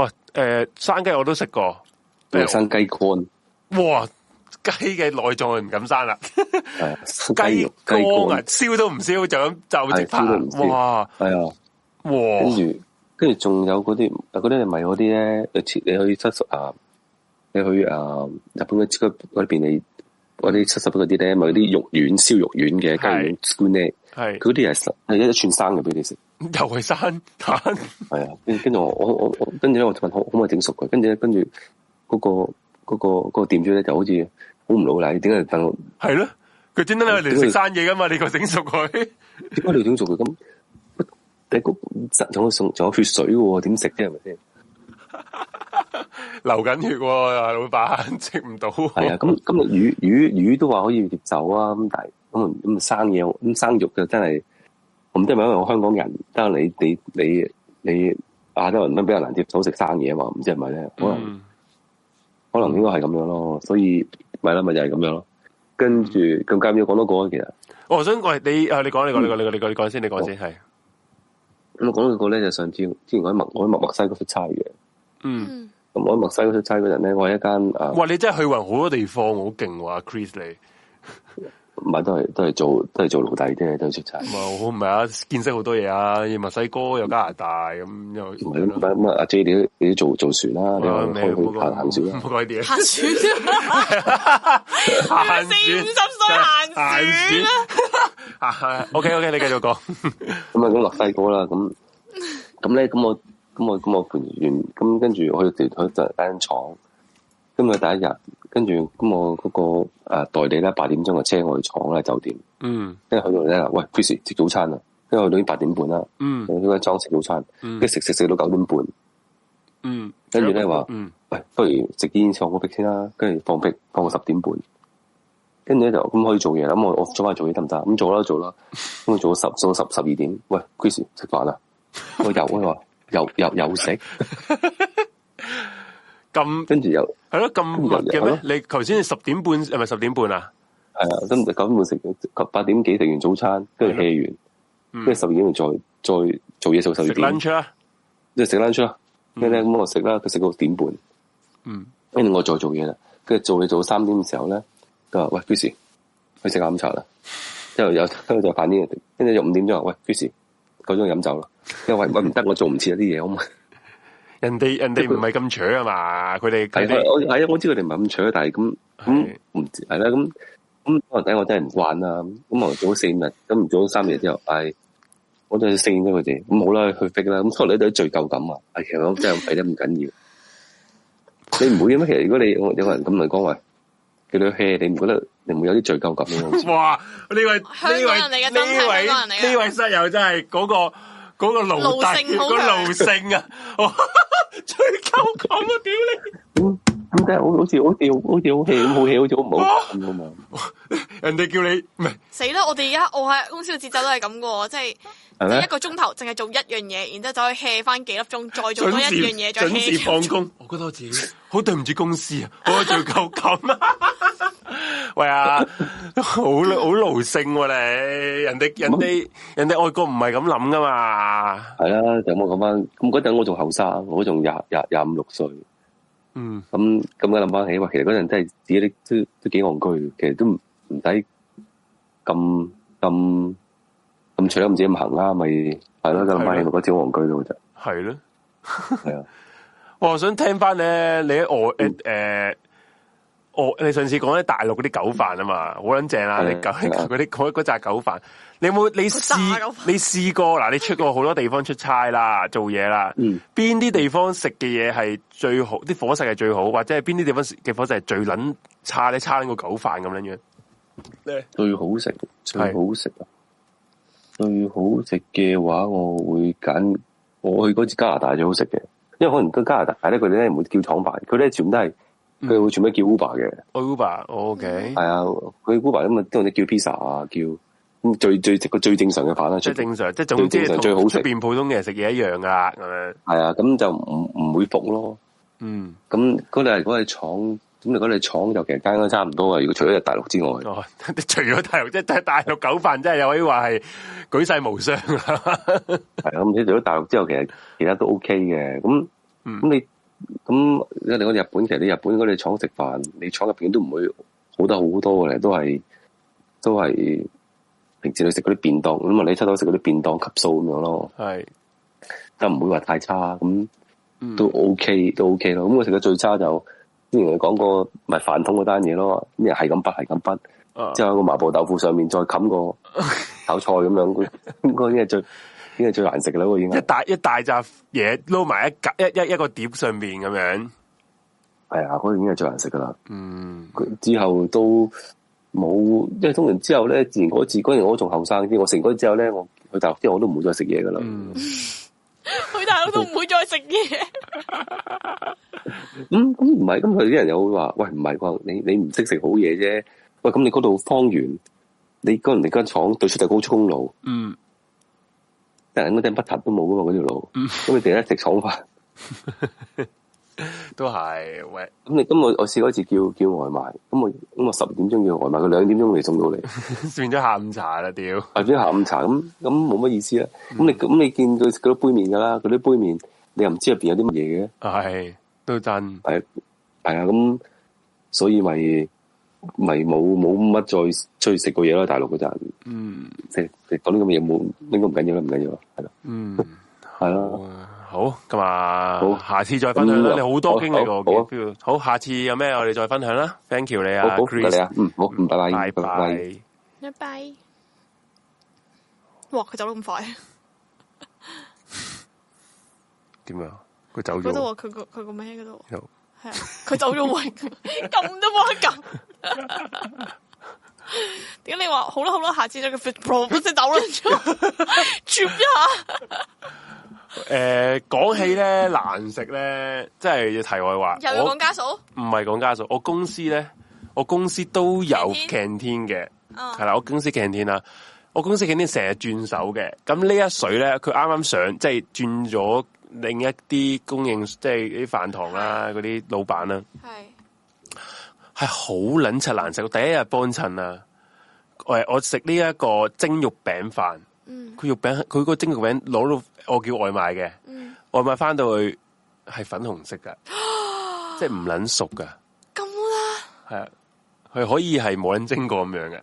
哦，誒、呃，生雞我都食過。生雞肝，哇！雞嘅內臟係唔敢生啦。係雞肝啊，燒、 <laughs> 啊、都唔燒，就咁就直拍佢。哇！係啊，跟住跟住仲有嗰啲，嗰啲係咪嗰啲咧？你切，你可以七十啊，你去啊，日本嘅嗰嗰邊你嗰啲七十嗰啲咧，咪啲肉丸，燒肉丸嘅雞丸。係，佢嗰啲係一串生嘅俾你食，又係生蛋。係啊，跟住我我我跟住咧，我問可可唔可以整熟佢？跟住咧，跟住。嗰、嗰個、嗰個、嗰個店主咧，就好似好唔老賴，點解？但係係咯，佢專登嚟食生嘢噶嘛？你個整熟佢，點解你整熟佢？咁但係嗰執同佢送，仲有，有血水喎？點食啫？係咪先？ <laughs> 流緊血、哦，老闆食唔到。係啊，咁 <laughs> 咁，魚魚魚都話可以接受啊。咁但係咁咁生嘢，咁生肉就真係，唔知係咪因為我香港人，得你你你你亞洲人比較難接受食生嘢嘛？唔知係咪咧？可、嗯、能。嗯、可能應該係咁樣咯，所以咪啦咪就係、是、咁樣咯。跟住咁介唔要講多個其實，我、哦、想我你啊，你講你講你講你講你講先，你講先係。咁講多個咧就上次，之前我喺墨我喺墨墨西哥出差嘅，嗯。咁、嗯嗯嗯嗯、我喺墨西哥出差嗰日咧，我喺一間啊，哇！你真係去完好多地方，好勁喎，Chris 你。 <laughs> 咪都係都係做都係做奴隸啫，都是出晒。冇，我唔係啊，見識好多嘢啊，要墨西哥，有加拿大咁又。唔係咁阿 J 你都你做做船啦、啊啊，你開去行行船。唔該你啊，行船。行船。行船啊。啊 <laughs> ，OK OK，你繼續講。咁啊，咁落西哥啦，咁咁咧，咁我咁我咁我,我,我完完，咁跟住去到調去到第一間廠，今日第一日。跟住咁我嗰、那個誒、呃、代理咧八點鐘嘅車我去廠咧酒店，嗯，因為去到咧，喂 Chris 食早餐啦，因為去到已經八點半啦，嗯，喺間莊食早餐，跟住食食食到九點半，嗯，跟住咧話，喂，不如食啲煙腸放屁先啦，跟住放屁放到十點半，跟住咧就咁可以做嘢，咁我我早翻做嘢得唔得？咁做啦做啦，咁我做咗十做咗十十二點，喂 Chris 食飯啦，我又啊又又又食。 <laughs> 咁跟住又係咯，咁密嘅咩？你頭先十點半係咪十點半啊？係啊，咁九點半食，八點幾食完早餐，跟住 hea 完，跟住十二點鐘再再做嘢，做十二點食 lunch 啦，跟住食 lunch 啦，咧咁我食啦，佢食到點半，嗯，跟住、嗯我，嗯、我再做嘢啦，跟住做嘢做到三點嘅時候咧，佢話喂，Chris，去食下午茶啦，後有後後之後又跟住就反啲嘢，跟住就五點鐘話喂，Chris，嗰種飲酒啦，因為喂唔得，我做唔切一啲嘢好嘛。人哋人哋唔係咁蠢啊嘛，佢哋佢我係、嗯嗯、啊，我知佢哋唔係咁蠢，但係咁咁唔知係啦，咁咁可能睇我真係唔慣啦，咁我做咗四五日，咁、嗯、唔、啊、做咗三日之後，唉、哎，我真去適應咗佢哋，咁、嗯、好啦，去逼啦，咁拖你都啲罪疚感啊，唉，其實我真係唔係得唔緊要，你唔會嘅咩？其實如果你有人個人咁嚟講話，叫你 h 你唔覺得你唔會有啲罪疚感咩？哇！呢、這個、位呢、這個、位呢、這個、位呢、這個、位室友真係嗰個。這個嗰、嗰個盧達，嗰、嗰個盧姓啊！哇 <laughs> <laughs> 最鳩講啊！屌 <laughs> 你！咁真係好好似好似好似好 hea 咁好 hea 好似好唔好玩咁啊嘛！人哋叫你唔係死啦！我哋而家我喺公司嘅節奏都係咁嘅， <laughs> 即係、即係、一個鐘頭淨係做一樣嘢，然之後就去 hea 翻幾粒鐘，再做多一樣嘢再 hea，準時放工，我覺得我自己好 <laughs> 對唔住公司啊！我做夠咁啊！ <laughs> <laughs> <laughs> 喂啊，好好勞性、啊、你，人哋人哋人哋外國唔係咁諗噶嘛？係啊，就咁我咁嗰陣我仲後生，我仲廿廿廿五六歲。嗯，咁咁而家諗翻起話，其實嗰陣真係自己都都都幾戇居，其實都唔唔使咁咁咁除咗唔知咁行啦，咪係咯，就諗翻起嗰隻戇居咯，就係咯，係啊，我想聽翻咧，你喺外誒，你上次講咧大陸嗰啲狗飯啊嘛，好撚正啊，你狗嗰啲嗰嗰狗飯。你有冇你試你試過嗱？你出過好多地方出差啦，做嘢啦，邊、嗯、啲地方食嘅嘢係最好？啲伙食係最好，或者係邊啲地方食嘅伙食係最捻差你差個狗飯咁樣樣咧？最好食，最好食，最好食嘅話我，我會揀我去嗰次加拿大最好食嘅，因為可能加拿大咧，佢哋咧唔會叫廠飯，佢哋全部都係佢會全部叫 Uber 嘅，Uber，OK，係啊，佢、哦、Uber 咁、okay、啊，都係叫 pizza 啊，叫。最最個最正常嘅飯啦，最正常，即係總之最正常最好食，變普通嘅人食嘢一樣噶，係啊，咁就唔唔會服咯。嗯，咁嗰啲人嗰啲廠，咁你嗰啲廠就其實間間差唔多啊。如果除咗大陸之外，哦、除咗大陸，即係真係大陸狗飯，真係可以話係舉世無雙。係 <laughs> 咁，即除咗大陸之後，其實其他都 OK 嘅。咁咁、嗯、你咁你講日本，其實你日本嗰啲廠食飯，你廠入邊都唔會好得好多嘅，都係都係。直接去食嗰啲便當咁啊！你出到食嗰啲便當，級數咁樣咯，係、嗯，但唔會話太差咁，都 OK，嗯、都 OK 咯。咁我食得最差就之前佢講過咪飯桶嗰單嘢咯，啲人係咁滗，係咁滗，即喺個麻婆豆腐上面再冚個炒菜咁樣，啊、 <laughs> 應該應該最應該最難食噶啦，我應該一大一大扎嘢撈埋一一一一,一個碟上面咁樣、哎，係啊，嗰啲已經係最難食噶啦，嗯，之後都。冇，因為通常之後咧，自然嗰次嗰陣我仲後生啲，我成嗰之後咧，我去大陸之後我都唔會再食嘢噶啦。去大陸都唔會再食嘢。嗯，咁唔係，咁佢啲人又會話：，喂，唔係，你你唔識食好嘢啫。喂，咁你嗰度方圓，你嗰人哋間廠對出就高速公路，嗯，得人嗰啲乜柒都冇噶嘛，嗰條路，咁你哋一食廠飯。 <laughs> 都係喂，咁你咁我我試過一次叫叫外賣，咁我咁我十點鐘叫外賣，佢兩點鐘嚟送到嚟，變 <laughs> 咗下午茶啦，屌，變咗下午茶，咁咁冇乜意思啦，咁、嗯、你咁你見到嗰啲杯麵噶啦，嗰啲杯麵你又唔知入邊有啲乜嘢嘅，係、哎、都真係係啊，咁所以咪咪冇冇乜再出去食過嘢啦，大陸嗰陣，嗯，即係你講啲咁嘅嘢冇，應該唔緊要啦，唔緊要，係咯，嗯，係 <laughs> 好咁啊！好，下次再分享啦。你好多經歷喎，叫好，好，好，好，下次有咩我哋再分享啦。Thank you 你啊 Chris 你啊，好，好 Chris，拜拜，拜拜，拜拜，拜拜。哇！佢走咁快，點樣？佢走咗。嗰度佢個佢個咩嗰度？係啊，佢走咗位，撳 <laughs> <laughs> <laughs> 都冇得撳。點你話？好啦，好啦，下次個 <laughs> 就 f i 走啦，住 <laughs> <laughs> 全一下。 <laughs> 誒、呃，講起咧難食咧，即係題外話。又講家數？唔係講家數，我公司咧，我公司都有 canteen 嘅，係啦，我公司 canteen 啦，我公司 canteen 成日轉手嘅。咁呢一水咧，佢啱啱上，即係轉咗另一啲供應，即係啲飯堂啊啲老闆啊係係好捻柒難食。我第一日幫襯啊，誒，我食呢一個蒸肉餅飯。佢、嗯、肉餅，佢個蒸肉餅攞到我叫外賣嘅、嗯，外賣返到去係粉紅色噶、啊，即係唔捻熟噶。咁啦，係啊，佢可以係冇捻蒸過咁樣嘅。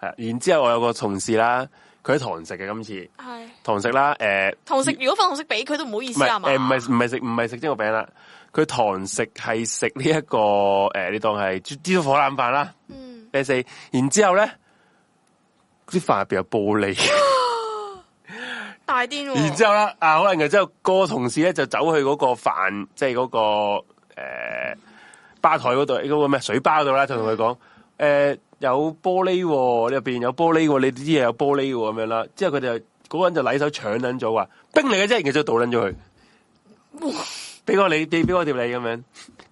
係，然之後我有個同事啦，佢喺堂食嘅今次，係堂食啦，誒、呃，堂食如果粉紅色俾佢都唔好意思啊，誒，唔係唔係食唔係食蒸肉餅啦，佢堂食係食呢一個誒、呃，你當係豬火腩飯啦。第、嗯、四，然之後咧啲飯入邊有玻璃、啊。大啲喎！然之後咧，啊可能嘅之後，啊之後那個同事咧就走去嗰個飯，即係嗰個誒吧台嗰度，嗰個咩水包度啦，就同佢講：誒、就是那個呃那個呃，有玻璃喎、哦，你入邊有玻璃喎、哦，你啲嘢有玻璃喎、哦，咁樣啦。之後佢就嗰、那個人就攋手搶撚咗，話冰嚟嘅啫，然之後就倒捻咗佢，俾 <laughs> 我你，地俾我條你咁樣。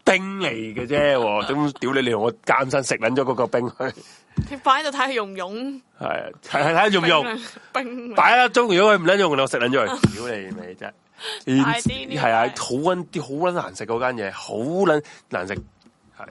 冰嚟嘅啫，咁 <laughs> 屌你！你同我監生食捻咗嗰個冰去 <laughs> 你，你擺喺度睇下用唔用？係睇下用唔用？冰大啦中，如果佢唔捻用，我食捻咗嚟，屌 <laughs> 你你真係，係 <laughs> 啊，好捻啲，好捻難食嗰間嘢，好捻難食，係、啊、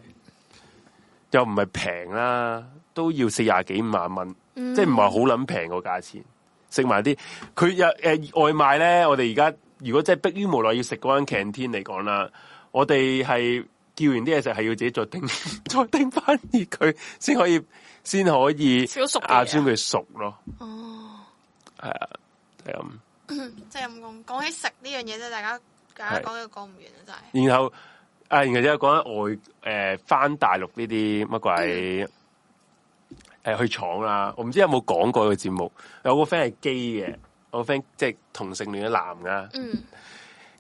又唔係平啦，都要四廿幾五萬蚊，即係唔係好捻平個價錢。食埋啲佢又誒外賣咧，我哋而家如果真係迫於無奈要食嗰間 canteen 嚟講啦。我哋係叫完啲嘢食，係要自己再叮，再叮翻熱佢，先可以，先可以，阿酸佢熟咯。哦，係啊，係、就、咁、是，即係咁講。講、 <coughs> 就是、起食呢樣嘢，真係大家，大家講都講唔完啊！真、就、係、是。然後啊，然後之後講下外誒，翻、呃、大陸呢啲乜鬼？誒、mm. 啊，去廠啦，我唔知有冇講過個節目。有個 friend 係基嘅，我個 friend 即係同性戀男噶。嗯、mm.。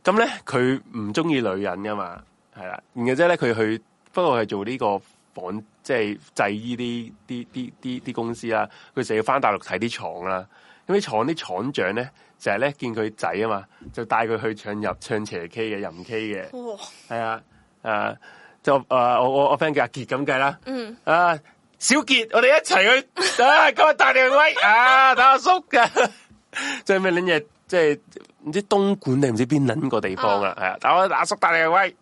咁咧，佢唔中意女人噶嘛，係啦。然之後咧，佢去，不過係做呢個房，即係製衣啲啲啲啲啲公司啦。佢成日翻大陸睇啲廠啦，咁啲廠啲廠長咧，成日咧見佢仔啊嘛，就帶佢去唱入唱邪 K 嘅淫 K 嘅。係、哦、係啊，誒，就、啊、誒，我我我 friend 叫阿杰咁計啦。嗯。啊，小杰，我哋一齊去 <laughs> 啊。啊，今日大靚威啊，大叔嘅，最尾拎嘢？即係唔知東莞定唔知邊撚個地方啊？係啊！但我阿叔大力威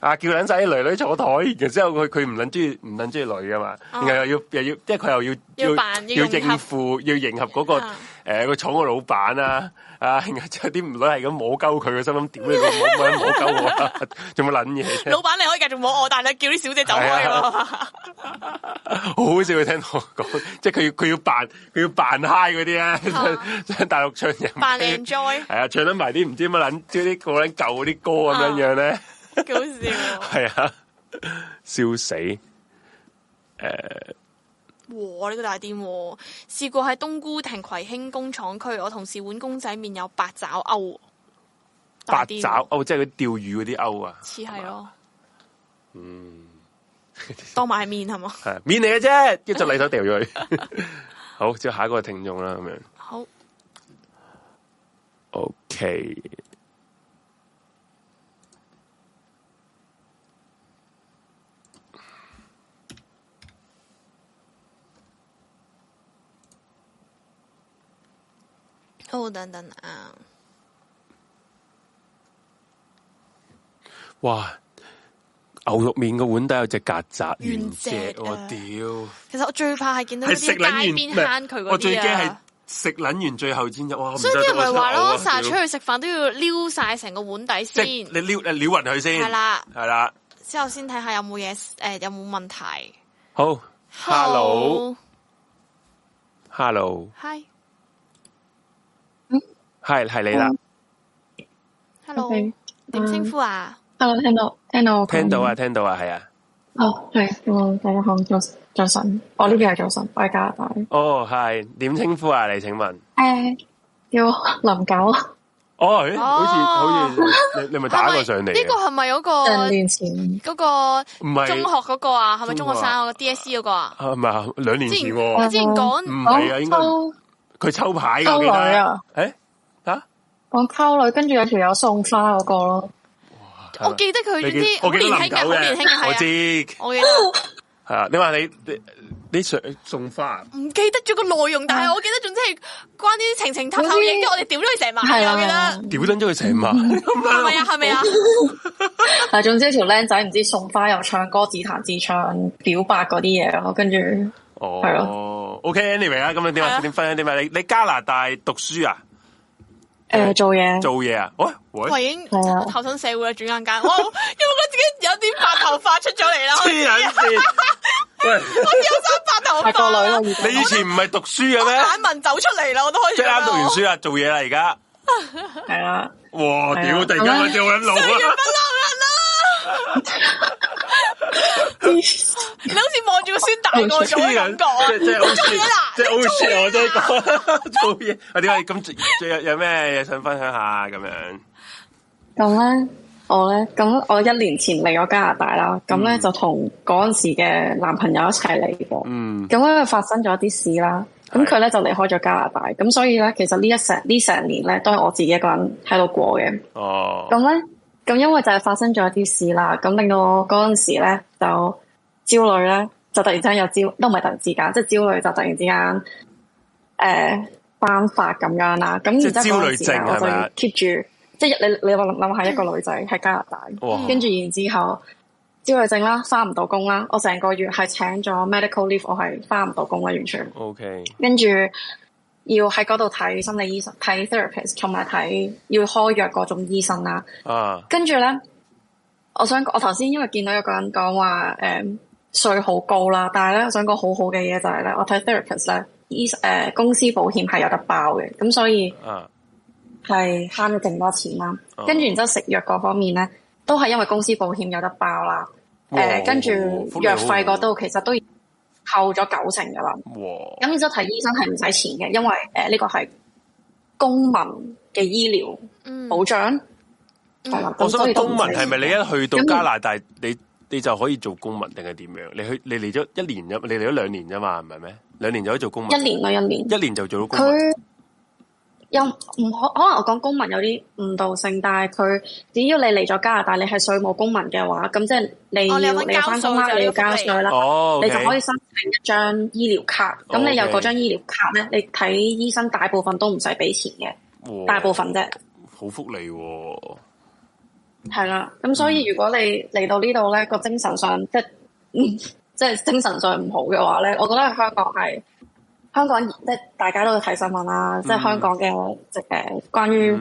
啊喂！叫撚仔女女坐台，然之後佢佢唔撚中意唔撚中意女噶嘛？啊、然後又要又要，即係佢又要要，要應付要迎合嗰、嗰個。啊誒、呃，個廠個老闆啊啊，而家有啲女係咁摸鳩佢個心樣呢，屌你個，冇冇摸鳩我，做乜撚嘢？老闆你可以繼續摸我，但係你叫啲小姐走開。啊，好好笑，聽我講，即係佢要佢要扮，佢要扮嗨嗰啲啊，大陸唱大陸唱嘢，扮 enjoy，係啊，唱得埋啲唔知乜撚，即啲古撚舊嗰啲歌咁樣樣咧，幾好笑，啊，係啊，笑死，誒、呃。哇！呢，這個大店。試過喺冬菇亭葵興工廠區，我同事碗公仔麵有八爪鈎，八爪鈎即係佢釣魚嗰啲鈎啊，似係咯，嗯，當埋係麵係嘛，係 <laughs> 麵嚟嘅啫，叫做泥手掉咗去 <laughs> 好，好，接下一個聽眾啦，咁樣，好，OK。哦、等等啊！哇，牛肉麵個碗底有隻曱甴，原隻、啊、我屌。其實我最怕係見到啲街邊慳佢嗰啲啊。我最驚係食捻完最後先入，所以啲人咪話咯，成日出去食飯都要撩晒成個碗底先。你撩，你撩勻佢先，係啦，係啦。之後先睇下有冇嘢，誒、呃，有冇問題？好，hello，hello，hi。Hello Hello Hello Hi 係係你啦，hello，點、okay, 稱、uh, 呼啊？hello，聽到聽到聽到啊，聽到是啊，係啊。哦，係，大家好，早晨，早晨。我呢邊係早晨，我喺加拿大。哦，係，點稱呼啊？你請問？誒、uh，叫林狗。哦、oh, oh, 欸，好似好似 <laughs> 你你咪打過上是是 <laughs> 個上嚟。呢個係咪嗰個兩年前嗰、那個？唔係中學嗰個啊？係咪中、啊、中學生嗰個 DSE 嗰個啊？唔、啊、係，兩年前、啊前，前哦啊啊啊。我之前講唔係啊，應該佢抽牌嘅、啊，應、欸、誒。我溝女，跟住有條友送花嗰、那個咯。我記得佢呢啲年輕嘅，好年輕嘅我知，我係啊。你話你你你上送花？唔記得咗個內容，但係我記得，總之係關於情情偷偷影，我哋屌咗佢成晚。係啊，我記得屌登咗佢成晚。係咪啊？係咪啊？係、 <laughs> 啊啊、總之條僆仔唔知送花又唱歌、自彈、自唱、表白嗰啲嘢咯，跟住哦。OK，Anyway 啊，咁你點啊？點分點你你加拿大讀書啊？誒、呃，做嘢，做嘢啊！喂，我已經係啊，投身社會啦，轉眼間，我覺得自己有啲白頭髮出咗嚟啦。喂，黐人線，我， <laughs> <laughs> 我有三白頭髮、啊。 <laughs> 你以前唔係讀書嘅咩？難文走出嚟啦，我都開即啱讀完書啊，做嘢啦，而家係啦。 <laughs> 哇 <laughs> 屌 <laughs> 屌，屌，突然間掉緊路啦！ <laughs> 歲月不留人啦、啊。你 <laughs> 好似望住個孫大個咗嘅感覺好好好啊！做嘢啦，做嘢我點解咁今日有有咩嘢想分享下啊？咁樣咁咧，我咧咁我一年前嚟咗加拿大啦，咁、嗯、咧就同嗰陣時嘅男朋友一齊嚟過，嗯，咁咧就發生咗啲事啦，咁佢咧就離開咗加拿大，咁所以咧其實呢一成呢成年咧都係我自己一個人喺度過嘅，哦呢，咁咧。咁因為就係發生咗一啲事啦，咁令到我嗰陣時咧就焦慮咧，就突然之間有焦，都唔係突然之間，即係焦慮就突然之間誒，翻、呃、發咁樣啦。咁然之後即係焦慮症係嘛？我就 keep 住，即係你你話諗諗下，想想一個女仔喺加拿大，跟住然之後焦慮症啦，翻唔到工啦，我成個月係請咗 medical leave，我係翻唔到工啦，完全。O、okay. K。跟住。要喺嗰度睇心理醫生睇 therapist，同埋睇要開藥嗰種醫生啦。啊！跟住咧，我想我頭先因為見到有個人講話，誒、嗯，稅好高啦，但係咧、就是，我想講好好嘅嘢就係咧，我睇 therapist 咧，醫誒、呃，公司保險係有得包嘅，咁所以係係慳咗勁多錢啦。啊、跟住然之後食藥嗰方面咧，都係因為公司保險有得包啦。誒、呃，跟住藥費嗰度其實都。扣咗九成噶啦，咁然之後睇醫生係唔使錢嘅，因為誒呢個係公民嘅醫療保障。我想問公民係咪你一去到加拿大，嗯、你你就可以做公民定係點樣？你去你嚟咗一年啫，你嚟咗兩年啫嘛，唔係咩？兩年就可以做公民？一年咯，一年，一年就做到公民。又唔可可能我講公民有啲誤導性，但係佢只要你嚟咗加拿大，你係稅務公民嘅話，咁即係你要、哦、你返工你要交稅啦。哦、okay，你就可以申請一張醫療卡。咁、哦 okay、你有嗰張醫療卡咧，你睇醫生大部分都唔使俾錢嘅、哦，大部分啫、哦。好福利喎、哦！係啦，咁所以如果你嚟到呢度咧，嗰個精神上即係即係精神上唔好嘅話咧，我覺得喺香港係。香港即係大家都睇新聞啦、嗯，即係香港嘅，即係誒，關於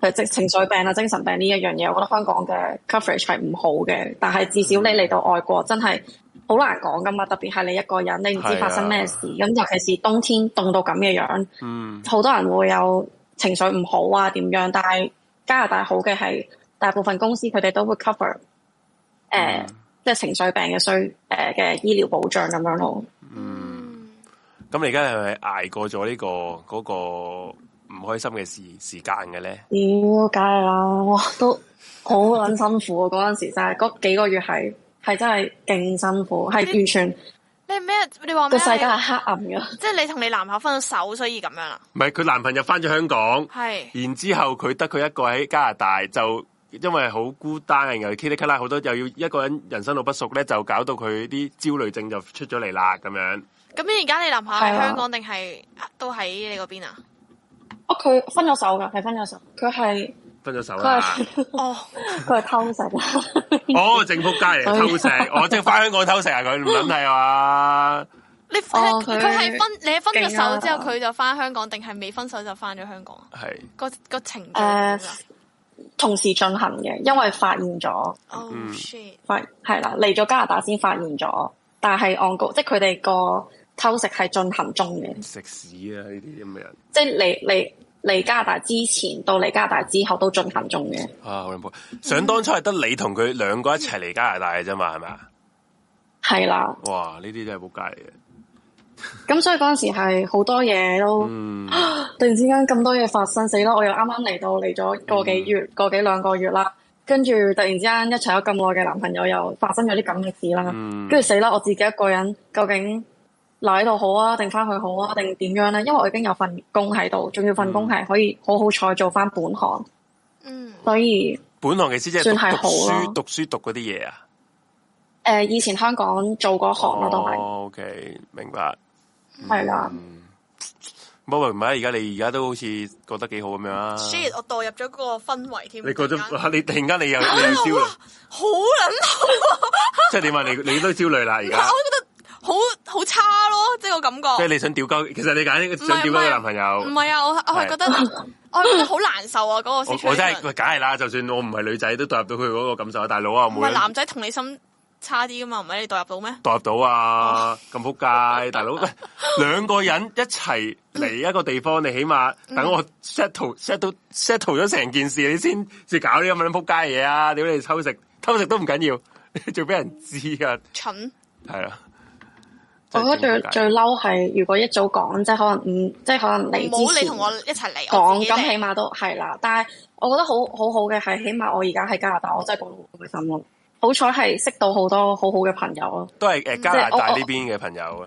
誒即情緒病啊、精神病呢一樣嘢，我覺得香港嘅 coverage 係唔好嘅。但係至少你嚟到外國、嗯、真係好難講噶嘛，特別係你一個人，你唔知發生咩事。咁、啊、尤其是冬天凍到咁嘅樣，好、嗯、多人會有情緒唔好啊，點樣？但係加拿大好嘅係，大部分公司佢哋都會 cover 誒、嗯呃，即係情緒病嘅需誒嘅醫療保障咁樣咯。嗯咁你而家係咪挨過咗呢、這個嗰、那個唔開心嘅時時間嘅咧？屌、哦，梗係啦，哇，都好卵辛苦啊！嗰陣時真係嗰幾個月係係真係勁辛苦，係完全你咩？你話個世界係黑暗嘅，即、就、係、是、你同你男朋友分咗手，所以咁樣啦。唔係佢男朋友翻咗香港，係，然之後佢得佢一個喺加拿大，就因為好孤單，又 k 里卡拉好多，又要一個人人生路不熟咧，就搞到佢啲焦慮症就出咗嚟啦，咁樣。咁而家你男朋友喺香港定係都喺你嗰邊啊？哦，佢分咗手噶，係分咗手。佢係分咗手了 <laughs> 哦，佢 <laughs> 係偷食 <laughs> 、哦 <laughs> 哦。 <laughs> 哦，正仆街嚟偷食，我即係翻香港偷食啊！佢唔准係啊？你佢係分你分咗手之後，佢就翻香港定係未分手就翻咗香港？係個個程誒、uh, 同時進行嘅，因為發現咗。Oh shit！發係啦，嚟咗加拿大先發現咗，但係按局，即係佢哋個。偷食係進行中嘅，食屎啊！呢啲咁嘅人，即係嚟嚟嚟加拿大之前到嚟加拿大之後都進行中嘅。啊，好想當初係得你同佢兩個一齊嚟加拿大嘅啫嘛，係咪啊？係啦。哇！呢啲真係仆街嚟嘅。咁所以嗰陣時係好多嘢都，嗯，突然之間咁多嘢發生，死啦！我又啱啱嚟到嚟咗個幾月，嗯、個幾兩個月啦，跟住突然之間一齊咗咁耐嘅男朋友又發生咗啲咁嘅事啦，跟住死啦！我自己一個人究竟，留喺度好啊，定翻去好啊，定點樣咧？因為我已經有份工喺度，仲要份工係可以好好彩做翻本行，嗯，所以算、啊、本行嘅意思即係好書讀書讀嗰啲嘢啊。誒、呃，以前香港做嗰行我都係，OK，明白係啦、嗯嗯、不過唔係而家你而家都好似覺得幾好咁樣啊。雖然我代入咗嗰個氛圍添。你覺得你突然間你又焦慮，好撚好啊！好啊 <laughs> 即係點話你你都焦慮啦，而家。我覺得好好差咯，即係個感覺。即係你想釣鳩，其實你揀想釣鳩個男朋友。唔係啊，我我係覺得我好難受啊！嗰、嗰個相處我，我真係梗係啦，就算我唔係女仔，都代入到佢嗰個感受啊，大佬啊，唔係男仔同理心差啲噶嘛，唔係你代入到咩？代入到啊，咁撲街，大佬，兩個人一齊嚟一個地方，嗯、你起碼等我 settle s e t t settle 咗成件事，你先至搞呢咁樣撲街嘢啊！屌你偷食偷食都唔緊要，仲俾人知啊！蠢係啊！我覺得最最嬲係，如果一早講，即係可能唔、嗯，即係可能你冇你同我一齊嚟講，咁起碼都係啦。但係我覺得好好好嘅係，起碼我而家喺加拿大，我真係覺得好開心咯。好彩係識到好多好好多好好嘅朋友咯、嗯。都係誒加拿大呢邊嘅朋友啊。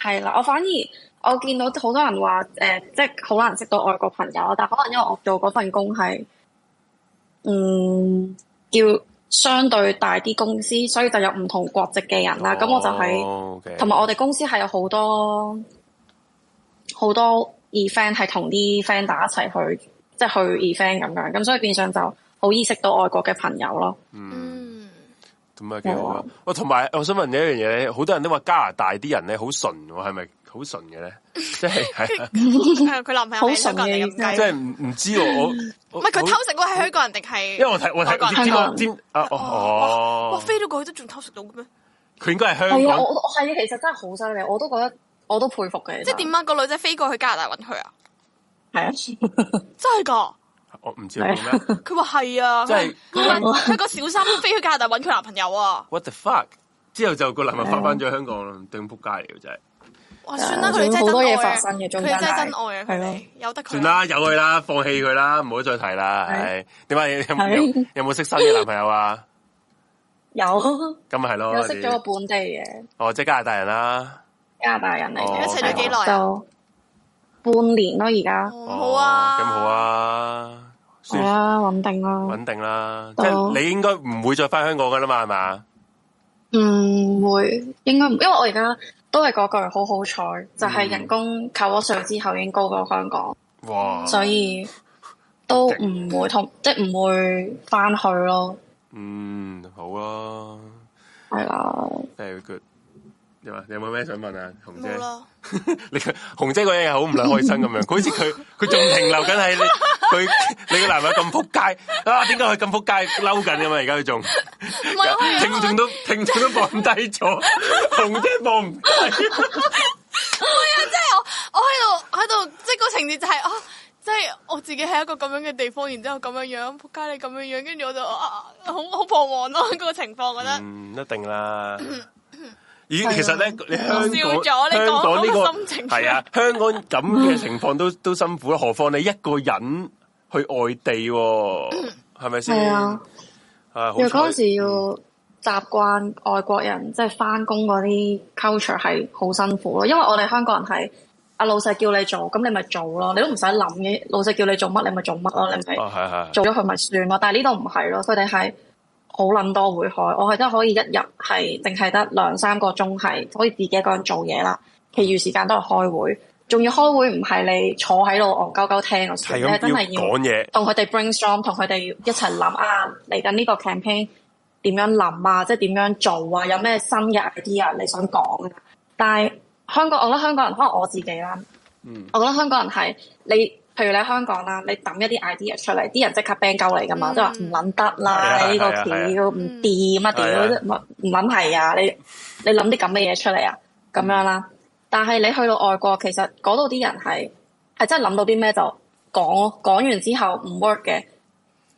係、就、啦、是，我反而我見到好多人話誒，即係好難識到外國朋友。但係可能因為我做嗰份工係，嗯叫。相對大啲公司，所以就有唔同國籍嘅人啦。咁、哦、我就係同埋我哋公司係有好多好多 event 係同啲 friend 打一齊去，即係去 event 咁樣。咁所以變相就好，意識到外國嘅朋友咯。嗯。咁啊，幾好啊！我同埋，我想問你一樣嘢，好多人都話加拿大啲人咧好純，係咪好純嘅咧？即係係啊，佢、 <laughs> 嗯、男朋友嚟嘅，即係唔唔知我唔係佢偷食，我係香港人定係？因為我睇我睇見見啊哦，哇飛到過去都仲偷食到嘅咩？佢應該係香港，我我係其實真係好犀利，我都覺得我都佩服嘅。即係點解啊？個女仔飛過去加拿大揾佢啊？係 <laughs> 啊，真噶！我、哦、唔知係點咧。佢話係啊，即係佢係個小三個飛去加拿大揾佢男朋友啊。What the fuck？之後就個男朋友翻翻咗香港啦，頂仆街嚟嘅真係。哇，算啦，佢哋真係多嘢發生嘅中間。佢哋真係真愛，真真愛啊，係咪？由得佢。算啦，有佢啦，放棄佢啦，唔好再提啦。點解？有冇識新嘅男朋友啊？ <laughs> 有。咁咪係咯，又識咗個本地嘅。哦，即係加拿大人啦、啊。加拿大人嚟嘅，一齊咗幾耐？就、啊、半年咯，而、哦、家。哦、好啊，咁好啊。係啊，穩定啦，穩定啦，即係你應該唔會再返香港噶啦嘛，係嘛？唔、嗯、會，應該唔，因為我而家都係嗰句，好好彩，就係、是、人工扣咗稅之後，已經高過香港。哇！所以都唔會同，即係唔會返去咯。嗯，好啊，係啦。Very good. 你有有冇咩想問啊？紅姐， <laughs> 你紅姐嗰樣嘢好唔耐開心咁樣，佢、嗯、好似佢佢仲停留緊喺你佢 <laughs> 你個男友咁撲街啊？點解佢咁撲街嬲緊噶嘛？而家佢仲聽眾都聽眾都、就是、都放低咗，紅 <laughs> 姐放唔低。唔、就是就是就是、啊！真係我我喺度喺度，即係個情節就係啊，即係我自己喺一個咁樣嘅地方，然之後咁樣樣撲街，你咁樣樣，跟住我就好好彷徨咯。嗰、啊啊那個情況覺得唔、嗯、一定啦、嗯。咦，其實咧，你香港你香港呢，心情係啊，香港咁嘅情況都 <laughs> 都辛苦咯，何況你一個人去外地，啊，係咪先？係 <coughs> 啊，啊，因為嗰時要習慣外國人即係翻工嗰啲 culture 係好辛苦咯，因為我哋香港人係阿老細叫你做，咁你咪做咯，你都唔使諗嘅，老細叫你做乜你咪做乜咯，你咪係係做咗佢咪算咯，啊啊，但係呢度唔係咯，佢哋係。冇諗多會開，我係得可以一日係，淨係得兩三個鐘係可以自己一個人做嘢啦。其餘時間都係開會，仲要開會唔係你坐喺度戇鳩鳩聽啊，真係要同佢哋 brainstorm，同佢哋一齊諗啊，嚟緊呢個 campaign 點樣諗啊，即係點樣做啊，有咩新嘅 idea 你想講？但係香港，我覺得香港人，可能我自己啦，嗯，我覺得香港人係你。譬如你喺香港啦，你抌一啲 idea 出嚟，啲人即刻 ban 鳩嚟噶嘛，即係話唔捻得啦，呢個都唔掂啊，都唔捻係啊，你你諗啲咁嘅嘢出嚟啊，咁樣啦、嗯。但係你去到外國，其實嗰度啲人係係真係諗到啲咩就講咯，講完之後唔 work 嘅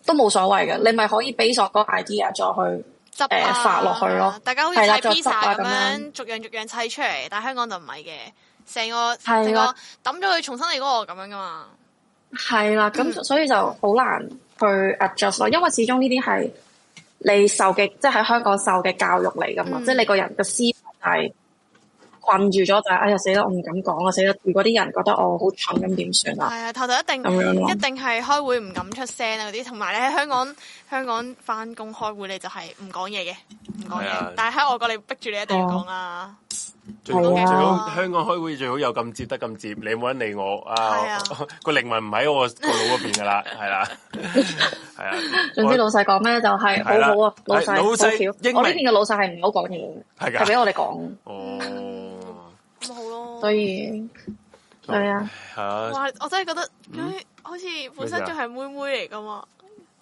都冇所謂嘅，你咪可以畀索咗個 idea 再去執誒、呃、發落去咯。大家 pizza 咁、啊、樣，逐樣逐樣砌出嚟。但係香港就唔係嘅，成個成個抌咗佢重新嚟嗰個咁樣噶嘛。係啦，咁所以就好難去 adjust 咯、嗯，因為始終呢啲係你受嘅，即係喺香港受嘅教育嚟噶嘛，嗯、即係你個人嘅思維係困住咗，就係、係「哎呀死啦，我唔敢講啊，死啦！如果啲人覺得我好蠢，咁點算啊？係、嗯、啊，頭頭一定咁樣一定係開會唔敢出聲啊嗰啲，同埋你喺香港香港翻工開會你就係唔講嘢嘅，唔講嘢，但係喺外國你逼住你一定要講呀、啊。最好，啊、最好香港開會最好有咁接得咁接，你冇得理我啊，啊！個靈魂唔喺我個腦嗰邊噶啦，係 <laughs> 啦是的，係 <laughs> 啦。總之老細講咩就係、是、好好啊，老細英明。我呢邊嘅老細係唔好講嘢係係俾我哋講、嗯。哦，咁好咯。所、no, 以，係啊。哇！我真係覺得，嗯、好似本身就係妹妹嚟噶嘛。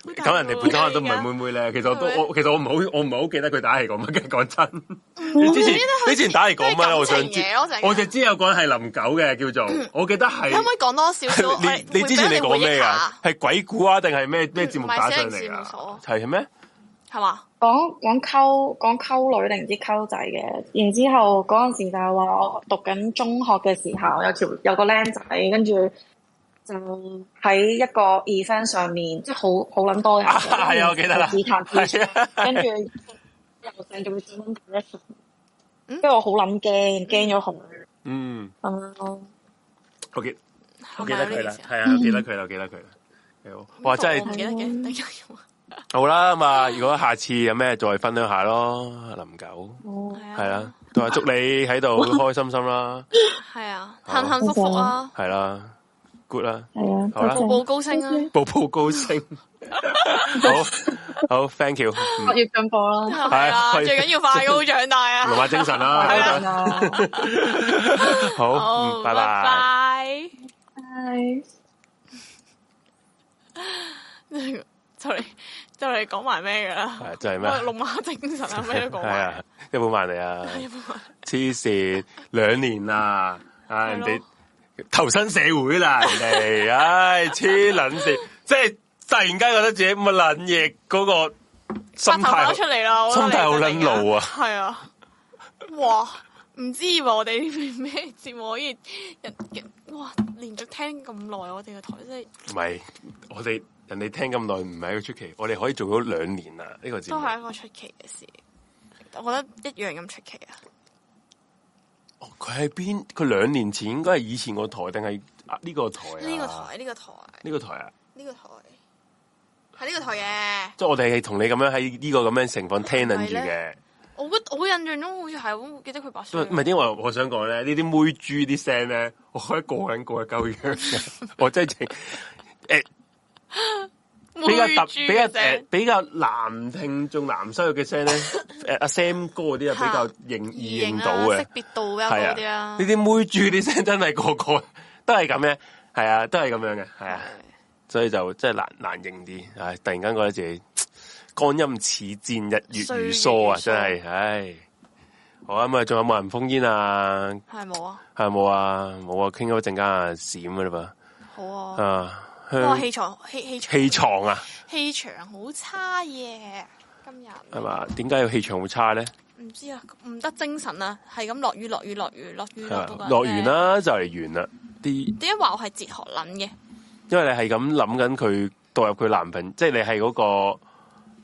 咁人哋本身都唔係妹妹咧，其實都我，我其實我唔好我唔係好記得佢打嚟講乜嘅，講真你講、嗯你。你之前你之前打嚟講乜咧？我想知。我就知有個人係林狗嘅，叫做我記得係。可唔可以講多少少？你你之前你講咩啊？係鬼故啊？定係咩咩節目打上嚟啊？係、嗯、咩？係嘛？講講溝講溝女定唔知溝仔嘅？然之後嗰陣時就係話我讀緊中學嘅時候，有條有個僆仔跟住。就喺一個 event 上面，即係好好諗多人。係、嗯、啊、okay，okay，我記得啦。跟住又成，仲要做咩？因為我好諗驚，驚咗紅。嗯。咁咯。好記我記得佢啦。係啊，記得佢啦，記得佢。好。哇，真係、嗯、記得嘅。 <laughs> 好啦，咁啊，如果下次有咩再分享下咯，林九。係、嗯、啊。啦。都係祝你喺度 <laughs> 開心心啦。係啊。幸幸福福啦。係啦。good 啦，係啊，步步高升啊，步步高升，好好，thank you，學業進步啦，係啊，最緊要快高長大啊，龍馬精神啦，係啊，好，拜拜，拜拜，就嚟就嚟講埋咩㗎啦，就係咩龍馬精神啊，咩都講，係啊，有冇埋你啊，黐線，兩年啦，啊人哋。投身社會啦，人哋唉，黐卵事，哎、 <laughs> 即係突然間覺得自己咁嘅卵嘢，嗰、那個心態、啊、出嚟啦，心態好卵路啊，係 <laughs> 啊，哇，唔知我哋咩節目可以人哇，連續聽咁耐我哋嘅台即係唔係，我哋人哋聽咁耐唔係一個出奇，我哋可以做咗兩年啦，呢、這個節目都係一個出奇嘅事，我覺得一樣咁出奇啊。佢係邊？佢兩年前應該係以前個台，定係呢個台，呢個台，呢個台，呢個台啊？呢、這個台係呢、這個台嘅，即、這、係、個啊這個、我哋係同你咁樣喺呢個咁樣情況聽緊住嘅。我我印象中好似係，我記得佢把聲。唔係，因為我想講咧，呢啲妹豬啲聲咧，我可以過緊過緊溝嘅， <laughs> <laughs> 我真係的誒。 <laughs> 欸 <laughs> 比較特比較、呃、比較難聽仲男聲嘅聲咧，誒阿、 <laughs> 啊、Sam 哥嗰啲啊比較容易、啊啊、認到嘅，係啊，呢啲妹豬啲聲真係個個、嗯、都係咁嘅，係啊，都係咁樣嘅，係啊，所以就真係難難認啲，唉，突然間覺得自己，光陰似箭，日月如梭啊，的梭真係，唉，好啊，咪仲有冇人封煙啊？係冇啊，係冇啊，冇啊，傾咗一陣間啊閃噶啦噃，好啊。啊我、哦、氣場氣氣氣場啊！氣場好差嘢。今日係嘛？點解個氣場會差咧？唔知啊，唔得精神啊，係咁落雨落雨落雨落雨落完啦，就嚟 <music> 完啦，啲點解話我係哲學撚嘅？因為你係咁諗緊佢代入佢男朋友即係、即係、你係嗰、嗰個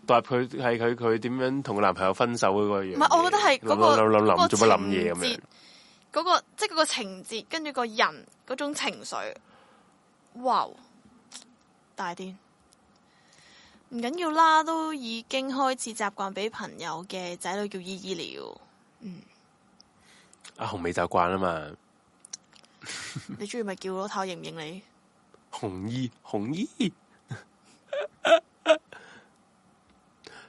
代入佢係佢佢點樣同個男朋友分手嗰個樣。唔係，我覺得係嗰、嗰個諗諗諗做乜諗嘢咁樣。嗰、嗰個即係嗰個情節，跟住個人嗰種情緒，哇！大啲唔緊要啦，都已經開始習慣俾朋友嘅仔女叫姨姨了。阿、嗯啊、紅未習慣啦嘛。 <laughs> 你中意咪叫老頭認唔認你。紅姨，紅姨。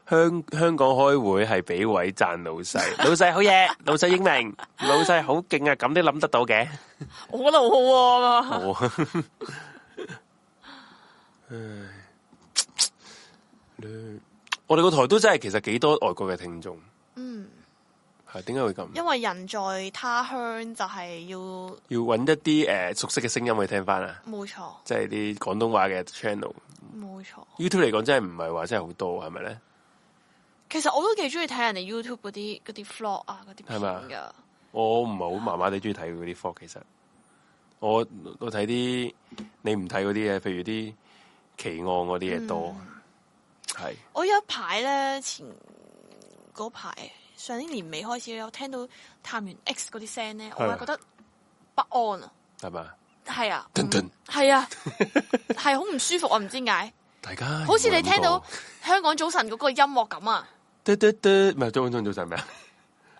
香 <laughs> 香港開會係俾位贊老細， <laughs> 老細好嘢，老細英明， <laughs> 老細好勁啊！咁都諗得到嘅， <laughs> 我覺得好好啊。 <laughs> 唉，我哋個台都真係其實幾多外國嘅聽眾。嗯，係點解會咁？因為人在他鄉就係、是、要要揾一啲誒、呃、熟悉嘅聲音去聽翻啊。冇錯，即係啲廣東話嘅 channel。冇錯，YouTube 嚟講真係唔係話真係好多，係咪咧？其實我都幾中意睇人哋 YouTube 嗰啲啲 Vlog 啊，嗰啲片噶、啊嗯。我唔係好麻麻哋中意睇嗰啲 Vlog 其實我我睇啲你唔睇嗰啲嘅，譬如啲。奇案嗰啲嘢多，係、嗯、我有一排咧，前嗰排上年年尾開始咧，我聽到探員 X 嗰啲聲咧，我係覺得不安啊，係咪？係啊，係、嗯、啊，係好唔舒服啊！唔知點解，大家有冇好似你聽到香港早晨嗰個音樂咁啊，嘟嘟嘟，唔係早，早，早晨咩啊？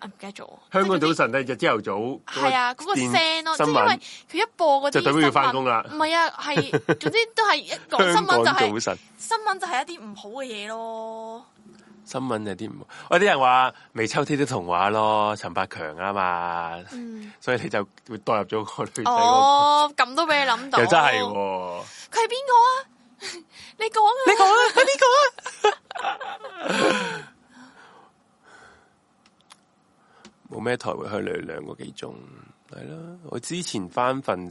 唔記得咗，香港早晨係就朝頭早，係、那個、啊，嗰、那個聲咯、啊，即係因為佢一播嗰啲就代表要翻工啦，唔係啊，係， <laughs> 總之都係一講新聞就係、是、新聞就係一啲唔好嘅嘢咯，新聞有啲唔，有啲人話未秋天的童話咯，陳百強啊嘛、嗯，所以你就會代入咗個、那個、哦，咁都俾你諗到，又真係、哦，佢係邊個啊？你講啊，你講啊，你講啊！冇咩台會去兩兩個幾鐘，係啦。我之前翻份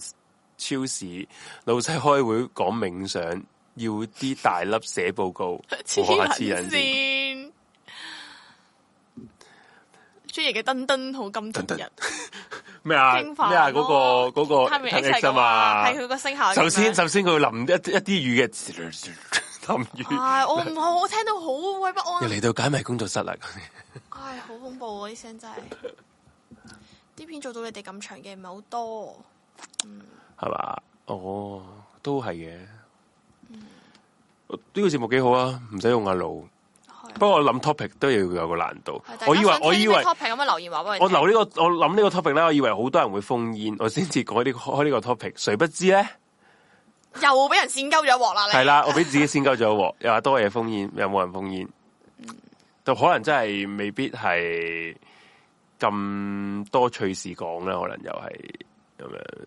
超市老細開會講冥想，要啲大粒寫報告，痴人先，先的燈燈很、哦。朱嚟嘅燈燈好金童人，咩啊咩啊嗰個嗰、那個係睇一齊噶？係佢個聲效。首先首先佢淋一一啲雨嘅。 <music> 唉我唔好，我聽到好鬼不安。又嚟到解謎工作室啦！唉，好恐怖啊！啲聲真係，啲片做到你哋咁長嘅唔係好多，係嘛？哦，都係嘅。呢、嗯哦，這個節目幾好啊，唔使用，用阿路。不過我諗 topic 都要有個難度。Topic, 我以為我以為 topic 咁樣留言話俾你，我留呢個我諗呢個 topic 咧，我以為好多人會封煙，我先至改呢個開呢個 topic，誰不知咧？又俾人跣鳩咗一鑊啦！係啦，我俾自己跣鳩咗一鑊。又 <laughs> 話多嘢封煙，有冇人封煙？就、嗯、可能真係未必係咁多趣事講啦。可能又係咁樣。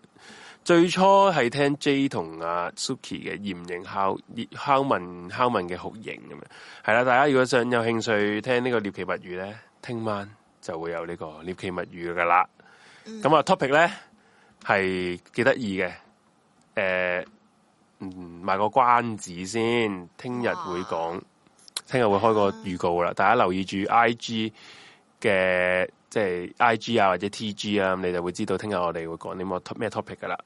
最初係聽 J 同阿 Suki 嘅《艷影敲敲文敲文嘅酷刑》咁樣。係啦，大家如果想有興趣聽呢個《獵奇物語呢》咧，聽晚就會有呢個《獵奇物語》噶、嗯、啦。咁啊，topic 咧係幾得意嘅，誒。嗯，賣個關子先，聽日會講，聽日會開個預告啦。大家留意住 I G 嘅，即係 I G 啊或者 T G 啊，你就會知道聽日我哋會講啲乜咩 topic 噶啦。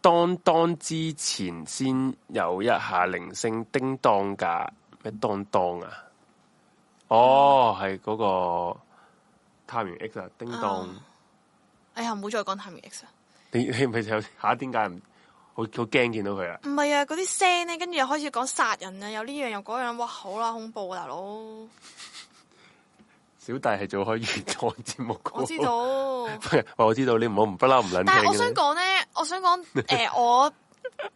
噹噹之前先有一下鈴聲，叮噹噶咩？噹噹啊！哦，係、啊、嗰、那個探員 X 啊，叮噹。哎呀，唔好再講探員 X。啊！哎、你係咪就下點解唔？好好驚見到佢啊！唔係啊，嗰啲聲咧，跟住又開始講殺人啊，有呢樣又嗰樣，哇，好啦，恐怖啊大佬！小弟係做開粵港節目，我知道， <laughs> 我知道你唔好唔不嬲唔捻。但係我想講咧、呃，我想講，誒，我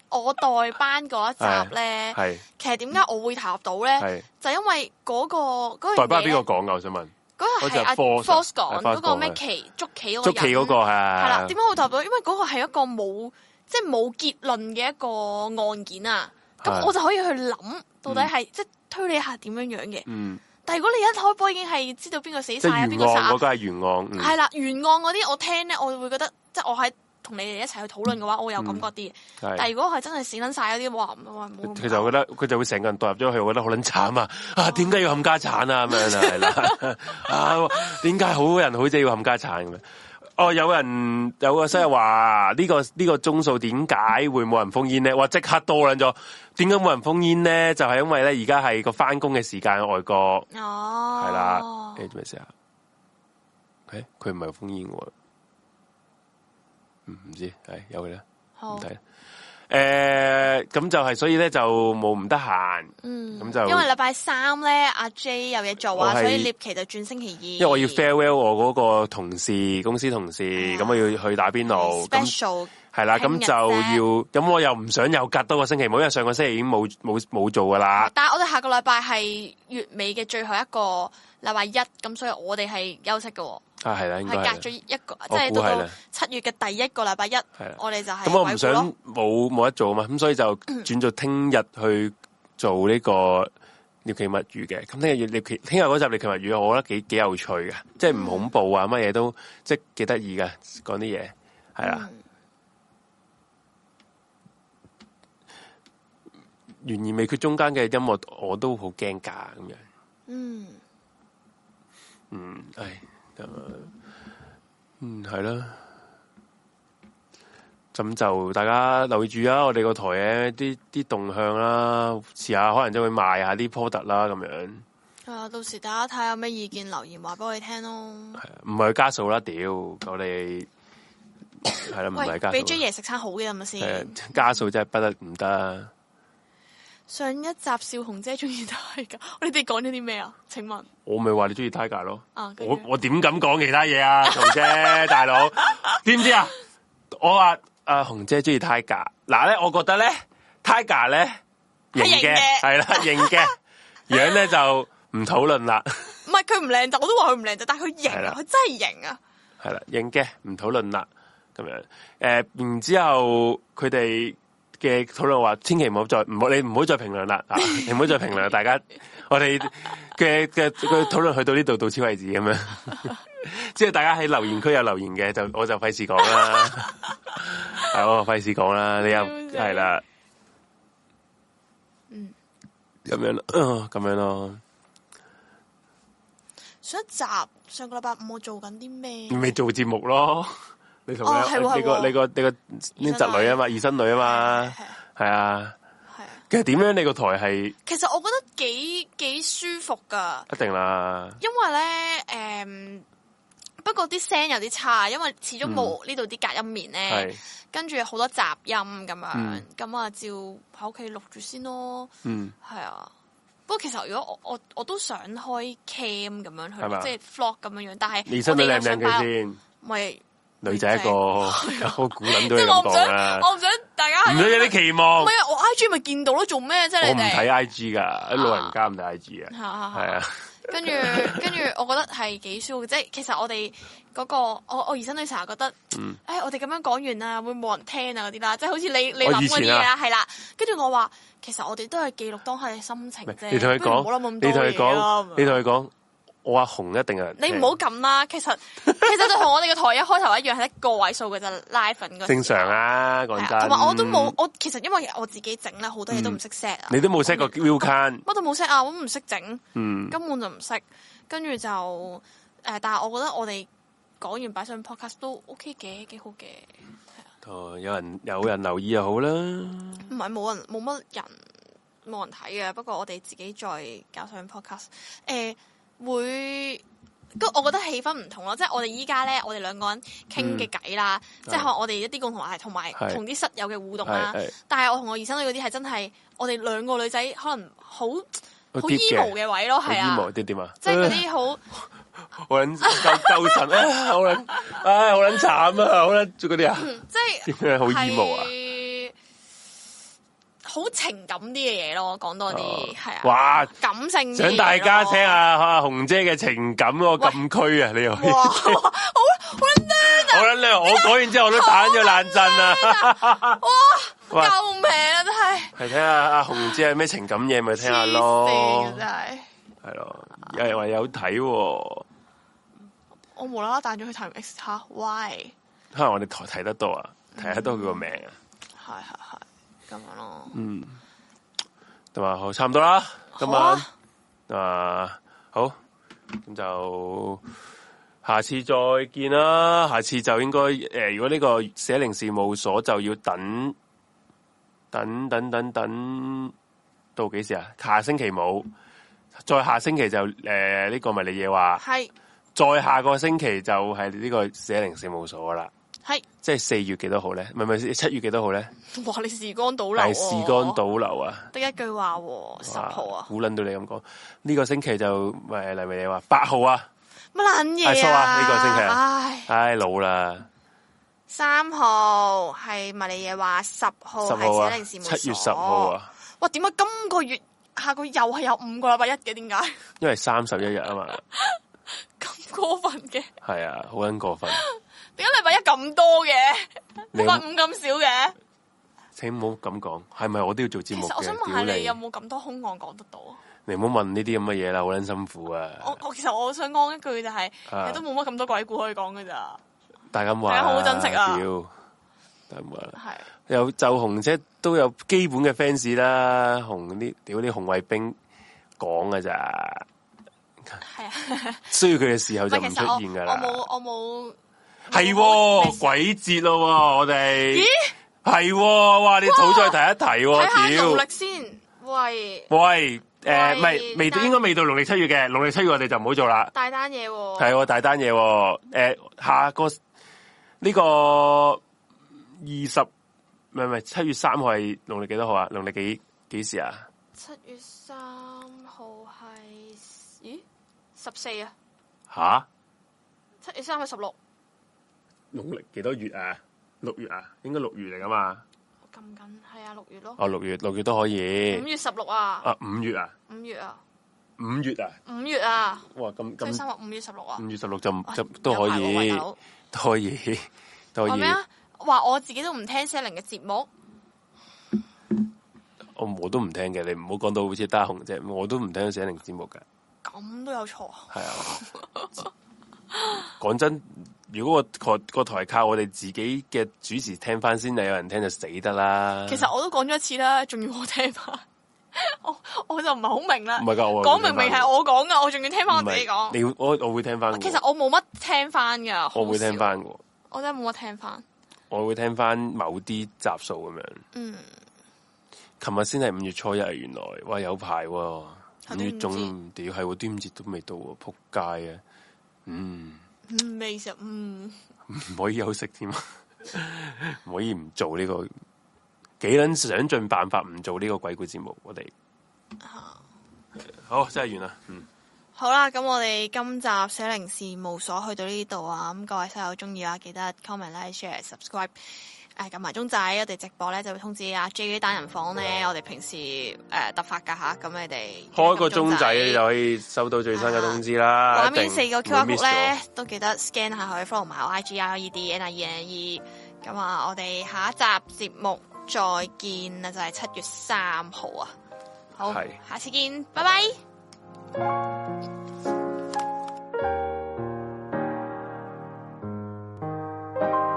我代班嗰一集咧，係 <laughs> 其實點解我會投入到咧？就因為嗰、那個嗰、那個、代班係邊個講我想問，嗰、那個係阿、啊啊、Force 講、啊，嗰、啊那個咩棋捉、啊、棋嗰捉棋嗰個係、啊、啦？點解會投入？因為嗰個係一個冇。即係冇結論嘅一個案件啊，咁我就可以去諗到底係，嗯、即係推理下點樣樣嘅。嗯、但係如果你一開波已經係知道邊個死晒，邊個殺，我噶係懸案。係啦，懸案嗰啲我聽咧，我會覺得即係我喺同你哋一齊去討論嘅話，我會有感覺啲。但係如果係真係死撚晒，有啲話唔話冇。其實我覺得佢就會成個人代入咗去，我覺得好撚慘啊！啊，點解要冚家產啊？咁樣係啦，啊，點解好人好姐要冚家產咁樣？哦、有人有個聲係話呢、這個呢、這個鐘數點解會冇人封煙呢哇，即刻多捻咗，點解冇人封煙呢就係、是、因為咧而家係個返工嘅時間，外國係啦。你做咩事啊？誒、欸，佢唔係封煙嘅喎，唔、嗯、知係、欸、有嘅啦，唔睇。誒、呃，咁就係、是，所以咧就冇唔得閒，咁、嗯、就因為禮拜三咧，阿 J 有嘢做啊，所以獵奇就轉星期二。因為我要 farewell 我嗰個同事，公司同事，咁、嗯、我要去打邊爐，Special，係、嗯、啦，咁就要，咁我又唔想又隔多個星期，冇因為上個星期已經冇冇冇做噶啦。但係我哋下個禮拜係月尾嘅最後一個禮拜一，咁所以我哋係休息嘅、哦。啊，係、啊、啦，應該係。我估係啦。七月嘅第一個禮拜一，我哋就係咁，我唔想冇冇得做啊嘛，咁所以就轉咗聽日去做呢個獵奇物語嘅。咁聽日獵奇，聽日嗰集獵奇物語，我覺得幾幾有趣嘅，即係唔恐怖啊，乜嘢都即係幾得意嘅，講啲嘢係啦。懸而、啊嗯、未決中間嘅音樂，我都好驚噶咁樣。嗯，嗯，唉。嗯，係啦，咁就大家留意住啊，我哋個台嘅啲啲動向啦，試下可能就會賣下啲 product 啦，咁樣。啊，到時大家睇下有咩意見留言話俾我哋聽咯。唔係加數啦，屌 <laughs> 我哋係啦，唔係加數。喂，俾啲嘢食餐好嘅，係咪先？加數真係不得唔得。上一集，少紅姐中意 t i 你我哋講咗啲咩啊？請問我咪話你中意泰 i 咯？啊、我我點敢講其他嘢啊， <laughs> 啊，啊？紅姐大佬，點知啊？我話紅紅姐中意泰 i 嗱咧，我覺得咧泰 i 呢，咧型嘅係啦，型嘅 <laughs> 樣咧就唔討論啦。唔係佢唔靚仔，我都話佢唔靚但係佢型，佢真係型啊。係啦，型嘅唔討論啦，咁樣誒、呃，然之後佢哋。嘅討論話，千祈唔好再唔好，你唔好再評論啦，你唔好再評論，大家，我哋嘅嘅嘅討論去到呢度，到此為止咁樣。即 <laughs> 係大家喺留言區有留言嘅，就我就費事講啦，係我費事講啦，你又係啦， <laughs> 嗯，咁樣咯，咁樣咯。上一集上個禮拜五我做緊啲咩？未做節目咯。你同、哦、你個你個你個啲侄，侄女啊嘛，二生女啊嘛，係啊，其實點樣你個台係？其實我覺得幾幾舒服噶。一定啦。因為咧，誒、嗯，不過啲聲有啲差，因為始終冇呢度啲隔音棉咧、嗯，跟住好多雜音咁樣，咁、嗯、啊，照喺屋企錄住先咯。嗯，係啊。不過其實如果我我我都想開 cam 咁樣去，即係 vlog 咁樣樣，但係二生女靚唔靚先？咪。女仔一個，好估你都係咁我唔 <laughs> 想， <laughs> 想大家唔想有啲期望。唔係啊，我 I G 咪見到咯，做咩啫你哋？我唔睇 I G 噶，老人家唔睇 I G 啊。啊，啊啊啊 <laughs> 跟住跟住，我覺得係幾舒服。即係其實我哋嗰、那個，我我姨甥女成日覺得、嗯，哎，我哋咁樣講完啊，會冇人聽啊嗰啲啦。即係好似你你諗嗰啲嘢啦，係啦、啊。跟住我話，其實我哋都係記錄當下嘅心情啫。你同佢講，冇諗咁多啊、你同佢講，啊、你同佢講。我阿紅一定啊！你唔好咁啦，其實其實就同我哋嘅台一開頭一樣，係 <laughs> 一個位數嘅就拉粉。正常啊，講真，同埋我都冇，我其實因為我自己整啦，好多嘢都唔識 set。你都冇 set 個 music，乜都冇 set 啊，我都唔識整，根本就唔識。跟住就誒、呃，但係我覺得我哋講完擺上 podcast 都 OK 嘅，幾好嘅、啊。哦，有人有人留意就好啦。唔係冇人，冇乜人，冇人睇嘅。不過我哋自己再搞上 podcast，誒、呃。會，咁我覺得氣氛唔同咯，即係我哋依家咧，我哋兩個人傾嘅偈啦，即係我哋一啲共同話題，同埋同啲室友嘅互動啦。但係我同我二生女嗰啲係真係，我哋兩個女仔可能好好 emo 嘅位咯，係啊，點啊？即係嗰啲好好捻夠夠神啊，好捻唉，好捻慘啊，好捻做嗰啲啊，即係點樣好 emo 啊？好情感啲嘅嘢咯，講多啲係、哦、啊，哇，感性，想大家聽下阿紅姐嘅情感個禁區啊你又。好好卵啊，你 <laughs> 好卵娘、啊，我講完之後我都打咗冷震啊，哇，救命啊真係，嚟聽下阿紅姐咩、啊、情感嘢咪聽下咯，痴線嘅真係，係咯，有人話有睇、啊，我無啦啦彈咗去睇 X 喂！可能我哋台睇得到啊，睇、啊、得多佢個名啊、嗯，係、嗯、係。咁樣咯，嗯，咁啊好，差唔多啦，今晚好啊，啊好，咁就下次再見啦，下次就應該誒、呃，如果呢個410事務所，就要等等等等等到幾時啊？下星期冇，再下星期就誒呢、呃，這個咪你嘢話，係是再下個星期就係呢個410事務所啦。係，即係四月幾多號咧？唔係唔係七月幾多號咧？哇！你時光倒流、啊，係時光倒流啊！得一句話，十號啊！估捻、啊、到你咁講，呢、這個星期就咪黎米你話八號啊！乜捻嘢啊？呢、哎這個星期、啊，唉，唉、哎、老啦！三號係物理嘢話十號，七、啊、月十號啊！哇！點解今個月下個又係有五個禮拜一嘅？點解？因為三十一日啊嘛，咁 <laughs> 過分嘅係啊，好捻過分。點解禮拜一咁多嘅，禮拜五咁少嘅？請唔好咁講，係咪我都要做節目？我想問下你有冇咁多凶案講得到？你唔好問呢啲咁嘅嘢啦，好撚辛苦啊！我我其實我想講一句就係，都冇乜咁多鬼故可以講噶咋？大家好珍惜啊！唔好啦，係又就紅姐都有基本嘅 fans 啦，紅啲屌啲紅衛兵講噶咋？係啊，需要佢嘅時候就唔出現噶啦。我冇，我冇。係、 <music> 哦、鬼節咯，我哋。咦？係、哦、哇，哇！你好再提一提、哦。睇下農曆先。喂喂，誒、呃呃，未到，應該未到農曆七月嘅，農曆七月我哋就唔好做啦。大單嘢、哦。係、哦、大單嘢、哦。誒、呃，下個呢、這個二十，唔係唔係七月三號係農曆幾多號啊？農曆幾幾時啊？七月三號係咦十四啊？吓、啊？七月三號十六。農曆幾多月啊？六月啊，應該六月嚟噶嘛？咁緊係啊，六月咯。哦，六月，六月都可以。五月十六啊。啊，五月啊。五月啊。五月啊。五月啊。哇，咁咁。三月五月十六啊。五月十六就就都可以，都可以，都可以。話咩話我自己都唔聽石靈嘅節目。我我都唔聽嘅，你唔好講到好似得紅啫，我都唔聽石靈節目嘅。咁都有錯啊？係啊。講真。如果我個,個台靠我哋自己嘅主持聽翻先，係有人聽就死得啦。其實我都講咗一次啦，仲要我聽翻， <laughs> 我就不不是我就唔係好明啦。唔係噶，講明明係我講噶，我仲要聽翻我自己講。你我我會聽翻。其實我冇乜聽翻噶，我唔會聽翻我真係冇乜聽翻。我會聽翻、嗯、某啲集數咁樣。嗯，琴日先係五月初一，原來哇有排喎、啊，五、啊、月中屌係我端午節都未到、啊，扑街啊！嗯。嗯未食，唔、嗯、唔可以休息添啊！唔可以唔做呢、這個，幾捻想盡辦法唔做呢個鬼故節目，我哋好真係完啦。嗯，好啦，咁我哋今集410事務所去到呢度啊，咁各位細友中意啊，記得 comment、like、share、subscribe。誒，撳埋鐘仔，我哋直播咧就會通知阿 J 呢單人房咧、嗯嗯，我哋平時誒、呃、突發噶吓，咁、啊、你哋開一個鐘仔、嗯、仔就可以收到最新嘅通知啦。話、啊、呢四個 Q R 碼咧，都記得 scan 下佢 <music> ，follow 埋 I G R E D N 二零二。咁 <music> 啊，我哋下一集節目再見啦，就係、是、七月三號啊。好，下次見，拜拜。 <music>